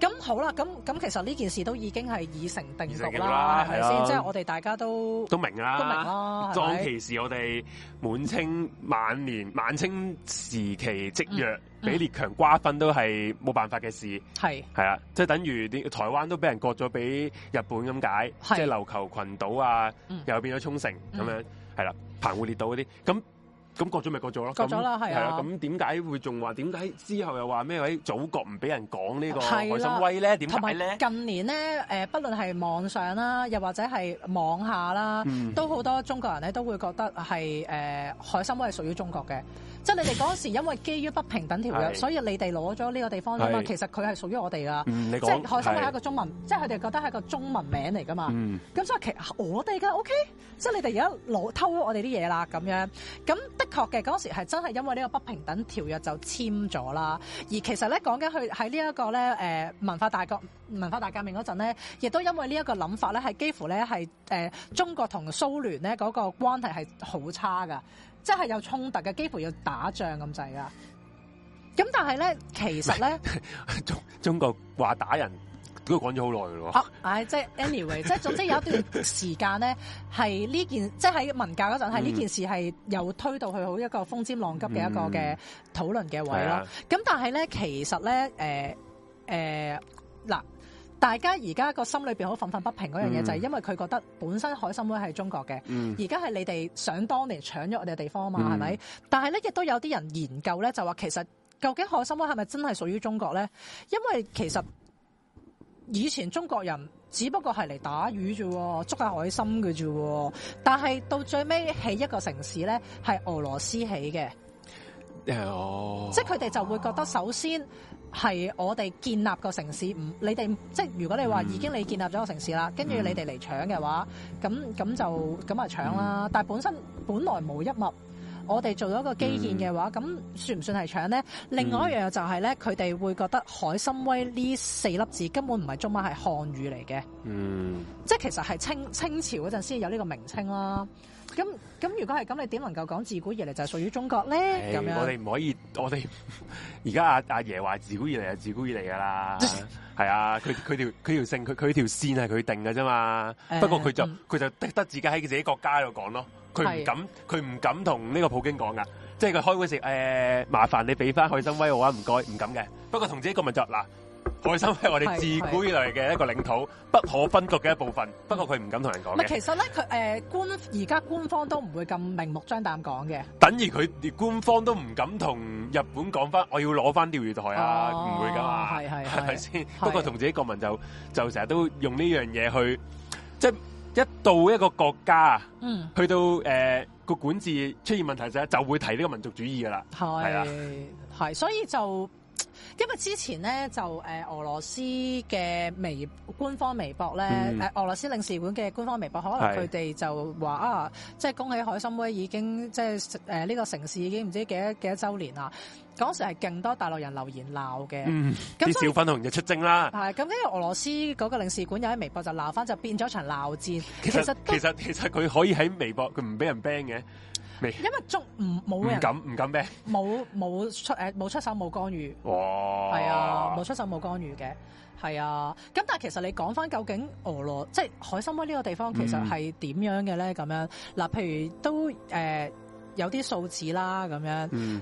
咁好啦，咁咁其實呢件事都已經係已成定局啦。係先，即係、即係、我哋大家都都明啦。都明啦。當其時，我哋滿清晚年、晚清時期積弱。嗯俾列強瓜分都係冇辦法嘅事，係係啊，即係等於啲台灣都俾人割咗俾日本咁解，即係、就是、琉球群島啊、嗯，又變咗沖繩咁樣，係啦，澎湖列島嗰啲咁。咁過咗咪過咗咯，過咗啦，係啊，咁點解會仲話點解之後又話咩位祖國唔俾人講呢個海參崴咧？同埋咧？呢近年咧，誒，不論係網上啦，又或者係網下啦、嗯，都好多中國人咧都會覺得係誒海參崴係屬於中國嘅。 即係你哋嗰時因為基於不平等條約，所以你哋攞咗呢個地方啊嘛。其實佢係屬於我哋噶、嗯，即係海參崴係一個中文，即係佢哋覺得係個中文名嚟噶嘛。咁、嗯、所以其實我哋嘅 O K，即係你哋而家攞偷咗我哋啲嘢啦咁樣，咁確嘅嗰時係真係因為呢個不平等條約就簽咗啦，而其實咧講緊佢喺呢一、這個咧誒、呃、文化大革文化大革命嗰陣咧，亦都因為這呢一個諗法咧係幾乎咧係誒中國同蘇聯咧嗰個關係係好差噶，即係有衝突嘅，幾乎要打仗咁滯噶。咁但係咧，其實咧中中國話打人。都講咗好耐嘅咯，唉，即係 anyway，即係總之有一段時間咧，係呢件， 即係喺文教嗰陣，係呢件事係又推到去好一個風尖浪急嘅一個嘅討論嘅位咯。咁、嗯、但係咧，其實咧，誒、呃，誒，嗱，大家而家個心裏邊好憤憤不平嗰樣嘢，就係因為佢覺得本身海參崴係中國嘅，而家係你哋想當年搶咗我哋嘅地方啊嘛，係、嗯、咪？但係咧，亦都有啲人研究咧，就話其實究竟海參崴係咪真係屬於中國咧？因為其實。以前中國人只不過係嚟打魚啫，捉下海參嘅啫。但係到最尾起一個城市咧，係俄羅斯起嘅。哦、uh, oh. 即係佢哋就會覺得，首先係我哋建立個城市，唔你哋即係如果你話已經你建立咗個城市啦，跟、mm. 住你哋嚟搶嘅話，咁咁就咁啊搶啦！Mm. 但係本身本來冇一物。我哋做咗一個基建嘅話，咁、嗯、算唔算係搶咧？另外一樣就係、是、咧，佢、嗯、哋會覺得海參崴呢四粒字根本唔係中文，係漢語嚟嘅。嗯，即係其實係清清朝嗰陣先有呢個名稱啦。咁咁，如果係咁，你點能夠講自古以嚟就係屬於中國咧？咁、哎、樣，我哋唔可以，我哋而家阿阿爺話自古以嚟就自古以嚟噶啦。係 啊，佢佢條佢條線，佢佢條，條線係佢定㗎啫嘛。不過佢就佢、嗯、就得自己喺自己國家度講咯。佢唔敢，佢唔敢同呢個普京講噶，即係佢開會時誒，麻煩你俾翻海參崴好啊，唔該，唔敢嘅。不過同自己國民就嗱，海參崴係我哋自古以來嘅一個領土，不可分割嘅一部分。不過佢唔敢同人講。唔係，其實咧，佢誒官而家官方都唔會咁明目張膽講嘅。等於佢連官方都唔敢同日本講翻，我要攞翻釣魚台啊，唔會噶嘛，係係係咪先？不過同自己國民就就成日都用呢樣嘢去即。一到一個國家，去到誒個、呃、管治出現問題就就會提呢個民族主義噶啦，係啊，係，所以就。因為之前咧就誒、呃、俄羅斯嘅微博官方微博咧，誒、嗯呃、俄羅斯領事館嘅官方微博，可能佢哋就話啊，即、就、係、是、恭喜海參崴已經即係呢個城市已經唔知幾多幾多週年啦。嗰時係勁多大陸人留言鬧嘅，啲、嗯、小粉紅就出征啦。咁，跟住俄羅斯嗰個領事館又喺微博就鬧翻，就變咗場鬧戰。其實其實其實佢可以喺微博佢唔俾人 ban 嘅。因為中唔冇人唔敢唔敢咩？冇冇出誒冇出手冇干預。哇！係啊，冇出手冇干預嘅係啊。咁但係其實你講翻究竟俄羅即係、就是、海參崴呢個地方其實係點樣嘅咧？咁、嗯、樣嗱，譬如都誒、呃、有啲數字啦，咁樣、嗯、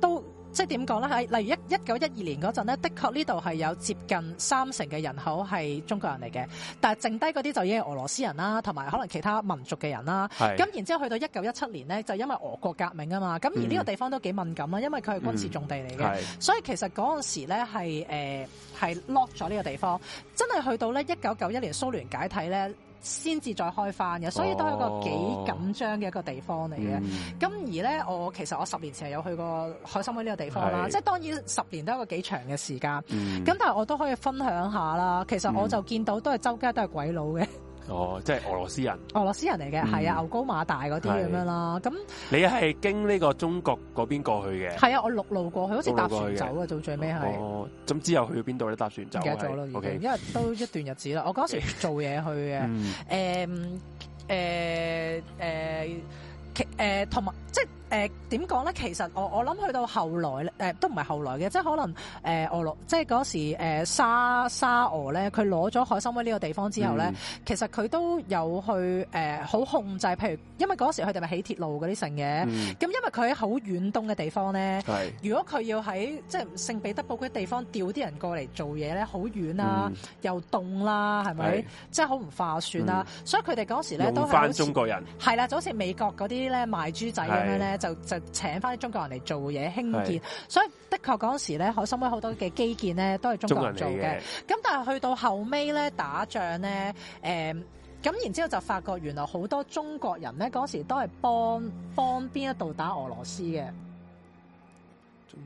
都。即係點講咧？喺例如一一九一二年嗰陣咧，的確呢度係有接近三成嘅人口係中國人嚟嘅，但係剩低嗰啲就已經係俄羅斯人啦，同埋可能其他民族嘅人啦。咁然之後去到一九一七年咧，就因為俄國革命啊嘛，咁而呢個地方都幾敏感啊、嗯，因為佢係軍事重地嚟嘅、嗯，所以其實嗰陣時咧係誒係 lock 咗呢個地方。真係去到咧一九九一年蘇聯解體咧。先至再開翻嘅，所以都係一個幾緊張嘅一個地方嚟嘅。咁、哦嗯、而咧，我其實我十年前有去過海參崴呢個地方啦。即係當然十年都係一個幾長嘅時間。咁、嗯、但係我都可以分享一下啦。其實我就見到都係周街都係鬼佬嘅。嗯 哦，即係俄羅斯人，俄羅斯人嚟嘅，係、嗯、啊，牛高馬大嗰啲咁樣啦。咁你係經呢個中國嗰邊過去嘅？係啊，我陸路過去，好似搭船走啊，到最尾係。哦、咁、哦嗯、之後去到邊度咧？搭船走。唔記得咗咯，okay, okay. 因為都一段日子啦。 我嗰時做嘢去嘅，誒、嗯，誒、嗯，誒、嗯，誒、嗯，同、嗯、埋、嗯、即。誒點講咧？其實我我諗去到後來咧、呃，都唔係後來嘅，即係可能誒俄羅，即係嗰時、呃、沙沙俄咧，佢攞咗海參崴呢個地方之後咧、嗯，其實佢都有去誒好、呃、控制，譬如因為嗰時佢哋咪起鐵路嗰啲城嘅，咁、嗯、因為佢喺好遠東嘅地方咧，如果佢要喺即係聖彼得堡嗰啲地方調啲人過嚟做嘢咧，好遠啦、啊嗯，又凍啦、啊，係咪？即係好唔化算啦、啊嗯，所以佢哋嗰時咧都係返中國人係啦，就好似美國嗰啲咧賣豬仔咁樣咧。就就請翻啲中國人嚟做嘢興建，所以的確嗰時咧，海參崴好多嘅基建咧都係中國人做嘅。咁但係去到後尾咧打仗咧，咁、呃、然之後就發覺原來好多中國人咧嗰時都係幫幫邊一度打俄羅斯嘅。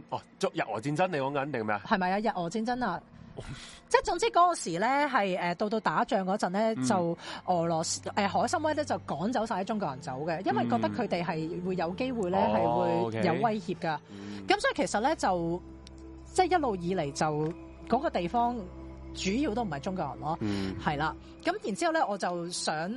哦，捉日俄戰爭你講緊定咩啊？係咪啊？日俄戰爭啊？ 即總之嗰時咧，係誒到到打仗陣咧、嗯，就俄羅斯誒、呃、海參崴咧就趕走晒啲中國人走嘅，因為覺得佢哋係會有機會咧係、嗯、會有威脅噶。咁、嗯、所以其實咧就即係、就是、一路以嚟就、嗰個地方主要都唔係中國人咯，嗯，係啦。咁然之後咧我就想。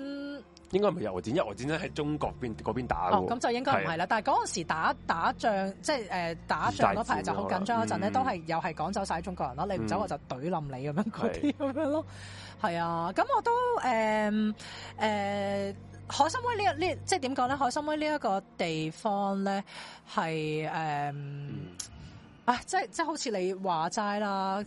應該唔係俄戰，俄戰咧喺中國邊嗰邊打的哦，咁就應該唔係啦。是但係嗰陣時打打仗，即係誒、呃、打仗嗰排就好緊張嗰陣咧，陣都係又係趕走晒中國人咯、嗯。你唔走我就懟冧你咁、嗯、樣嗰啲咁樣咯。係啊，咁我都誒誒、呃呃，海參崴呢一呢即係點講咧？海參崴呢一個地方咧係誒，啊，即係即係好似你話齋啦。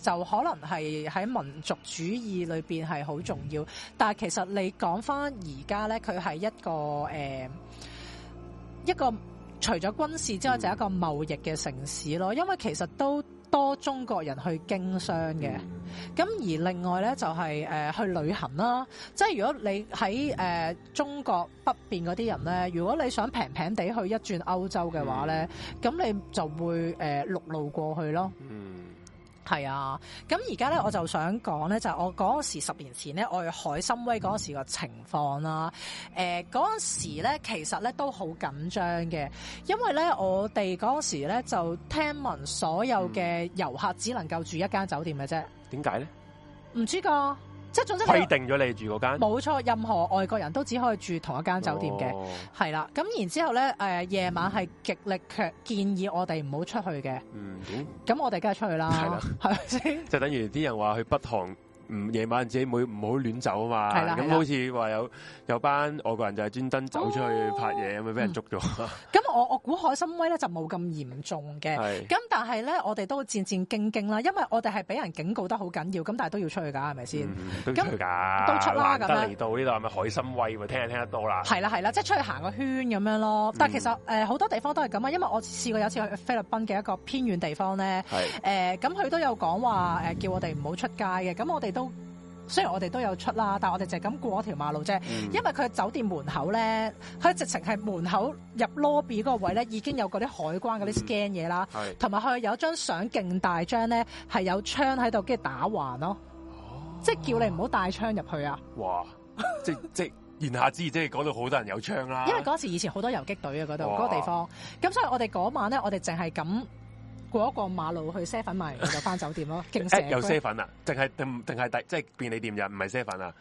就可能係喺民族主義裏面係好重要，但係其實你講翻而家呢，佢係一個、呃、一個除咗軍事之外，嗯、就係、一個貿易嘅城市咯。因為其實都多中國人去經商嘅，咁、嗯、而另外呢，就係、係呃、去旅行啦。即係如果你喺、呃、中國北邊嗰啲人呢，如果你想平平地去一轉歐洲嘅話呢，咁、嗯、你就會、呃、陸路過去咯。嗯係啊，咁而家咧我就想講咧，就係我嗰時十年前咧，我去海參崴嗰時個情況啦。誒、嗯，呃，嗰時咧其實咧都好緊張嘅，因為咧我哋嗰時咧就聽聞所有嘅遊客只能夠住一間酒店嘅啫。點解咧？唔知個。即係總之規定咗你住嗰間，冇錯。任何外國人都只可以住同一間酒店嘅，係、oh. 啦。咁然之後咧，誒、呃、夜晚係極力強建議我哋唔好出去嘅。嗯，咁我哋梗係出去啦，係咪先？ 就等於啲人話去北韓。唔夜晚自己唔好亂走啊嘛，咁好似話有有，有班外國人就係專登走出去拍嘢咁，俾、哦、人捉咗、嗯。咁我我估海參崴咧就冇咁嚴重嘅，咁但係咧我哋都戰戰兢兢啦，因為我哋係俾人警告得好緊要，咁但係都要出去㗎，係咪先？都要出去、嗯、都出，去都出去啦咁樣。嚟到呢度係咪海參崴？聽聽得多啦。係啦係啦，即係出去行個圈咁樣咯。但係其實誒好、呃、多地方都係咁啊，因為我試過有次去菲律賓嘅一個偏遠地方咧，咁佢、呃、都有講話、嗯、叫我哋唔好出街嘅，咁我哋。都雖然我哋都有出啦，但係我哋就咁過一條馬路啫。嗯、因為佢酒店門口咧，佢直情係門口入 lobby 嗰個位咧，已經有嗰啲海關嗰啲 scan 嘢啦，同埋佢有張相勁大張咧，係有槍喺度跟住打橫咯、喔，哦、即係叫你唔好帶槍入去啊！哇！即即言下之意，即係講到好多人有槍啦。因為嗰時以前好多遊擊隊啊，嗰度嗰個地方，咁所以我哋嗰晚咧，我哋淨係咁。過一個馬路去啡粉買，佢就翻酒店咯，勁死、 嗯！有啡粉啊，淨係淨係第即係便利店又唔係啡粉啊。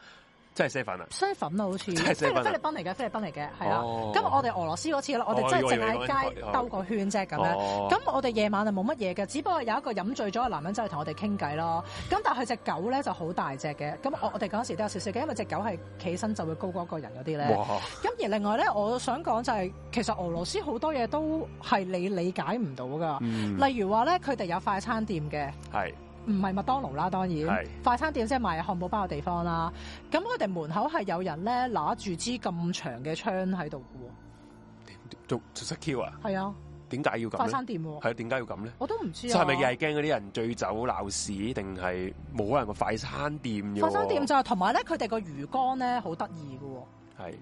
即係西粉啊！西粉咯，好似即係菲律賓嚟嘅，菲律賓嚟嘅，係啦。咁、oh, 啊嗯、我哋俄羅斯嗰次我哋真係淨喺街兜個圈啫咁、oh, 樣。咁、嗯、我哋夜晚啊冇乜嘢嘅，只不過有一個飲醉咗嘅男人走去同我哋傾偈咯。咁但係隻狗咧就好大隻嘅。咁我我哋嗰時都有少少嘅，因為隻狗係起身就會高過一個人嗰啲咧。咁、oh, 而另外咧，我想講就係、是、其實俄羅斯好多嘢都係你理解唔到噶。Oh, oh, oh, oh. 例如話咧，佢哋有快餐店嘅。係、oh, oh.。唔係麥當勞啦，當然快餐店即係賣漢堡包嘅地方啦。咁佢哋門口係有人咧攞住支咁長嘅槍喺度嘅喎，保安啊？係啊，點解要咁？快餐店喎，係啊，點解、啊、要咁咧？我都唔知道、啊，係咪又係驚嗰啲人醉酒鬧事，定係冇人個快、啊快，啊啊欸、快餐店？快餐店就係同埋咧，佢哋個魚缸咧好得意嘅喎，係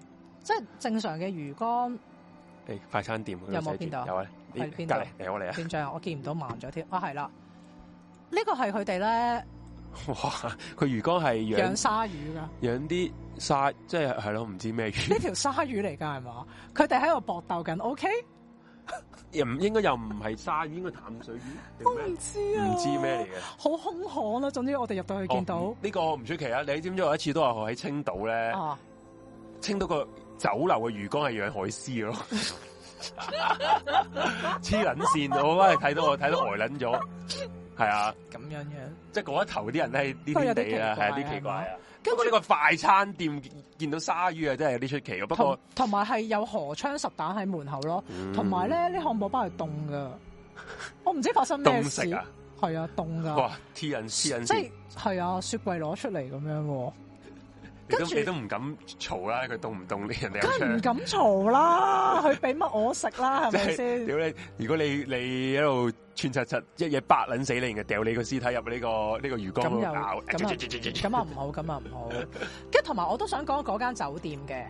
即係正常嘅魚缸。誒，快餐店有冇見到？有啊，喺邊度？嚟我嚟 啊！變相我見唔到盲咗添啊，係啦。這個、是他們呢個係佢哋咧，哇！佢魚缸係養，養鯊魚噶，養啲鯊，即係係咯，唔知咩魚？呢條鯊魚嚟噶係嘛？佢哋喺度搏鬥緊，O K？又唔應該又唔係鯊魚，應該淡水魚，我唔知啊，唔知咩嚟嘅，好凶悍咯、啊。總之我哋入到去見到呢個唔出奇啊！你知唔知我有一次都話我喺青島咧、啊，青島個酒樓嘅魚缸係養海獅咯，黐捻線，我真係睇到我睇到呆捻咗。呃 係啊，咁樣樣，即係嗰一頭啲人咧，係啲奇怪，係有啲奇怪啊！經過呢個快餐店見到鯊魚啊，真係有啲出奇啊！不過同埋係有荷槍實彈喺門口咯，同埋咧啲漢堡包係凍噶，嗯、我唔知發生咩事，係啊，凍噶、啊、哇！天人天人，即係係啊，雪櫃攞出嚟咁樣。你都唔敢嘈啦，佢凍唔凍啲人？梗係唔敢嘈啦，佢俾乜我食啦？係咪先？屌你！如果你你喺度串柒柒一嘢，白撚死你嘅，然後掉你個屍體入呢、這個呢、這個魚缸咁又咁啊？咁唔好，咁啊唔好。跟住同埋我都想講嗰間酒店嘅，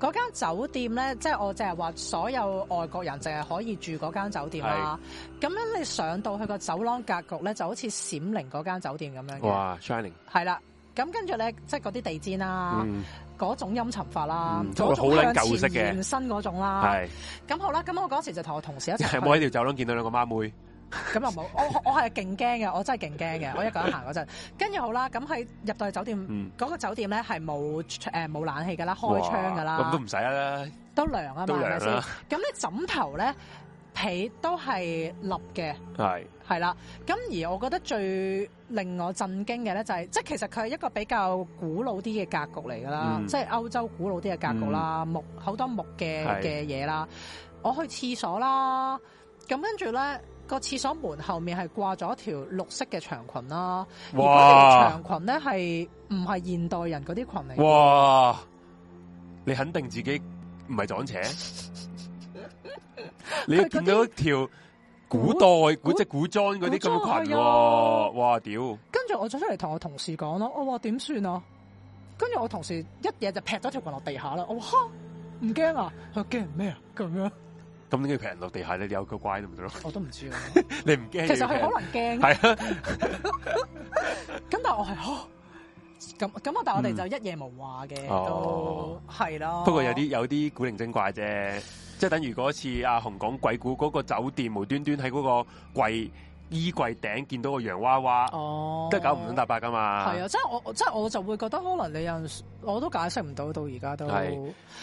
嗰、嗯、間酒店咧，即、就、係、是、我即係話所有外國人淨係可以住嗰間酒店啦、啊。咁樣你上到去個走廊格局咧，就好似閃靈嗰間酒店咁樣哇！Shining 係啦。咁跟住咧，即係嗰啲地氈啦，嗰種陰沉法啦，嗰種向前延伸嗰種啦。係。咁好啦，咁我嗰時就同我同事一齊。我喺條走廊見到兩個孖妹。咁又冇，我我係勁驚嘅，我真係勁驚嘅，我一個人行嗰陣。跟住好啦，咁喺入到去酒店，嗰個酒店咧係冇誒冇冷氣噶啦，開窗噶啦。咁都唔使啦。都涼啊嘛，係咪先？咁咧枕頭咧。皮都係立嘅，係係啦。咁而我覺得最令我震驚嘅咧，就係即係其實佢係一個比較古老啲嘅格局嚟噶啦，嗯、即係歐洲古老啲嘅格局啦，木、嗯、好多木嘅嘅嘢啦。我去廁所啦，咁跟住咧，個廁所門後面係掛咗一條綠色嘅長裙啦。哇！長裙咧係唔係現代人嗰啲裙嚟？哇！你肯定自己唔係撞邪？ 你見到一條古代古蹟古裝嗰啲咁嘅裙，哇屌！跟住我走出嚟同我同事講咯，我話，點算啊？跟住我同事一夜就劈咗條裙落地下啦，我話，吓唔驚啊？佢驚咩啊？咁樣咁點解劈落地下咧？你有佢乖唔得咯？我都唔知啊。 你唔驚？其實佢可能驚。係啊。咁 但係我係吓咁咁啊！但係我哋就一夜無話嘅、嗯，都係咯。不、oh, 過有啲有啲古靈精怪啫。即係等於嗰次阿雄講鬼故嗰、那個酒店無端端喺嗰個櫃衣櫃頂見到個洋娃娃，哦、都係搞唔準搭白噶嘛。係啊，即係我即係我就會覺得可能你有我都解釋唔到到而家都。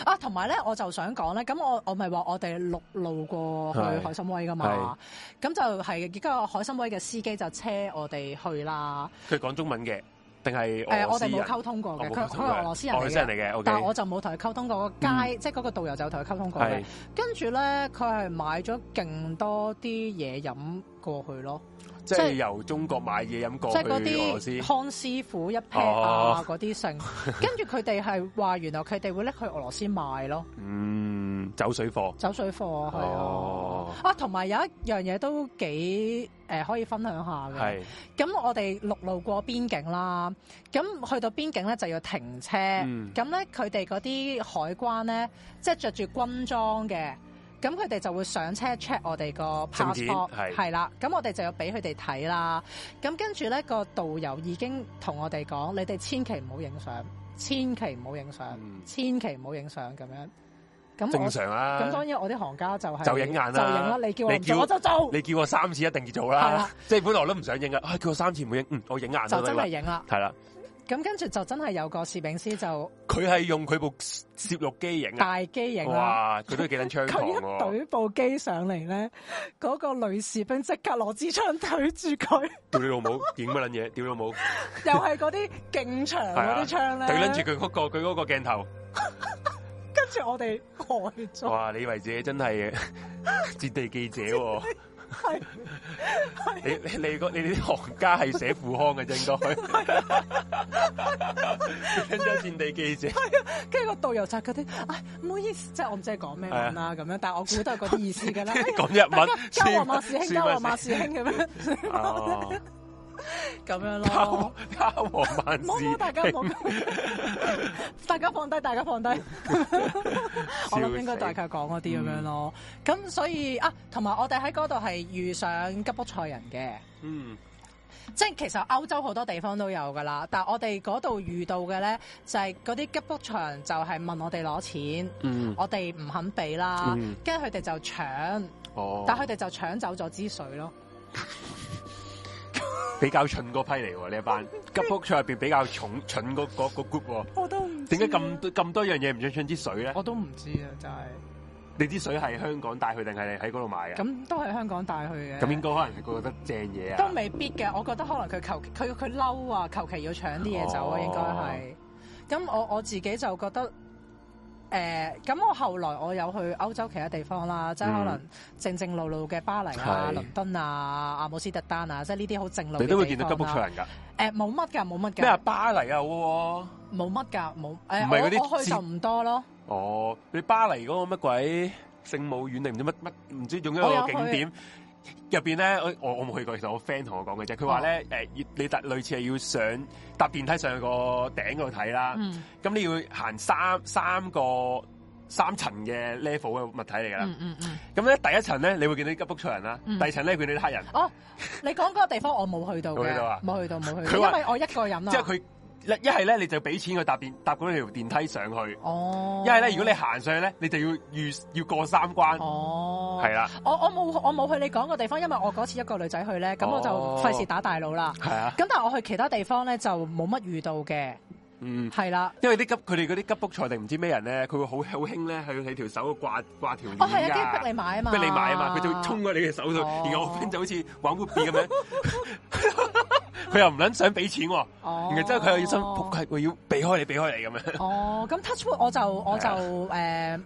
啊，同埋咧，我就想講咧，咁我我咪話我哋陸路過去海參崴噶嘛，咁就係而家海參崴嘅司機就車我哋去啦。佢講中文嘅。定係誒，我哋冇溝通過嘅，佢佢係俄羅斯人嚟嘅，呃 okay，但係我就冇同佢溝通過街，嗯、即係嗰個導遊就同佢溝通過嘅，嗯。跟住呢，佢係買咗勁多啲嘢飲過去囉。即係由中國買嘢飲過，即係嗰啲康師傅一 pack 啊嗰啲性，跟住佢哋係話，原來佢哋會拎去俄羅斯賣咯。嗯，走水貨，走水貨係、oh. 啊！啊，同埋有一樣嘢都幾、呃、可以分享下嘅。咁我哋陸路過邊境啦，咁去到邊境咧就要停車，咁咧佢哋嗰啲海關咧，即係着住軍裝嘅。咁佢哋就會上車 check 我哋個 passport 係啦，咁我哋就要俾佢哋睇啦。咁跟住咧個導遊已經同我哋講：你哋千祈唔好影相，千祈唔好影相，嗯、千祈唔好影相咁樣。咁正常啦。咁當然我啲行家就係、是、就影眼啦、啊。你叫我做我就做你，就做你叫我三次一定要做啦。即係本來我都唔想影噶、哎，叫我三次唔會影。嗯，我影眼就真係影啦。係啦。咁跟住就真係有個攝影師就，佢係用佢部攝錄機影，大機型啦，佢都幾撚長，啊。佢一懟部機上嚟咧，嗰、嗰個女士兵即刻攞支槍懟住佢，屌你老母影乜撚嘢，屌你老母。又係嗰啲勁長嗰啲槍咧，懟住佢嗰個佢嗰個鏡頭，跟住我哋害咗。哇！你以為自己真係絕地記者喎，啊？係， 你你你個你啲行家係寫富康嘅應該，新疆戰地記者， 係啊，跟住個導遊察嗰啲，哎、唔好意思，即係我唔知係講咩文啦，咁樣，但我估都係嗰啲意思噶啦，講 日文，交、哎、和馬士兄，交和馬士兄咁樣。咁樣咯，家和萬事興。大家，大家放低，大家放低。我諗應該大佢講嗰啲咁樣咯。咁、嗯、所以啊，同埋我哋喺嗰度係遇上吉卜賽人嘅。嗯，即係其實歐洲好多地方都有噶、就是嗯、啦。嗯哦、但係我哋嗰度遇到嘅咧，就係嗰啲吉卜賽就係問我哋攞錢，我哋唔肯俾啦。跟住佢哋就搶，但係佢哋就搶走咗支水咯。比較蠢嗰批嚟喎。呢一班吉福菜入邊比較蠢 蠢嗰嗰個 group 我都唔知點解咁咁多樣嘢，唔想搶支水咧？我都唔知啊，就係，你啲水係香港帶去定係喺嗰度買啊？咁都係香港帶去嘅。咁應該可能佢覺得正嘢啊？都未必嘅，我覺得可能佢求佢佢嬲啊，求其要搶啲嘢走啊。哦，應該係。咁我我自己就覺得。誒、呃、咁，我後來我有去歐洲其他地方啦、嗯，即係可能正正路路嘅巴黎啊、倫敦啊、阿姆斯特丹啊，即係呢啲好正路嘅地方。你都會見到吉卜賽人㗎。誒、呃，冇乜㗎，冇乜㗎。咩係巴黎啊，好喎。冇乜㗎，冇、呃、誒。唔係嗰啲，我去就唔多咯。哦，你巴黎嗰個乜鬼聖母院定唔知乜乜，唔知仲有一個景點。入邊咧，我我冇去過，其實我 friend 同我講嘅啫。佢話咧，誒、oh. 呃，你搭類似係要上搭電梯上去個頂嗰度睇啦。咁、mm. 你要行三三個三層嘅 level 嘅物體嚟噶啦。咁咧，第一層咧，你會見到啲吉卜賽人啦。第二層咧，見到啲黑人。哦、oh,，你講嗰個地方我冇去到嘅，冇去到啊，冇去到冇去，到去到，因為我一個人啊。即係佢一係咧你就俾錢去搭電搭嗰條電梯上去，一係咧如果你行上去咧，你就要要要過三關，係、oh. 啦、啊。我我冇我冇去你講個地方，因為我嗰次一個女仔去咧，咁我就費、oh. 事打大佬啦。係啊，咁但係我去其他地方咧就冇乜遇到嘅，係、嗯、啦、啊。因為啲急佢哋嗰啲吉卜賽定唔知咩人咧，佢會好好輕咧去你條手度掛掛條，我係啊,、oh, 是啊逼你買啊嘛，逼你買啊嘛，佢就衝過你嘅手度，oh. 然後我就好似玩 book 佢又唔撚想俾錢喎，然之後佢又想，佢要避開你，避開你咁樣。哦，咁 touch wood 我就我就誒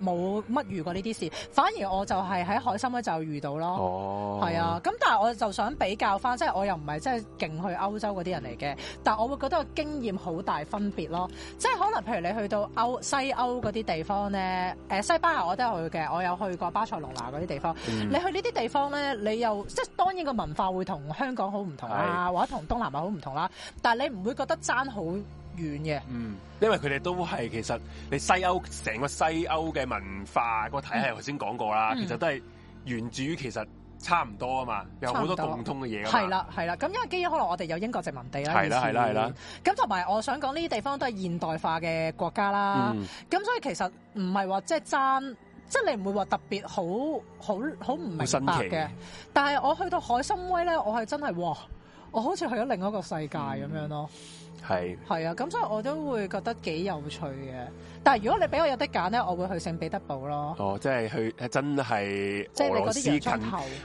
冇乜遇過呢啲事，反而我就係喺海心就遇到咯。哦，係啊，咁但係我就想比較翻，即係我又唔係即係勁去歐洲嗰啲人嚟嘅，但係我會覺得個經驗好大分別咯。即係可能譬如你去到歐西歐嗰啲地方咧、呃，西班牙我都去嘅，我有去過巴塞隆拿嗰啲地方。嗯、你去呢啲地方咧，你又即係當然個文化會同香港好唔同啊，或者同東南。唔係好唔同啦，但係你唔會覺得爭好遠嘅。嗯，因為佢哋都係其實你西歐成個西歐嘅文化個體係頭先講過啦、嗯，其實都係源自於其實差唔多啊嘛，有好多共通嘅嘢。係啦，係啦。咁因為基於可能我哋有英國殖民地啦。係啦，係啦，係啦。咁同埋我想講呢啲地方都係現代化嘅國家啦。咁、嗯、所以其實唔係話即係爭，即、就、係、是就是、你唔會話特別好好好唔明白嘅。但係我去到海參崴咧，我係真係哇！我好似去咗另一個世界咁、嗯、樣咯，係係啊，咁所以我都會覺得幾有趣嘅。但係如果你俾我有得揀咧，我會去聖彼得堡咯。哦，即係去係真係俄羅斯近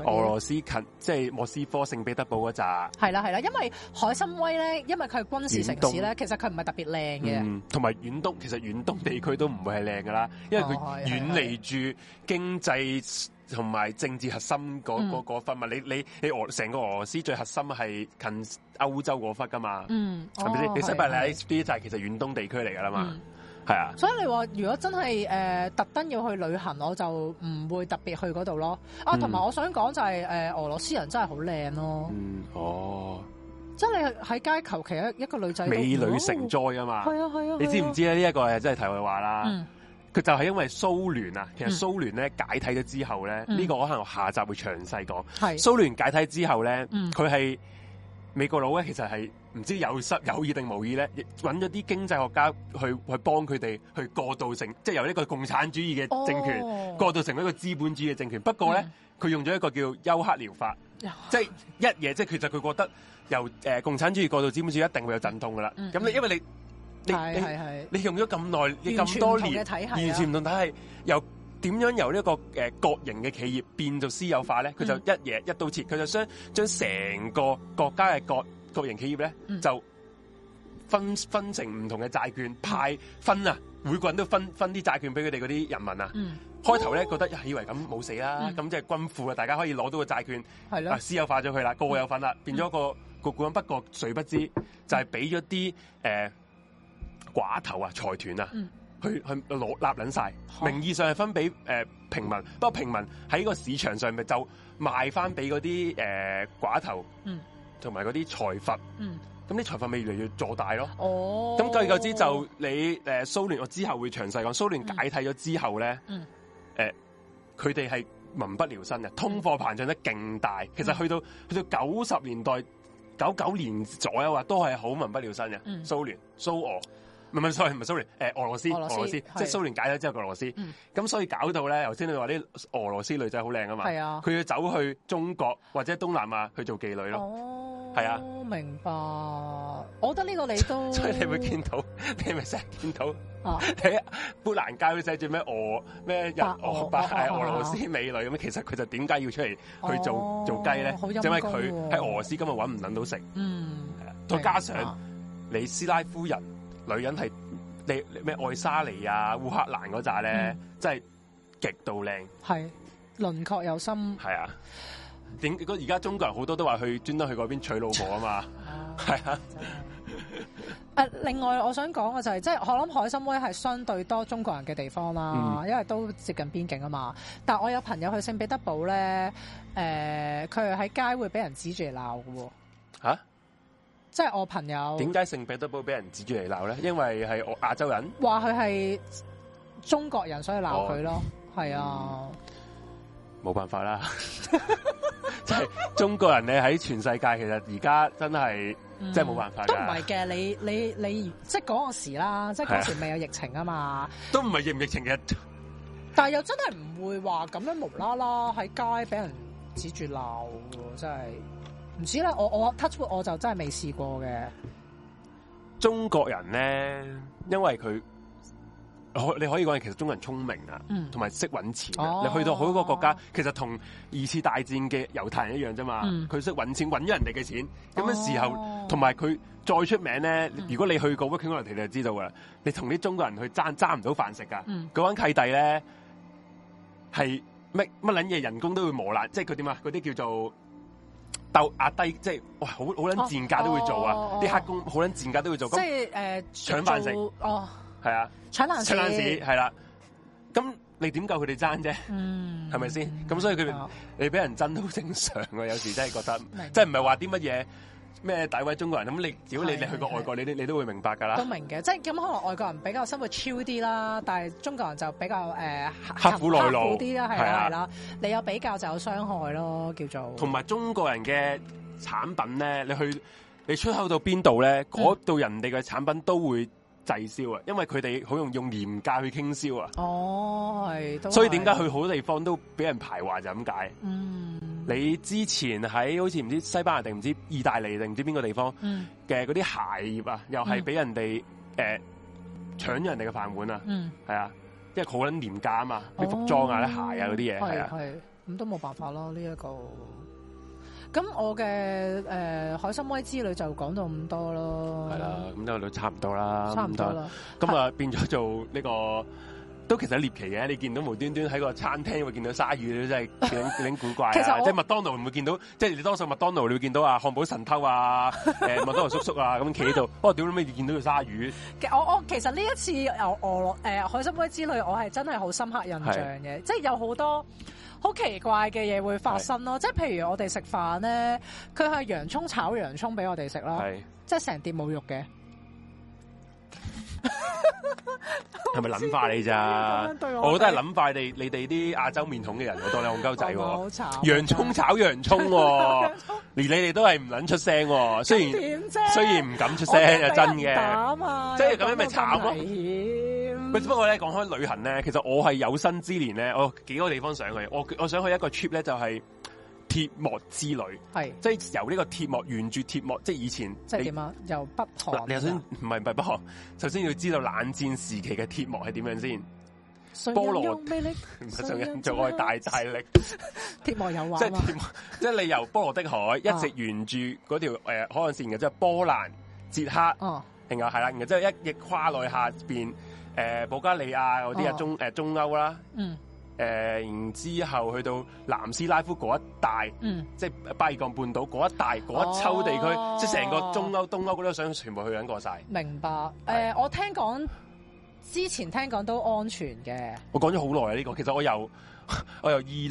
俄羅斯近，即係莫斯，斯科聖彼得堡嗰扎。係啦，係啦，因為海參崴咧，因為佢係軍事城市咧，其實佢唔係特別靚嘅。同、嗯、埋遠東其實遠東地區都唔會係靚噶啦，因為佢遠離住經濟。同埋政治核心嗰嗰嗰忽嘛，你你你俄成個俄羅斯最核心係近歐洲嗰忽噶嘛，係咪先？你西伯利亞就係、是、其實遠東地區嚟噶啦嘛，係、嗯、啊。所以你話如果真係誒、呃、特登要去旅行，我就唔會特別去嗰度咯。啊，同埋我想講就係、是、誒、呃、俄羅斯人真係好靚咯。嗯，哦，真係喺街求其一一個女仔，美女成災啊嘛。係、哦、啊係啊，啊，啊。你知唔知咧？呢、這、一個係真係題外話啦。嗯。佢就係因為蘇聯啊，其實蘇聯咧解體咗之後咧，呢、嗯呢個我可能下集會詳細講。蘇、嗯、聯解體之後咧，佢、嗯、係美國佬咧，其實係唔知有失有意定無意咧，搵咗啲經濟學家去去幫佢哋去過渡成，即係由一個共產主義嘅政權、哦、過渡成一個資本主義嘅政權。不過咧，佢、嗯、用咗一個叫休克療法，即係、就是、一夜，即係其實佢覺得由誒、呃、共產主義過渡資本主義一定會有陣痛噶啦。咁、嗯、你、嗯、因為你。係係係，你用咗咁耐，你咁多年，完全唔同體系。由點樣由呢、這、一個誒、呃、國營嘅企業變做私有化咧？佢就一夜一刀切，佢就將將成個國家嘅國國營企業咧就分分成唔同嘅債券派分啊。每個人都分分啲債券俾佢哋嗰啲人民啊。嗯、開頭咧覺得以為咁冇死啦，咁即係均富啊。大家可以攞到個債券係咯，私有化咗佢啦，個個有份啦，變咗一個個個人。不過誰不知，就係俾咗啲誒。呃寡頭啊，財團啊，去去攞撚捻晒，名義上係分俾誒、呃、平民，不過平民喺個市場上咪就賣翻俾嗰啲誒寡頭，嗯，同埋嗰啲財閥，嗯，咁啲財閥咪越嚟越做大咯，哦，咁久而久之就你誒蘇聯，我之後會詳細講，蘇聯解體咗之後咧，嗯，誒、嗯，佢哋係民不聊生嘅、嗯嗯，通貨膨脹得勁大、嗯，其實去到去到九十年代九九年左右啊，都係好民不聊生嘅，蘇、嗯、聯、蘇俄。唔係唔係蘇聯，唔係蘇聯，俄羅斯，俄羅斯，即係蘇聯解咗之後俄羅斯。咁、嗯、所以搞到咧，頭先你話啲俄羅斯女仔好靚啊嘛，佢、啊、要走去中國或者係東南亞去做妓女咯。係、哦、啊，明白。我覺得呢個你都 所以你會見到， 你咪成日見到睇下，砵、啊、 蘭街嗰啲寫住咩俄咩俄白俄，俄，俄羅斯美女咁、啊、其實佢就點解要出嚟去做、哦、做雞咧？就是、因為佢喺俄羅斯今日揾唔揾到食。嗯，再、啊、加上你、啊、斯拉夫人。女人係你咩？愛沙尼亞、烏克蘭嗰扎咧，真係極度靚，係輪廓又深。係啊？點？而家中國人好多都話去專登去嗰邊娶老婆啊嘛，係 啊？誒、就是 啊，另外我想講嘅就係、是，即係我諗海參崴係相對多中國人嘅地方啦、嗯，因為都接近邊境啊嘛。但係我有朋友去聖彼得堡咧，誒、呃，佢係喺街會俾人指住嚟鬧㗎喎。吓、啊？即係我朋友，點解聖彼得堡俾人指住嚟鬧咧？因為係我亞洲人，話佢係中國人，所以鬧佢咯。係啊，冇辦法啦。即係中國人，你喺全世界其實而家真係即係冇辦法、嗯。都唔係嘅，你你你即係嗰個時啦，即係嗰時未有疫情啊嘛。都唔係疫唔疫情嘅，但係又真係唔會話咁樣無啦啦喺街俾人指住鬧，真係。唔知啦，我我 touch 我就真係未試過嘅。中國人咧，因為佢你可以講，其實中國人聰明啊，同埋識搵錢。哦、你去到好多個國家，哦、其實同二次大戰嘅猶太人一樣啫嘛。佢識搵錢，搵咗人哋嘅錢。咁嘅時候，同埋佢再出名咧。如果你去過 working holiday，你就知道噶啦。嗯、你同啲中國人去爭爭唔到飯食噶。嗰班契弟咧係乜撚嘢？人工都會磨爛，即係佢點啊？嗰啲叫做。鬥壓低即係哇，好好撚賤價都會做啊！啲、哦哦、黑工好撚賤價都會做。即係誒搶飯食，哦，係啊，搶爛市，搶爛市係啦。咁你點夠佢哋爭啫？係咪先？咁、嗯、所以佢哋、嗯、你俾人爭都正常㗎，有時真係覺得，即係唔係話啲乜嘢？咩詆毀中國人咁？你只要你你去過外國，是是是你你都會明白噶啦。都明嘅，即係咁可能外國人比較生活超啲啦，但係中國人就比較誒呃、刻苦耐勞啲啦，係啦係啦。你有比較就有傷害咯，叫做。同埋中國人嘅產品咧，你去你出口到邊度咧，嗯、嗰度人哋嘅產品都會滯銷啊，因為佢哋好容易用廉價去傾銷啊。哦，係。所以點解去好多地方都俾人排華就咁解？嗯。你之前喺好似唔知西班牙定唔知意大利定唔知邊個地方嘅嗰啲鞋業，嗯呃嗯、啊，又係俾人哋誒搶咗人哋嘅飯碗啊，係、哦、啊，因為好捻廉價啊嘛，啲服裝啊、啲鞋啊嗰啲嘢係啊，咁都冇辦法咯。呢、這、一個，咁我嘅誒、呃、海參崴之旅就講到咁多咯。係啦、啊，咁都差唔多啦，差唔多啦。咁啊變咗做呢、這個。都其實係獵奇嘅，你見到無端端喺個餐廳會見到鯊魚，真係僆古怪啦！ 其實即係麥當勞會唔會見到，即係你當上麥當勞你會見到啊漢堡神偷啊，誒、欸、麥當勞叔叔啊咁企喺度。 不過哇！屌都未見到條鯊魚！其實我我其實呢一次由俄誒、呃、海參崴之旅，我係真係好深刻印象嘅，是的即係有好多好奇怪嘅嘢會發生咯。是即係譬如我哋食飯咧，佢係洋葱炒洋葱俾我哋食啦，是即係成碟冇肉嘅。係咪諗化你咋、啊？我都係諗化你。你哋啲亞洲面孔嘅人，我當你戇鳩仔、啊。洋葱炒洋葱、啊， 連你哋都係唔捻出聲、啊。 雖然 雖然唔敢出聲又 真嘅，即係咁樣咪慘咯。不過咧，講開旅行咧，其實我係有生之年咧，我幾個地方想去。我我想去一個 trip 咧，就係、是。鐵幕之旅，係即係由呢個鐵幕沿住鐵幕，即係以前即係點啊？由北韓，你頭先唔係唔係北韓，首先要知道冷戰時期嘅鐵幕係點樣先。波羅咩力？唔係 上愛大大力。鐵幕有話，即係鐵 即係你由波羅的海一直沿住嗰條誒海岸線嘅，即係波蘭、捷克，哦，係啊，係啦，然後即係一亦跨內下邊，誒、呃，保加利亞嗰啲啊，那些中誒、呃、中歐啦、啊，嗯。誒、呃，然之後去到南斯拉夫嗰一帶、嗯，即係巴爾幹半島嗰一帶嗰一抽地區，哦、即係成個中歐、東歐嗰啲想全部去緊過晒。明白。誒、呃，我聽講之前聽講都安全嘅。我講咗好耐啊！呢、呢個其實我由我由二零一七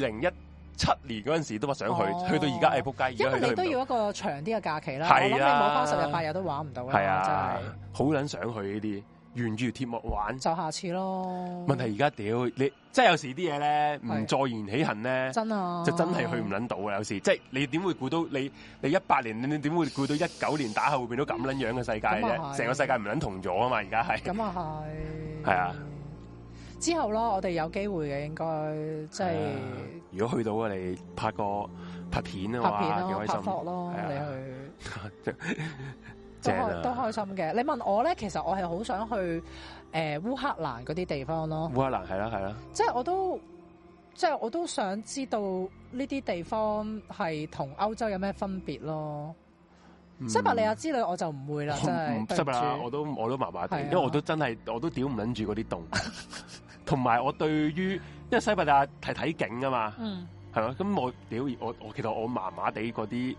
年嗰陣時都話想去，哦、去到而家誒撲街，因為你都要一個長啲嘅假期啦。係啊，你冇翻十日八日都玩唔到啦，真係。好撚想去呢啲。沿住鐵木玩，就下次咯。問題而家屌你，即係有時啲嘢咧唔再言起行咧，真啊，就真係去唔撚到啊！有時即係你點會估到你你一八年你點會估到一九年打後會變到咁撚樣嘅世界啫？成 個世界唔撚同咗啊嘛！而家係，咁啊係，係啊。之後咯，我哋有機會嘅應該即、就、係、是啊，如果去到我你拍個拍片，話拍片啊，拍片幾開心咯，囉，咯，你去。 都，都開心嘅。你問我咧，其實我係好想去誒呃、烏克蘭嗰啲地方咯。烏克蘭係啦係啦，即係我都即係我都想知道呢啲地方係同歐洲有咩分別咯，嗯。西伯利亞之旅我就唔會啦，真係。西伯利亞我都我都麻麻地，因為我都真係我都屌唔撚住嗰啲凍。同 埋我對於，因為西伯利亞係睇景啊嘛，係、嗯、嘛？咁、啊、我屌我我其實我麻麻地嗰啲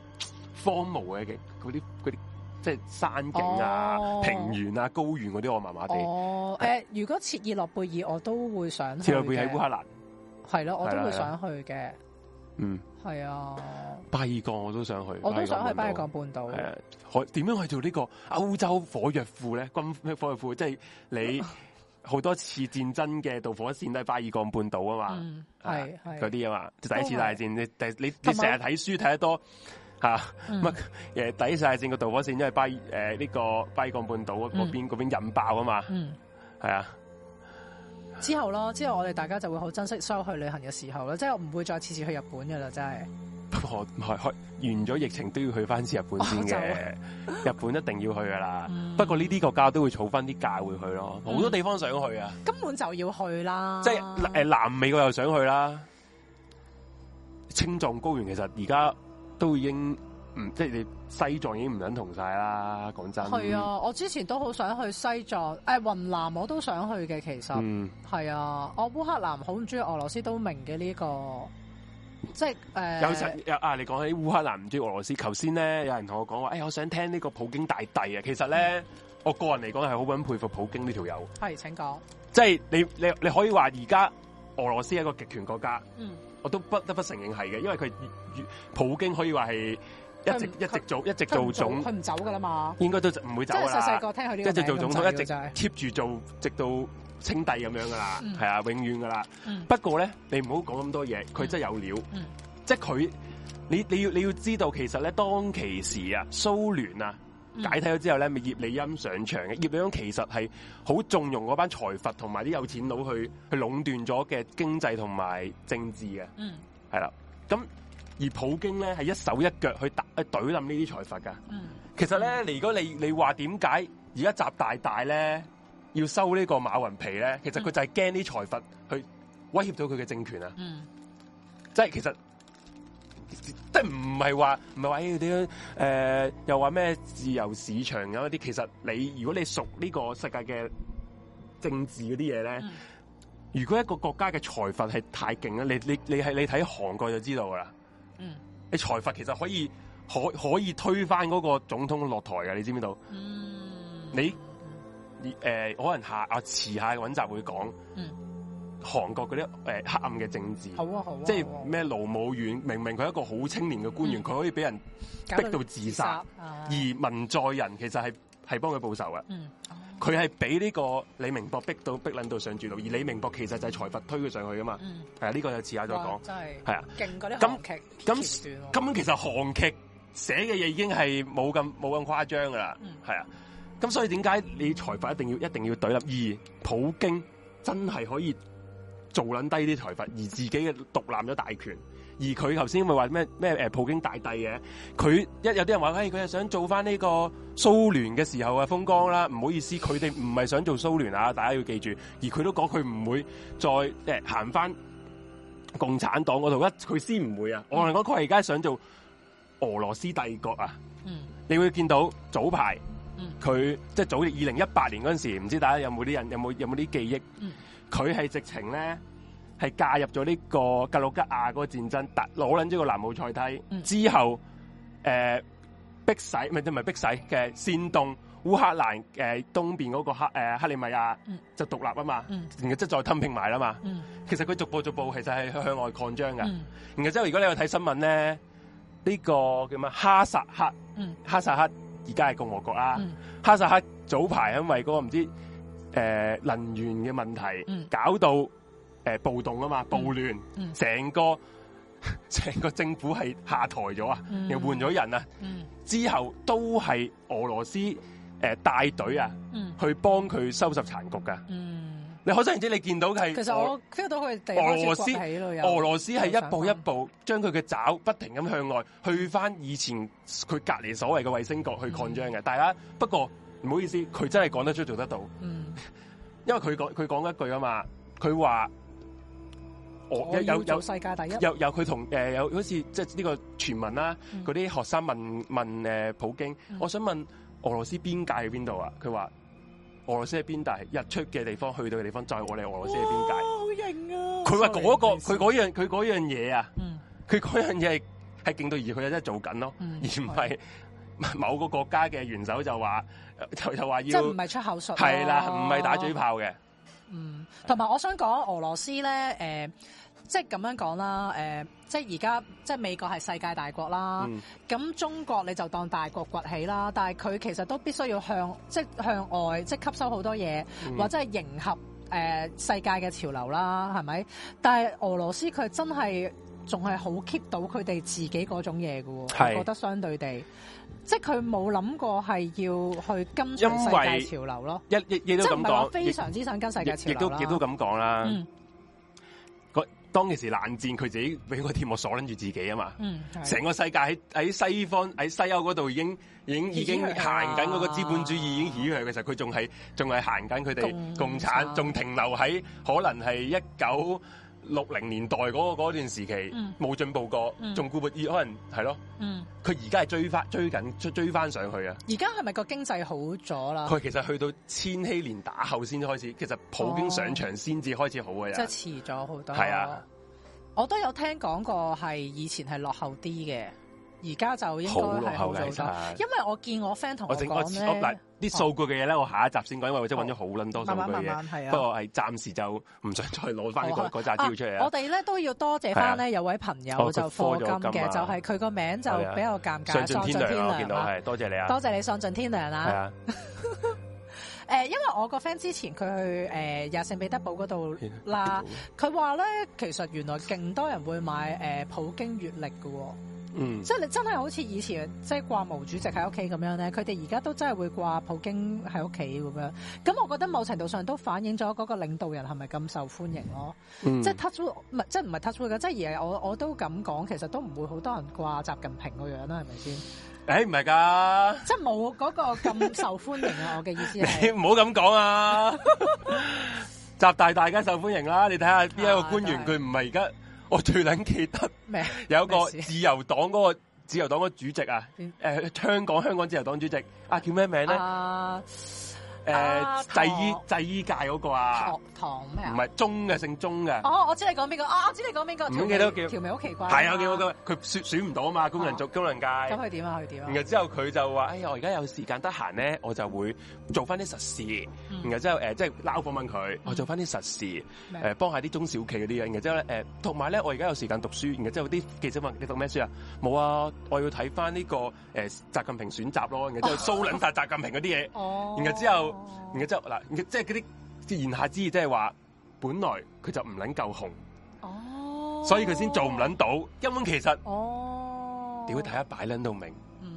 荒蕪嘅景，啲嗰啲。即係山景啊、oh. 平原啊、高原嗰啲，我麻麻哋。哦，誒，如果切爾諾貝爾，我都會想去。切爾諾貝爾喺烏克蘭，係咯、啊，我都會想去嘅、啊啊啊。嗯。係啊。巴爾干我都想去，我都想去巴爾幹半島。誒、啊，點樣去做呢個歐洲火藥庫咧？軍咩火藥庫？即 係你好多次戰爭嘅導火線都喺巴爾干半島啊嘛。係嗰啲啊嘛，第一次大戰，你第你你成日睇書睇得多。吓、啊，乜、嗯、誒抵晒線個導火線，因為巴誒呢、呃這個巴爾幹半島嗰邊邊嗰邊引爆啊嘛，係、嗯、啊。之後咯，之後我哋大家就會好珍惜所有去旅行嘅時候咯，即係我唔會再次次去日本噶啦，真係。 我係去完咗疫情都要去翻次日本先嘅，啊就是啊、 日本一定要去噶啦、嗯。不過呢啲國家都會儲翻啲價會去咯，好、嗯、多地方想去啊。根本就要去啦，即係誒、呃、南美我又想去啦，青藏高原其實而家。都已經唔即係你西藏已經唔想同晒啦，講真係啊！我之前都好想去西藏，誒、哎，雲南我都想去嘅。其實係、嗯、啊！我烏克蘭好唔中意俄羅斯都明嘅呢個，即係誒。有時啊！你講起烏克蘭唔中意俄羅斯，頭先咧有人同、啊、我講話，誒、哎，我想聽呢個普京大帝啊！其實咧、嗯，我個人嚟講係好搵，佩服普京呢條友。係，請講。即、就、係、是、你你你可以話而家俄羅斯係一個極權國家。嗯。我都不得不承認係嘅，因為佢普京可以話係一直一直做一直做總，佢唔走噶啦嘛，應該都唔會走啦。真係細細個聽佢呢啲咁嘅存一直做總統，就是，一直 keep 住做，直到稱帝咁樣噶啦，係、嗯、啊，永遠噶啦。不過咧，你唔好講咁多嘢，佢真係有料。嗯、即係佢，你你要你要知道，其實咧當其時啊，蘇聯啊。解體咗之後咧，咪、嗯、葉利欽上場嘅。葉、嗯、利欽其實係好縱容嗰班財閥同埋啲有錢佬去、嗯、去壟斷咗嘅經濟同埋政治嘅。嗯，係啦。咁而普京咧，係一手一腳去打去懟冧呢啲財閥噶。嗯，其實咧，你、嗯、如果你你話點解而家習大大咧，要收呢個馬雲皮咧，其實佢就係驚啲財閥去威脅到佢嘅政權啊。嗯，即係其實。即唔係話唔係話啲，誒，又話咩自由市場咁啲，其實你如果你熟呢個世界嘅政治嗰啲嘢咧，如果一個國家嘅財閥係太勁咧，你你你係你睇韓國就知道噶啦。嗯，你財閥其實可以可以可以推翻嗰個總統落台嘅，你知唔知道？嗯，你誒、呃、可能下啊遲下穩集會講。嗯。韓國嗰啲誒黑暗嘅政治，好啊好即係咩盧武鉉，明明佢一個好青年嘅官員，佢、嗯、可以俾人逼到自殺，自殺而文在寅其實係係幫佢報仇嘅。佢係俾呢個李明博逼到逼撚到上絕路，而李明博其實就係財閥推佢上去噶嘛。嗯，誒呢、啊這個就遲下再講。真係係啊，勁啲韓咁咁其實韓劇寫嘅嘢已經係冇咁冇咁誇張噶啦。嗯，啊，咁所以點解你財閥一定要一定要對立，而普京真係可以？做撚低啲財閥，而自己嘅獨攬咗大權。而佢頭先咪話咩咩普京大帝嘅，佢一有啲人話，誒佢係想做翻呢個蘇聯嘅時候嘅風光啦。唔好意思，佢哋唔係想做蘇聯啊，大家要記住。而佢都講佢唔會再行翻、欸、共產黨嗰度，一佢先唔會啊。嗯、我係講佢而家想做俄羅斯帝國啊。嗯，你會見到早排，佢即係早二零一八年嗰陣時，唔知大家有冇啲人有冇有冇啲記憶？嗯佢係直情咧，係介入咗呢個格魯吉亞嗰個戰爭，突攞捻呢個南烏塞梯，嗯、之後誒逼、呃、使咪係唔係逼使嘅煽動烏克蘭誒東邊嗰個克誒克里米亞、嗯、就獨立啊嘛、嗯，然後即係再吞併埋啦嘛、嗯。其實佢逐步逐步其實係向外擴張噶、嗯。然後之後如果你有睇新聞咧，呢、這個叫咩哈薩克，哈薩克而家係共和國啊、嗯。哈薩克早排因為嗰個唔知。誒、呃，能源嘅問題搞到誒、呃、暴動啊嘛，暴亂，成、嗯嗯、個成個政府係下台咗啊，又、嗯、換咗人啊、嗯，之後都係俄羅斯誒、呃、帶隊啊，嗯、去幫佢收拾殘局噶、嗯。你可想而知，你見到嘅係。其實我 feel 到佢俄羅斯，俄羅斯係一步一步將佢嘅爪不停咁向外去翻以前佢隔離所謂嘅衛星國去擴張嘅。大、嗯、家不過。唔好意思，佢真係講得出，做得到。嗯，因為佢講佢講一句啊嘛，佢話我有有世界第一，有有佢同誒有、呃、有好似即係呢個傳聞啦。嗰、嗯、啲學生問問誒、呃、普京、嗯，我想問俄羅斯邊界喺邊度啊？佢話俄羅斯嘅邊界日出嘅地方，去到嘅地方就係、是、我哋俄羅斯嘅邊界。好型啊！佢話嗰個佢嗰樣佢樣嘢啊，佢、嗯、嗰樣嘢係係勁到而佢真係做緊咯、嗯，而唔係。嗯某個國家嘅元首就話，就就話要即係唔係出口術了了，係啦，唔係打嘴炮嘅。嗯，同埋我想講俄羅斯咧，誒、呃就是呃，即係咁樣講啦，誒，即係而家即係美國係世界大國啦，咁、嗯、中國你就當大國崛起啦，但係佢其實都必須要向即係向外即係吸收好多嘢，嗯、或者係迎合誒、呃、世界嘅潮流啦，係咪？但係俄羅斯佢真係仲係好 keep 到佢哋自己嗰種嘢㗎喎，係覺得相對地。即係佢冇諗過係要去跟世界潮流咯，亦都咁講，非常之想跟世界潮流，亦都亦都咁講啦。嗯、當當其時冷戰，佢自己俾個鐵幕鎖捻住自己啊嘛。成、嗯、個世界喺喺西方喺西歐嗰度已經已經已經行緊嗰個資本主義已經起佢嘅時候，佢仲係仲係行緊佢哋共產，仲停留喺可能係一九。六零年代嗰個段時期冇進步過，嗯，仲固步以可能係咯，嗯，佢而家係追翻追緊追追翻上去啊！而家係咪個經濟好咗啦？佢其實去到千禧年打後先開始，其實普京上場先至開始好嘅、哦，即係遲咗好多。係啊，我都有聽講過，係以前係落後啲嘅。而家就應該係好落後，因為我見我 friend 同我講咧，啲數據嘅嘢咧，我下一集先講，因為我真揾咗好撚多數據嘅嘢，慢慢慢慢係啊，不過係暫時就唔想再攞翻，那個啊啊、呢嗰紮資料出嚟，我哋咧都要多謝翻咧，有位朋友就課、啊哦、金嘅、啊，就係佢個名就比較尷尬。喪盡天良，我見到係多謝你啊！多謝你喪盡天良啦、啊！誒， 因為我個 friend 之前佢去誒聖彼得堡嗰度嗱，佢話咧，其實原來勁多人會買誒、呃、普京月曆嘅喎。嗯，即係你真係好似以前即係掛毛主席喺屋企咁樣咧，佢哋而家都真係會掛普京喺屋企咁樣。咁我覺得某程度上都反映咗嗰個領導人係咪咁受歡迎咯。嗯、即係特殊，即係唔係特殊㗎。即係而我我都咁講，其實都唔會好多人掛習近平樣、欸啊、嗰個樣啦，係咪先？誒，唔係噶，即係冇嗰個咁受歡迎啊！ 我嘅意思係，唔好咁講啊 ！習大大家受歡迎啦，你睇下邊一個官員佢唔係而家。啊就是我最撚記得有一個自由黨，嗰個自由黨嗰主席啊，呃、香港香港自由黨主席啊，叫咩名咧？Uh... 誒、啊、製衣製衣界嗰個啊，唐咩唔係鍾嘅，姓鍾嘅。哦，我知你講邊個啊？我知你講邊個。唔記得，條條眉好奇怪、啊。係啊，幾好嘅。佢選唔到啊嘛，工人組、啊、工人界。咁佢點啊？佢點啊？然後之後佢就話、嗯，哎呀，我而家有時間得閒咧，我就會做翻啲實事、嗯。然後之後誒，即係撈訪問佢，我做翻啲實事，誒、嗯呃、幫下啲中小企嗰啲啊。然後之後咧誒、同埋咧，我而家有時間讀書。然後之後啲記者問：你讀咩書啊？冇啊，我要睇翻呢個誒、呃、習近平選集咯。然後之後掃兩笪習近平嗰啲嘢。哦。然後之後。然之後嗱，即係嗰啲言下之意，即係話本來佢就唔捻夠紅，哦，所以佢先做唔捻到。根本其實，哦，屌大家擺捻到明，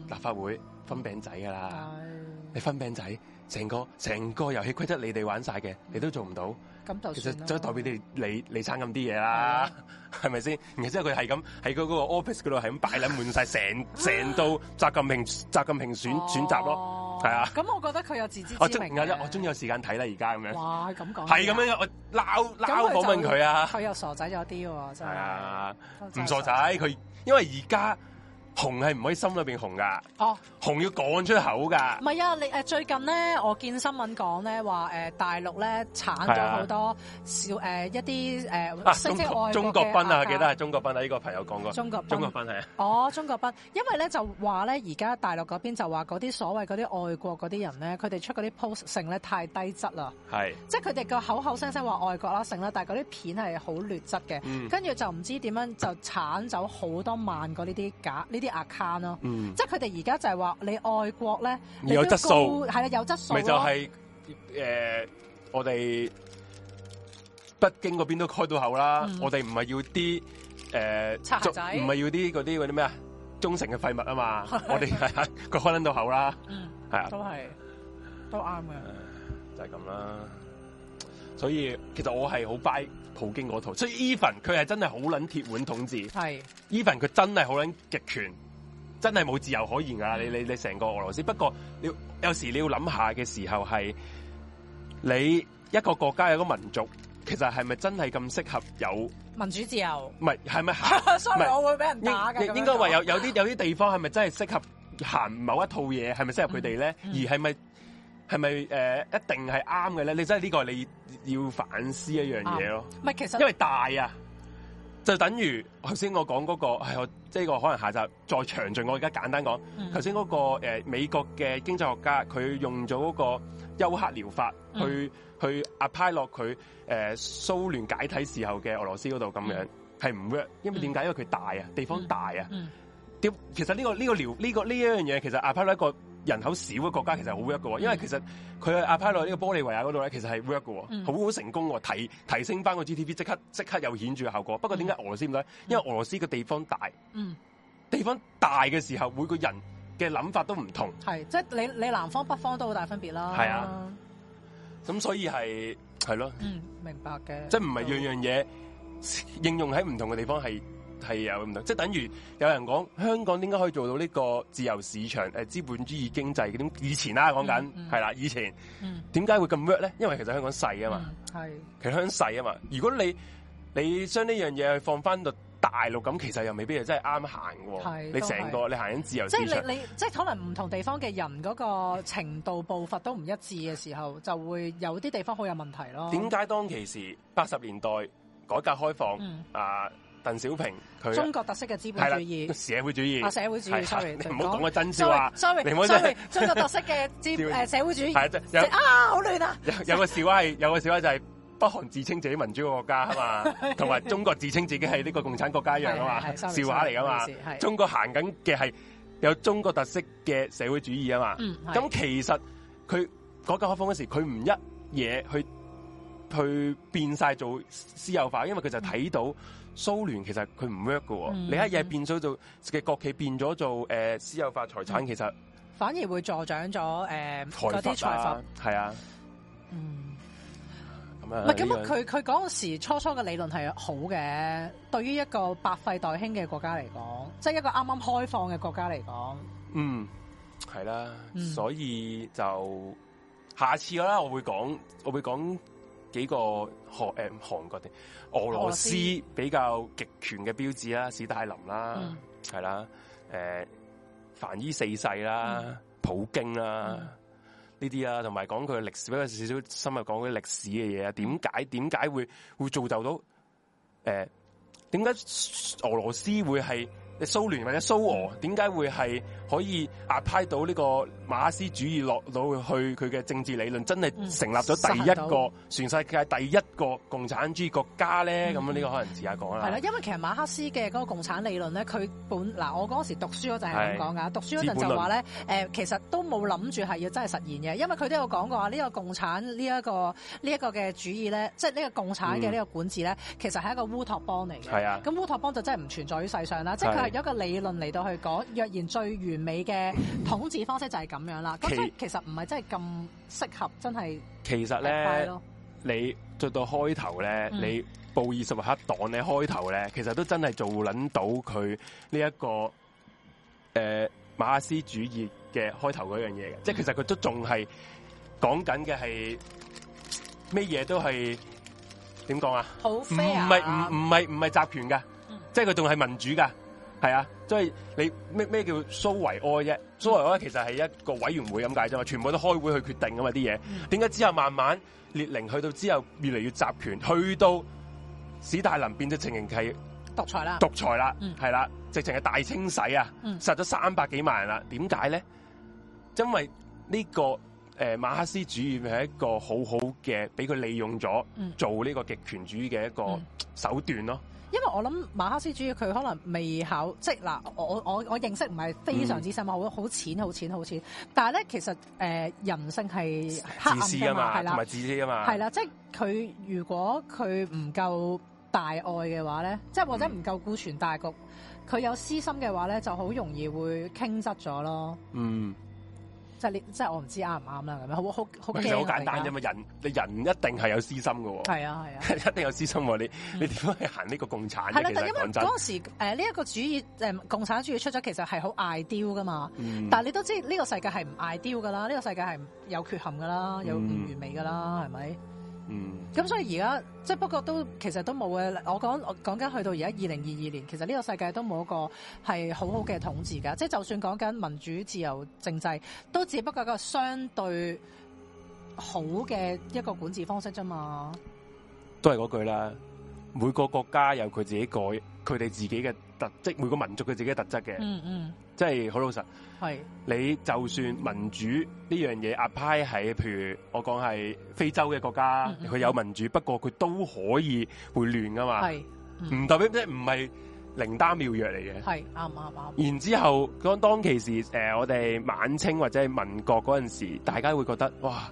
立法會分餅仔噶啦，嗯，你分餅仔，成個成個遊戲規則你哋玩晒嘅，你都做唔到。嗯嗯其實即係代表你理理參咁啲嘢啦是、啊是，係咪先？然之後佢係咁喺嗰嗰個 office 嗰度係咁擺啦，滿晒成成到習近平習近平選選擇咯，係啊、哦嗯。咁、嗯嗯嗯嗯、我覺得佢有自知之明我。我終於有時間睇啦，而家咁樣。哇，咁講係咁樣，我撈撈訪問佢啊、嗯、啊。佢又傻仔咗啲喎，真係。唔傻仔，佢因為而家。紅係唔可以心裏邊紅噶，哦，紅要講出口噶。唔係啊，你誒最近咧，我見新聞講咧話誒大陸咧剷咗好多小誒、呃、一啲誒、呃啊，中國國中國賓啊，記得啊，中國賓啊，呢、啊啊呢個朋友講過。中國賓中國賓係啊。哦，中國賓，因為咧就話咧而家大陸嗰邊就話嗰啲所謂嗰啲外國嗰啲人咧，佢哋出嗰啲 post 性咧太低質啦。係。即係佢哋個口口聲聲話外國啦，成啦，但係嗰啲片係好劣質嘅，跟、嗯、住就唔知點樣就剷走好多萬個呢啲假呢。啲 account 咯，嗯、即係佢哋而家就係話你愛國咧，有質素係有質素。咪就係、是、誒、呃，我哋北京嗰邊都開到口啦。嗯、我哋唔係要啲誒，賊仔、唔、呃、係要啲嗰啲啲咩啊，忠誠嘅廢物啊嘛。 我哋係係開到口啦，係、嗯、啊，都係都啱嘅，就係、是、咁啦。所以其實我係好 buy。普京嗰套，所以 Even 佢係真係好捻鐵腕統治，係 Even 佢真係好捻極權，真係冇自由可言啊、嗯！你你你成個俄羅斯，不過你有時你要諗下嘅時候係你一個國家有一個民族，其實係咪真係咁適合有民主自由？唔係係咪行？所以 我會俾人打嘅。應該話有有啲有啲地方係咪真係適合行某一套嘢？係咪適合佢哋咧？而係咪？係咪誒一定係啱嘅咧？你真係呢個你要反思一樣嘢咯。唔係其實因為大啊，就等於頭先我講嗰，那個係我即係我可能下集再詳盡。我而家簡單講，頭先嗰個誒、呃、美國嘅經濟學家，佢用咗嗰個休克療法去、嗯、去 apply 落佢誒蘇聯解體時候嘅俄羅斯嗰度咁樣，係、嗯、唔 work？因為點解？因為佢、嗯、大啊，地方大啊。點、嗯嗯、其實呢、呢個呢、呢個療呢、呢個呢一樣嘢，其實 apply 落一個。人口少嘅國家其實好 work 嘅，因為其實佢 apply 落呢個玻利維亞嗰度咧，其實係 work 嘅，好、嗯、好成功喎，提提升翻個 GDP 即刻即刻有顯著嘅效果。不過點解俄羅斯唔得、嗯？因為俄羅斯嘅地方大，嗯、地方大嘅時候每個人嘅諗法都唔同，係即係你你南方北方都好大分別啦。係啊，咁所以係係咯，嗯，明白嘅，即係唔係樣樣嘢、嗯、應用喺唔同嘅地方係。係啊，有唔同，即係等於有人講香港點解可以做到呢個自由市場誒、呃、資本主義經濟嘅？以前啦、啊，講緊係啦，以前點解、嗯、會咁 work 咧？因為其實香港細啊嘛，係、嗯、其實香港細啊嘛。如果你你將呢樣嘢放翻到大陸咁，其實又未必係真係啱行喎。你成個你行緊自由市場，即係你你即係可能唔同地方嘅人嗰個程度步伐都唔一致嘅時候，就會有啲地方好有問題咯。點解當其時八十年代改革開放啊？嗯呃鄧小平佢中國特色嘅資本主義，社會主義，社會主義。sorry，你唔好講個真話。sorry，sorry，中國特色嘅資誒社會主義。啊，sorry, sorry, sorry, 是有啊好亂啊！有，有個笑話係，有個笑話就係北韓自稱自己民主嘅國家啊嘛，同 埋中國自稱自己係呢個共產國家一樣啊嘛，笑，對對對笑話嚟噶嘛。Sorry, sorry，中國行緊嘅係有中國特色嘅社會主義啊嘛。咁、嗯、其實佢改革開放嗰時候，佢唔一嘢去去變曬做私有化，因為佢就睇到、嗯。蘇聯其實佢唔 work 嘅，你一嘢變咗做嘅國企變咗做誒、呃、私有化財產，嗯、其實反而會助長咗誒嗰啲財富、啊，係啊，嗯，咁樣唔係咁佢佢嗰時初初嘅理論係好嘅，對於一個百廢待興嘅國家嚟講，即、就、係、是、一個啱啱開放嘅國家嚟講，嗯，係啦、嗯，所以就下次啦，我會講，我會講。幾個韓誒韓國定俄羅斯比較極權嘅標誌啦，史大林啦，係、嗯、啦，誒凡伊四世啦、嗯，普京啦呢啲啊，同埋講佢嘅歷史，比較少少深入講啲歷史嘅嘢啊，點解點解會會造就到誒？點、呃、解俄羅斯會係？你蘇聯或者蘇俄點解會係可以壓派到呢個馬克思主義落到去佢嘅政治理論，真係成立咗第一個全世界第一個共產主義國家咧？咁、嗯、呢個可能遲下講啦。係啦，因為其實馬克思嘅嗰個共產理論咧，佢本嗱我嗰時讀書嗰陣係咁講㗎，讀書嗰陣就話咧，誒其實都冇諗住係要真係實現嘅，因為佢都有講過話，呢個共產呢、呢、一個呢一、呢個嘅主義咧，即係呢個共產嘅呢個管治咧，其實係一個烏托邦嚟嘅。係啊，咁烏托邦就真係唔存在於世上啦，即係。係、就、有、是、一個理論嚟到去講若然最完美嘅統治方式就係咁樣啦。咁所以其實唔係真係咁適合，真係其實咧，你做到開頭咧，你布爾什維克黨你開頭咧，其實都真係做撚到佢呢一個誒、呃、馬克思主義嘅開頭嗰樣嘢嘅。即、嗯、係其實佢都仲係講緊嘅係咩嘢都係點講啊？好 fair 啊！唔係唔唔係唔係集權噶，即係佢仲係民主噶。係啊，即係你咩咩叫蘇維埃啫？蘇維埃其實係一個委員會咁解啫嘛，全部都開會去決定噶嘛啲嘢。點解、嗯、之後慢慢列寧去到之後越嚟越集權，去到史大林變咗情形係獨裁啦，獨裁啦，係啦，嗯是啊、直情係大清洗啊，殺咗三百幾萬人啦。點解咧？因為呢、這個誒、呃、馬克思主義係一個好好嘅，俾佢利用咗做呢個極權主義嘅一個手段咯。嗯嗯因為我諗馬克思主義佢可能未考，即係嗱，我我我認識唔係非常之深嘛，好好淺好淺好淺。但係咧，其實誒、呃、人性係自私啊嘛，係啦，同埋自私啊嘛，係啦，即係佢如果佢唔夠大愛嘅話咧，即係或者唔夠顧全大局，佢、嗯、有私心嘅話咧，就好容易會傾側咗咯。嗯。即係我唔知啱唔啱啦，咁樣好，好好、啊、其實好簡單啫嘛，人你人一定係有私心嘅喎，啊係啊，是啊 一定有私心喎，你、嗯、你點樣去行呢個共產？係啦、啊，但因為嗰陣、那個、時呢一、呃這個主義共產主義出咗，其實係好 ideal 噶嘛，嗯、但你都知呢、這個世界係唔 ideal 噶啦，呢、這個世界係有缺陷噶啦，有唔完美噶啦，係、嗯、咪？嗯，咁所以而家即係不過都其實都冇嘅。我講講緊去到而家二零二二年，其實呢個世界都冇一個係好好嘅統治噶。即係就算講緊民主自由政制，都只不過個相對好嘅一個管治方式啫嘛。都係嗰句啦，每個國家有佢自己改，佢哋自己嘅特質，每個民族佢自己嘅特質嘅。嗯嗯。即係好老實，你就算民主呢樣嘢 apply 喺，譬如我講係非洲嘅國家，佢、嗯、有民主，嗯、不過佢都可以會亂噶嘛，唔、嗯、代表即係唔係靈丹妙藥嚟嘅。係啱唔啱？然之後當當其時，呃、我哋晚清或者民國嗰陣時，大家會覺得哇。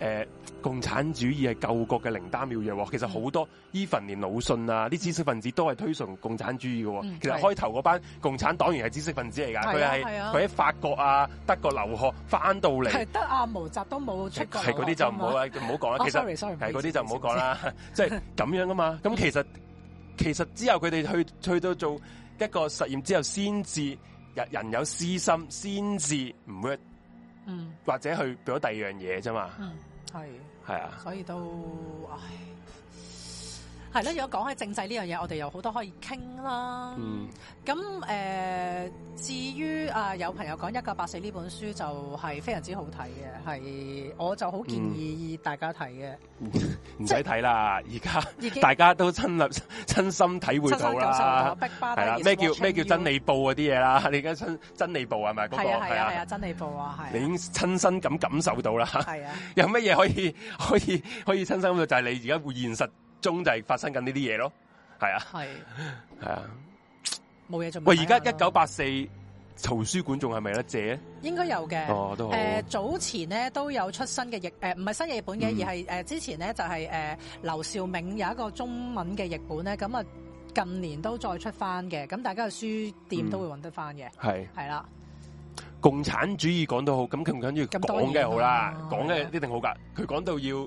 誒、呃，共產主義係救國嘅靈丹妙藥，哦。其實好多伊份連魯迅啊，啲知識分子都係推崇共產主義嘅，哦嗯。其實開頭嗰班共產黨員係知識分子嚟噶，佢係佢喺法國啊、德國留學翻、啊、到嚟，係得阿毛澤都冇出過國。係嗰啲就唔好唔好講。其實係嗰啲就唔好講啦。即係咁樣噶嘛。咁其實其實之後佢哋去去到做一個實驗之後，先至人人有私心，先至唔會、嗯、或者去變咗第二樣嘢啫嘛。嗯係，啊，所以都唉。係啦，如果講起政制呢樣嘢，我哋有好多可以傾啦。咁、嗯、誒、呃，至於啊、呃，有朋友講《一九八四》呢本書就係非常之好睇嘅，係我就好建議大家睇嘅。唔使睇啦，而 家、就是、大家都親身體會到啦。壁花，係啦，咩叫咩叫真理報嗰啲嘢啦？你而家真真理報係咪嗰個係啊？真理報啊，係。你已經親身咁感受到啦。係啊， 有咩嘢可以可以可以親身感受到？就係、是、你而家會現實中就係發生緊呢啲嘢咯，係啊，係係啊，冇嘢做。喂，而家一九八四圖書館仲係咪呢？有得借？應該有嘅。哦，都好、呃。早前咧都有出新嘅譯誒，唔、呃、係新譯本嘅、嗯，而係、呃、之前咧就係、是、誒、呃、劉紹銘有一個中文嘅譯本咧，咁啊近年都再出翻嘅，咁大家嘅書店都會搵得翻嘅。係係啦。共產主義講得好，咁佢唔緊要講嘅好啦，講、啊、嘅一定好噶。佢講、啊、到要誒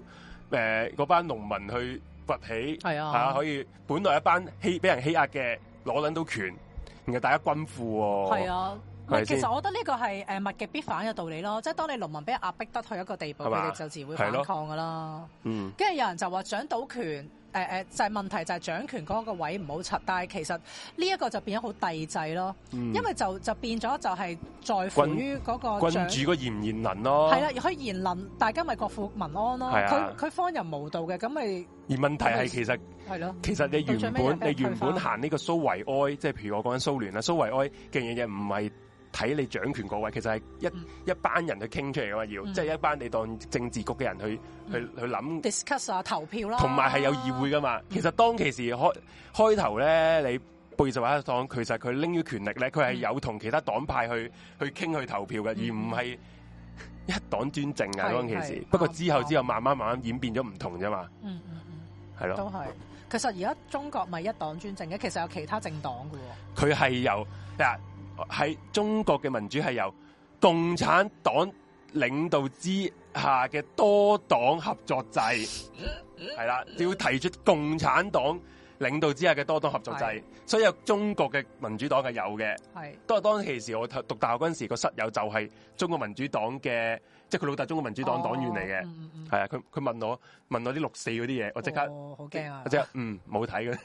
嗰、呃、班農民去。起係啊，啊，可以本來一班欺俾人欺壓嘅攞捻到權，然後大家均富、哦。係啊，其實我覺得呢個係誒物極必反嘅道理咯，即係當你農民俾壓迫得去一個地步，佢哋就自會反抗噶啦。嗯、啊，跟住有人就話掌到權。嗯誒、呃、誒，就係問題就係掌權嗰個位唔好拆。但係其實呢一個就變咗好帝制咯，嗯、因為就就變咗就係在乎於嗰個君，君主個賢唔賢能咯，係啦，如果賢能，大家咪國富民安咯。佢佢荒淫無道嘅，咁咪、就係、而問題係其實係咯，其實你原本你原本行呢個蘇維埃，即係譬如我講緊蘇聯啦，蘇維埃嘅嘢嘢唔係。睇你掌權個位，其實係一、嗯、一班人去傾出嚟噶嘛，要、嗯、即係一班你當政治局嘅人去、嗯、去去諗，discuss 啊，投票啦，同埋係有議會噶嘛、嗯。其實當其時開開頭咧，你布爾什維克黨其實佢拎咗權力咧，佢係有同其他黨派去去傾去投票嘅、嗯，而唔係一黨專政啊。當其時，不過之後之後慢慢慢慢演變咗唔同啫嘛。係、嗯嗯嗯、咯，都係。其實而家中國咪一黨專政嘅，其實有其他政黨噶、哦。佢係由喺中國嘅民主係由共產黨領導之下嘅多黨合作制，係啦，要提出共產黨。領導之下嘅多黨合作制，所以有中國嘅民主黨係有嘅，係。都係當其時我讀大學陣時個室友就係中國民主黨嘅，即係佢老豆中國民主黨黨員嚟嘅，係、哦、啊。佢、嗯、佢、嗯、問我問我啲六四嗰啲嘢，我即刻好驚、哦、啊刻，即係嗯冇睇嘅，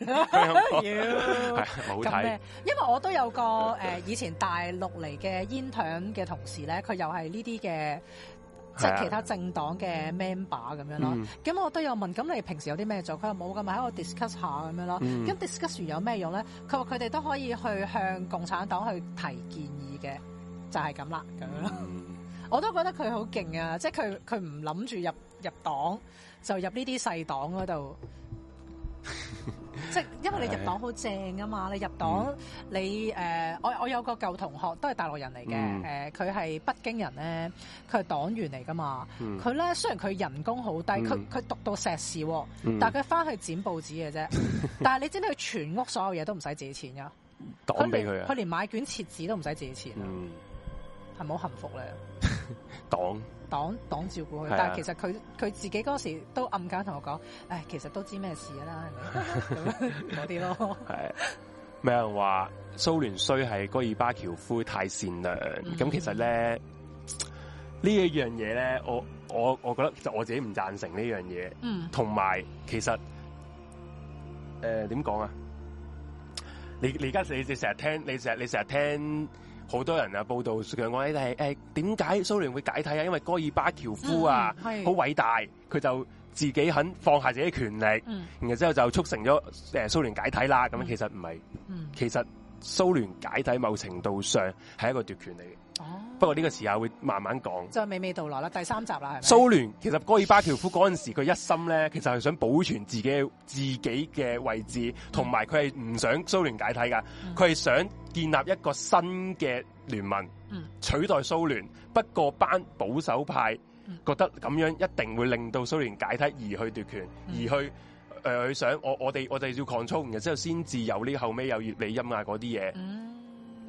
冇睇、 yeah。因為我都有個誒、呃、以前大陸嚟嘅 intern 嘅同事咧，佢又係呢啲嘅。即係其他政黨嘅 member 咁樣咯，咁、嗯、我都有問，咁你平時有啲咩做？佢話冇㗎，咪喺度 discuss 下咁樣咯。咁、嗯、discuss 完有咩用咧？佢話佢哋都可以去向共產黨去提建議嘅，就係咁啦，咁樣咯。 我都覺得佢好勁啊！即係佢佢唔諗住入入黨，就入呢啲細黨嗰度。 即係因為你入黨好正噶嘛，你入黨、嗯、你誒、呃，我我有個舊同學都係大陸人嚟嘅，誒、嗯，佢、呃、係北京人咧，佢係黨員嚟噶嘛，佢、嗯、咧雖然佢人工好低，佢、嗯、佢讀到碩士、哦嗯，但係佢翻去剪報紙嘅啫， 但係你知唔知佢全屋所有嘢都唔使自己錢噶，黨俾佢啊，佢連，連買卷廁紙都唔使自己錢，係咪好幸福咧？黨。黨黨照顧佢、啊，但係其實佢佢自己嗰時候都暗間同我講，誒，其實都知咩事㗎啦，係咪嗰啲咯？係 有人話蘇聯衰係戈爾巴喬夫太善良，咁、mm-hmm. 其實咧呢一樣嘢咧，我我我覺得其實我自己唔贊成呢樣嘢。同、mm-hmm. 埋其實誒點講啊？你你而家你你成日聽，你成你成日聽。好多人啊，報道強講你係誒點解蘇聯會解體啊？因為戈爾巴喬夫啊，係好、啊、偉大，佢就自己肯放下自己嘅權力，嗯、然之後就促成咗誒、呃、蘇聯解體啦。咁其實唔係、嗯，其實蘇聯解體某程度上係一個奪權嚟嘅。Oh. 不過呢個時候會慢慢講，就再娓娓道來啦，第三集啦，係咪？蘇聯其實戈爾巴喬夫嗰陣時，佢一心咧，其實係想保存自己自己嘅位置，同埋佢係唔想蘇聯解體噶，佢係想建立一個新嘅聯盟，嗯，取代蘇聯。不過班保守派覺得咁樣一定會令到蘇聯解體而奪、嗯，而去奪權，而去誒去想我我哋我哋要擴充，然之後先至有呢後尾有葉利欽啊嗰啲嘢。嗯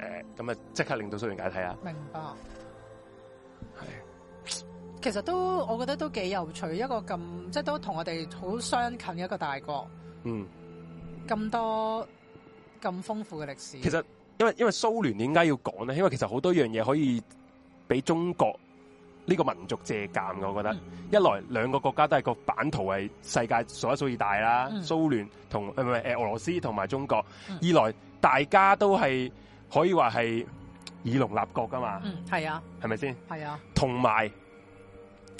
誒、呃，咁啊，即刻令到蘇聯解體啊！明白係，其實都我覺得都幾有趣。一個咁即係都同我哋好相近嘅一個大國，嗯，咁多咁豐富嘅歷史。其實因為因為蘇聯點解要講呢？因為其實好多樣嘢可以俾中國呢個民族借鑒嘅。我覺得、嗯、一來兩個國家都係個版圖係世界數一數二大啦，蘇聯同誒誒俄羅斯同埋中國。嗯、二來大家都係。可以話係以農立國噶嘛？嗯，係啊，係咪先？係啊，同埋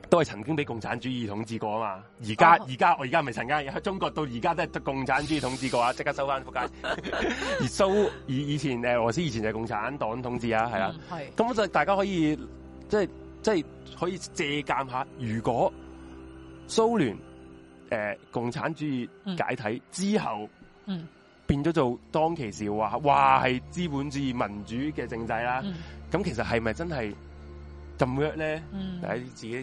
都係曾經俾共產主義統治過啊嘛。而家而家我而家唔係曾經喺中國到而家都係得共產主義統治過啊！即 刻收翻撲街。蘇 以以前誒，俄羅斯以前就係共產黨統治啊，係、嗯、啊。係咁就大家可以即係即係可以借鑒下，如果蘇聯誒共產主義解體之後，嗯。嗯變咗做當其時話，話係資本主義民主嘅政制啦。咁、嗯、其實係咪真係咁樣咧、嗯？大家自己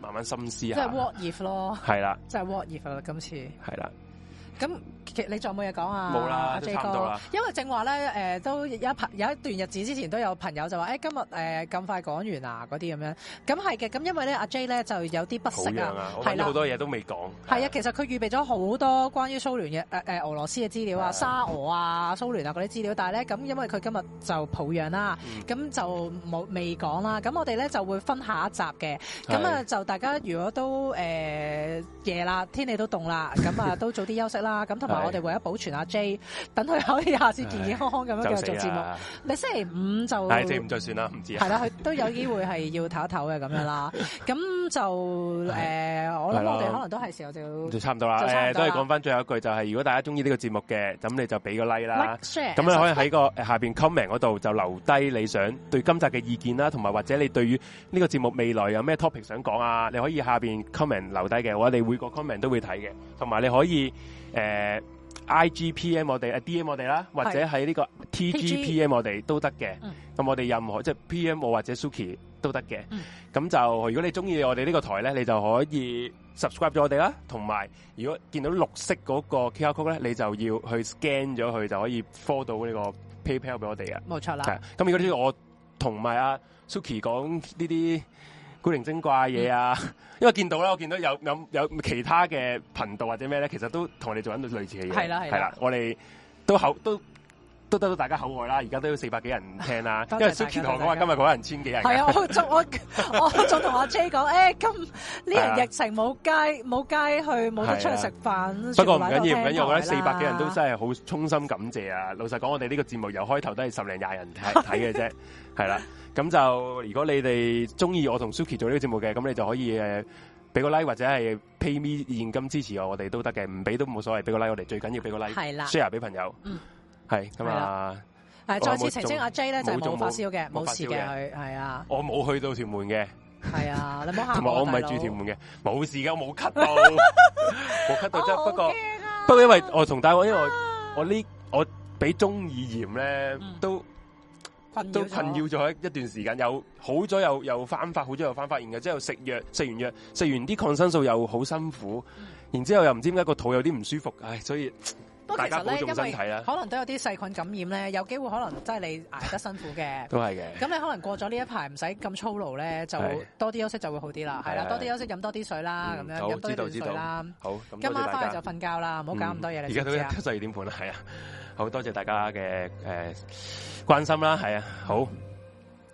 慢慢深思下。即係 what if 咯，係啦，即係 what if 咯，今次係啦。咁，其實你再冇嘢講啊？冇啦，都差唔多啦。阿 Jay 哥。因為正話咧，誒、呃、都有一有一段日子之前都有朋友就話誒、欸、今日誒咁快講完啊，嗰啲咁樣，咁係嘅，咁因為咧，阿 J 咧就有啲不適啊，係啊，好多嘢都未講，係啊，其實佢預備咗好多關於蘇聯嘅誒俄羅斯嘅資料啊、沙俄啊、蘇聯啊嗰啲資料，但係咧咁因為佢今日就抱恙啦，咁、嗯、就冇未講啦。咁我哋咧就會分下一集嘅。咁啊，就大家如果都誒、呃、夜啦，天氣都凍啦，咁啊都早啲休息啦。 啊！咁同埋我哋為咗保存阿 J，等佢可以下次健健康康咁樣繼續做節目。你星期五就星期五就算啦，唔知係啦，佢都有機會係要唞一唞嘅咁樣啦。咁就誒、呃，我諗我哋可能都係少少，就差唔多啦。都係講翻最後一句，就係、是、如果大家中意呢個節目嘅，咁你就俾個 like 啦。咁、like，你可以喺個下面 comment 嗰度就留低你想對今集嘅意見啦，同埋或者你對於呢個節目未來有咩 topic 想講啊，你可以下面 comment 留低嘅，我哋每個 comment 都會睇嘅，同埋你可以。誒、呃、，I G P M 我哋誒 D M 我哋啦，或者喺呢個 T G P M 我哋都得嘅。咁我哋任何即係、就是、P M 我或者 Suki 都得嘅。咁、嗯、就如果你中意我哋呢個台咧，你就可以 subscribe 咗我哋啦。同埋如果見到綠色嗰個 QR code 咧，你就要去 scan 咗佢，就可以 follow 到呢個 PayPal 俾我哋嘅。冇錯啦。係咁如果呢個我同埋阿 Suki 講呢啲。古靈精怪嘢啊，因為見到啦，我見到有有有其他嘅頻道或者咩咧，其實都同我哋做緊類似嘅嘢，係啦係啦，我哋都好都。都得到大家口外啦，而家都有四百幾人聽啦。因為 Suki 同我講話，今日可能人千幾人。係 啊，我仲我我仲同阿 J 講，誒、 哎、今呢人疫情冇街冇、啊、街，街去冇得出去食飯。啊、不過唔緊要唔緊要，我覺得四百幾人都真係好衷心感謝啊！啊，老實講，我哋呢個節目由開頭都係十零廿人睇嘅啫，係 啦。咁、啊、就如果你哋中意我同 Suki 做呢個節目嘅，咁你就可以誒俾、呃、個 like 或者係 pay me 現金支持我，我哋都得嘅。唔俾都冇所謂，俾個 like 我哋最緊要俾個 like、啊、share 俾朋友。嗯係，咁啊，啊，再次澄清阿 J 咧，就冇發燒嘅，冇事嘅、啊、係啊。我冇去到屯門嘅，係啊，你唔好吓，同埋我唔係住屯門嘅，冇 事嘅，我冇咳到，冇 咳到啫。 不過， 不、過、啊、不過因為我同大 我因為我我呢我俾中耳炎咧，都都困擾咗一段時間，又好咗又又翻發，好咗又翻發，然後之後食藥食完藥，食完啲抗生素又好辛苦， 然之後又唔知點解個肚有啲唔舒服，唉，所以。其實咧，啊、因為可能都有啲細菌感染咧，啊、有機會可能真係你挨得辛苦嘅。都係嘅。咁你可能過咗呢一排唔使咁粗勞咧，就多啲休息就會好啲啦。係啦，多啲休息，飲、嗯、多啲水啦，咁、嗯、樣多啲水啦。好，好今晚翻去就瞓覺啦，唔好搞咁多嘢。而、嗯、家都十二點半啦，係啊。好，多謝大家嘅誒、呃、關心啦，係啊。好，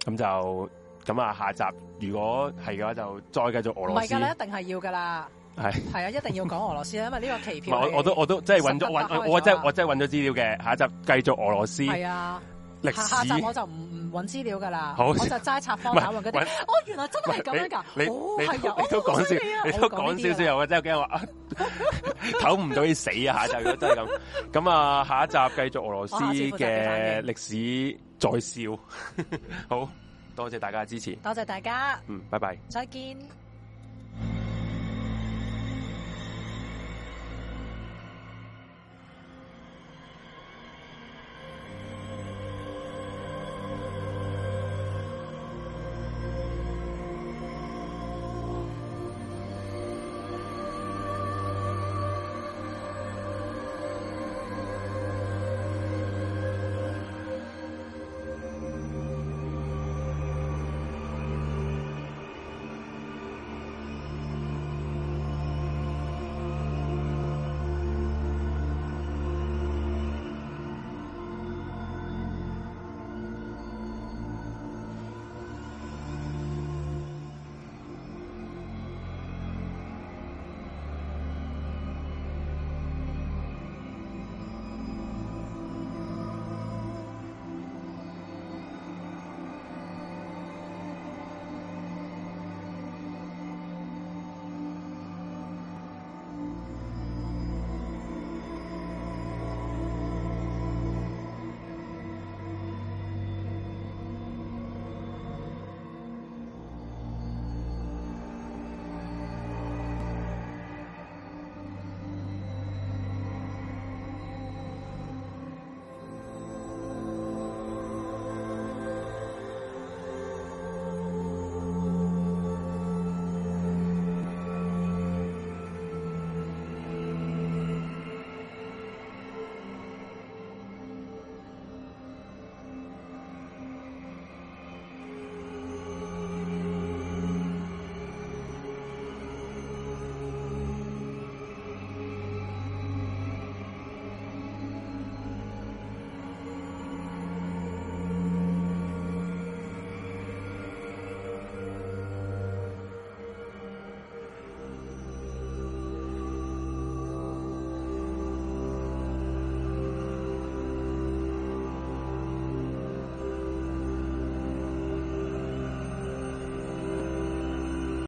咁就咁啊。下集如果係嘅話，就再繼續俄羅斯。唔係噶，一定係要噶啦。係係啊！ 一定要講俄羅斯，因為呢個期片。我都我都即係揾咗揾我真的我真係揾咗資料嘅，下一集繼續俄羅斯。係啊，歷史。我就唔揾資料噶啦，我就齋插科打諢嗰啲。哦，原來真係咁樣噶，你係啊，都講少，你都講少少，我真係驚話啊，唞唔到要死啊！下集如果真係咁，咁 啊下一集繼續俄羅斯嘅歷史再笑。 好多謝大家的支持，多謝大家，嗯，拜拜，再見。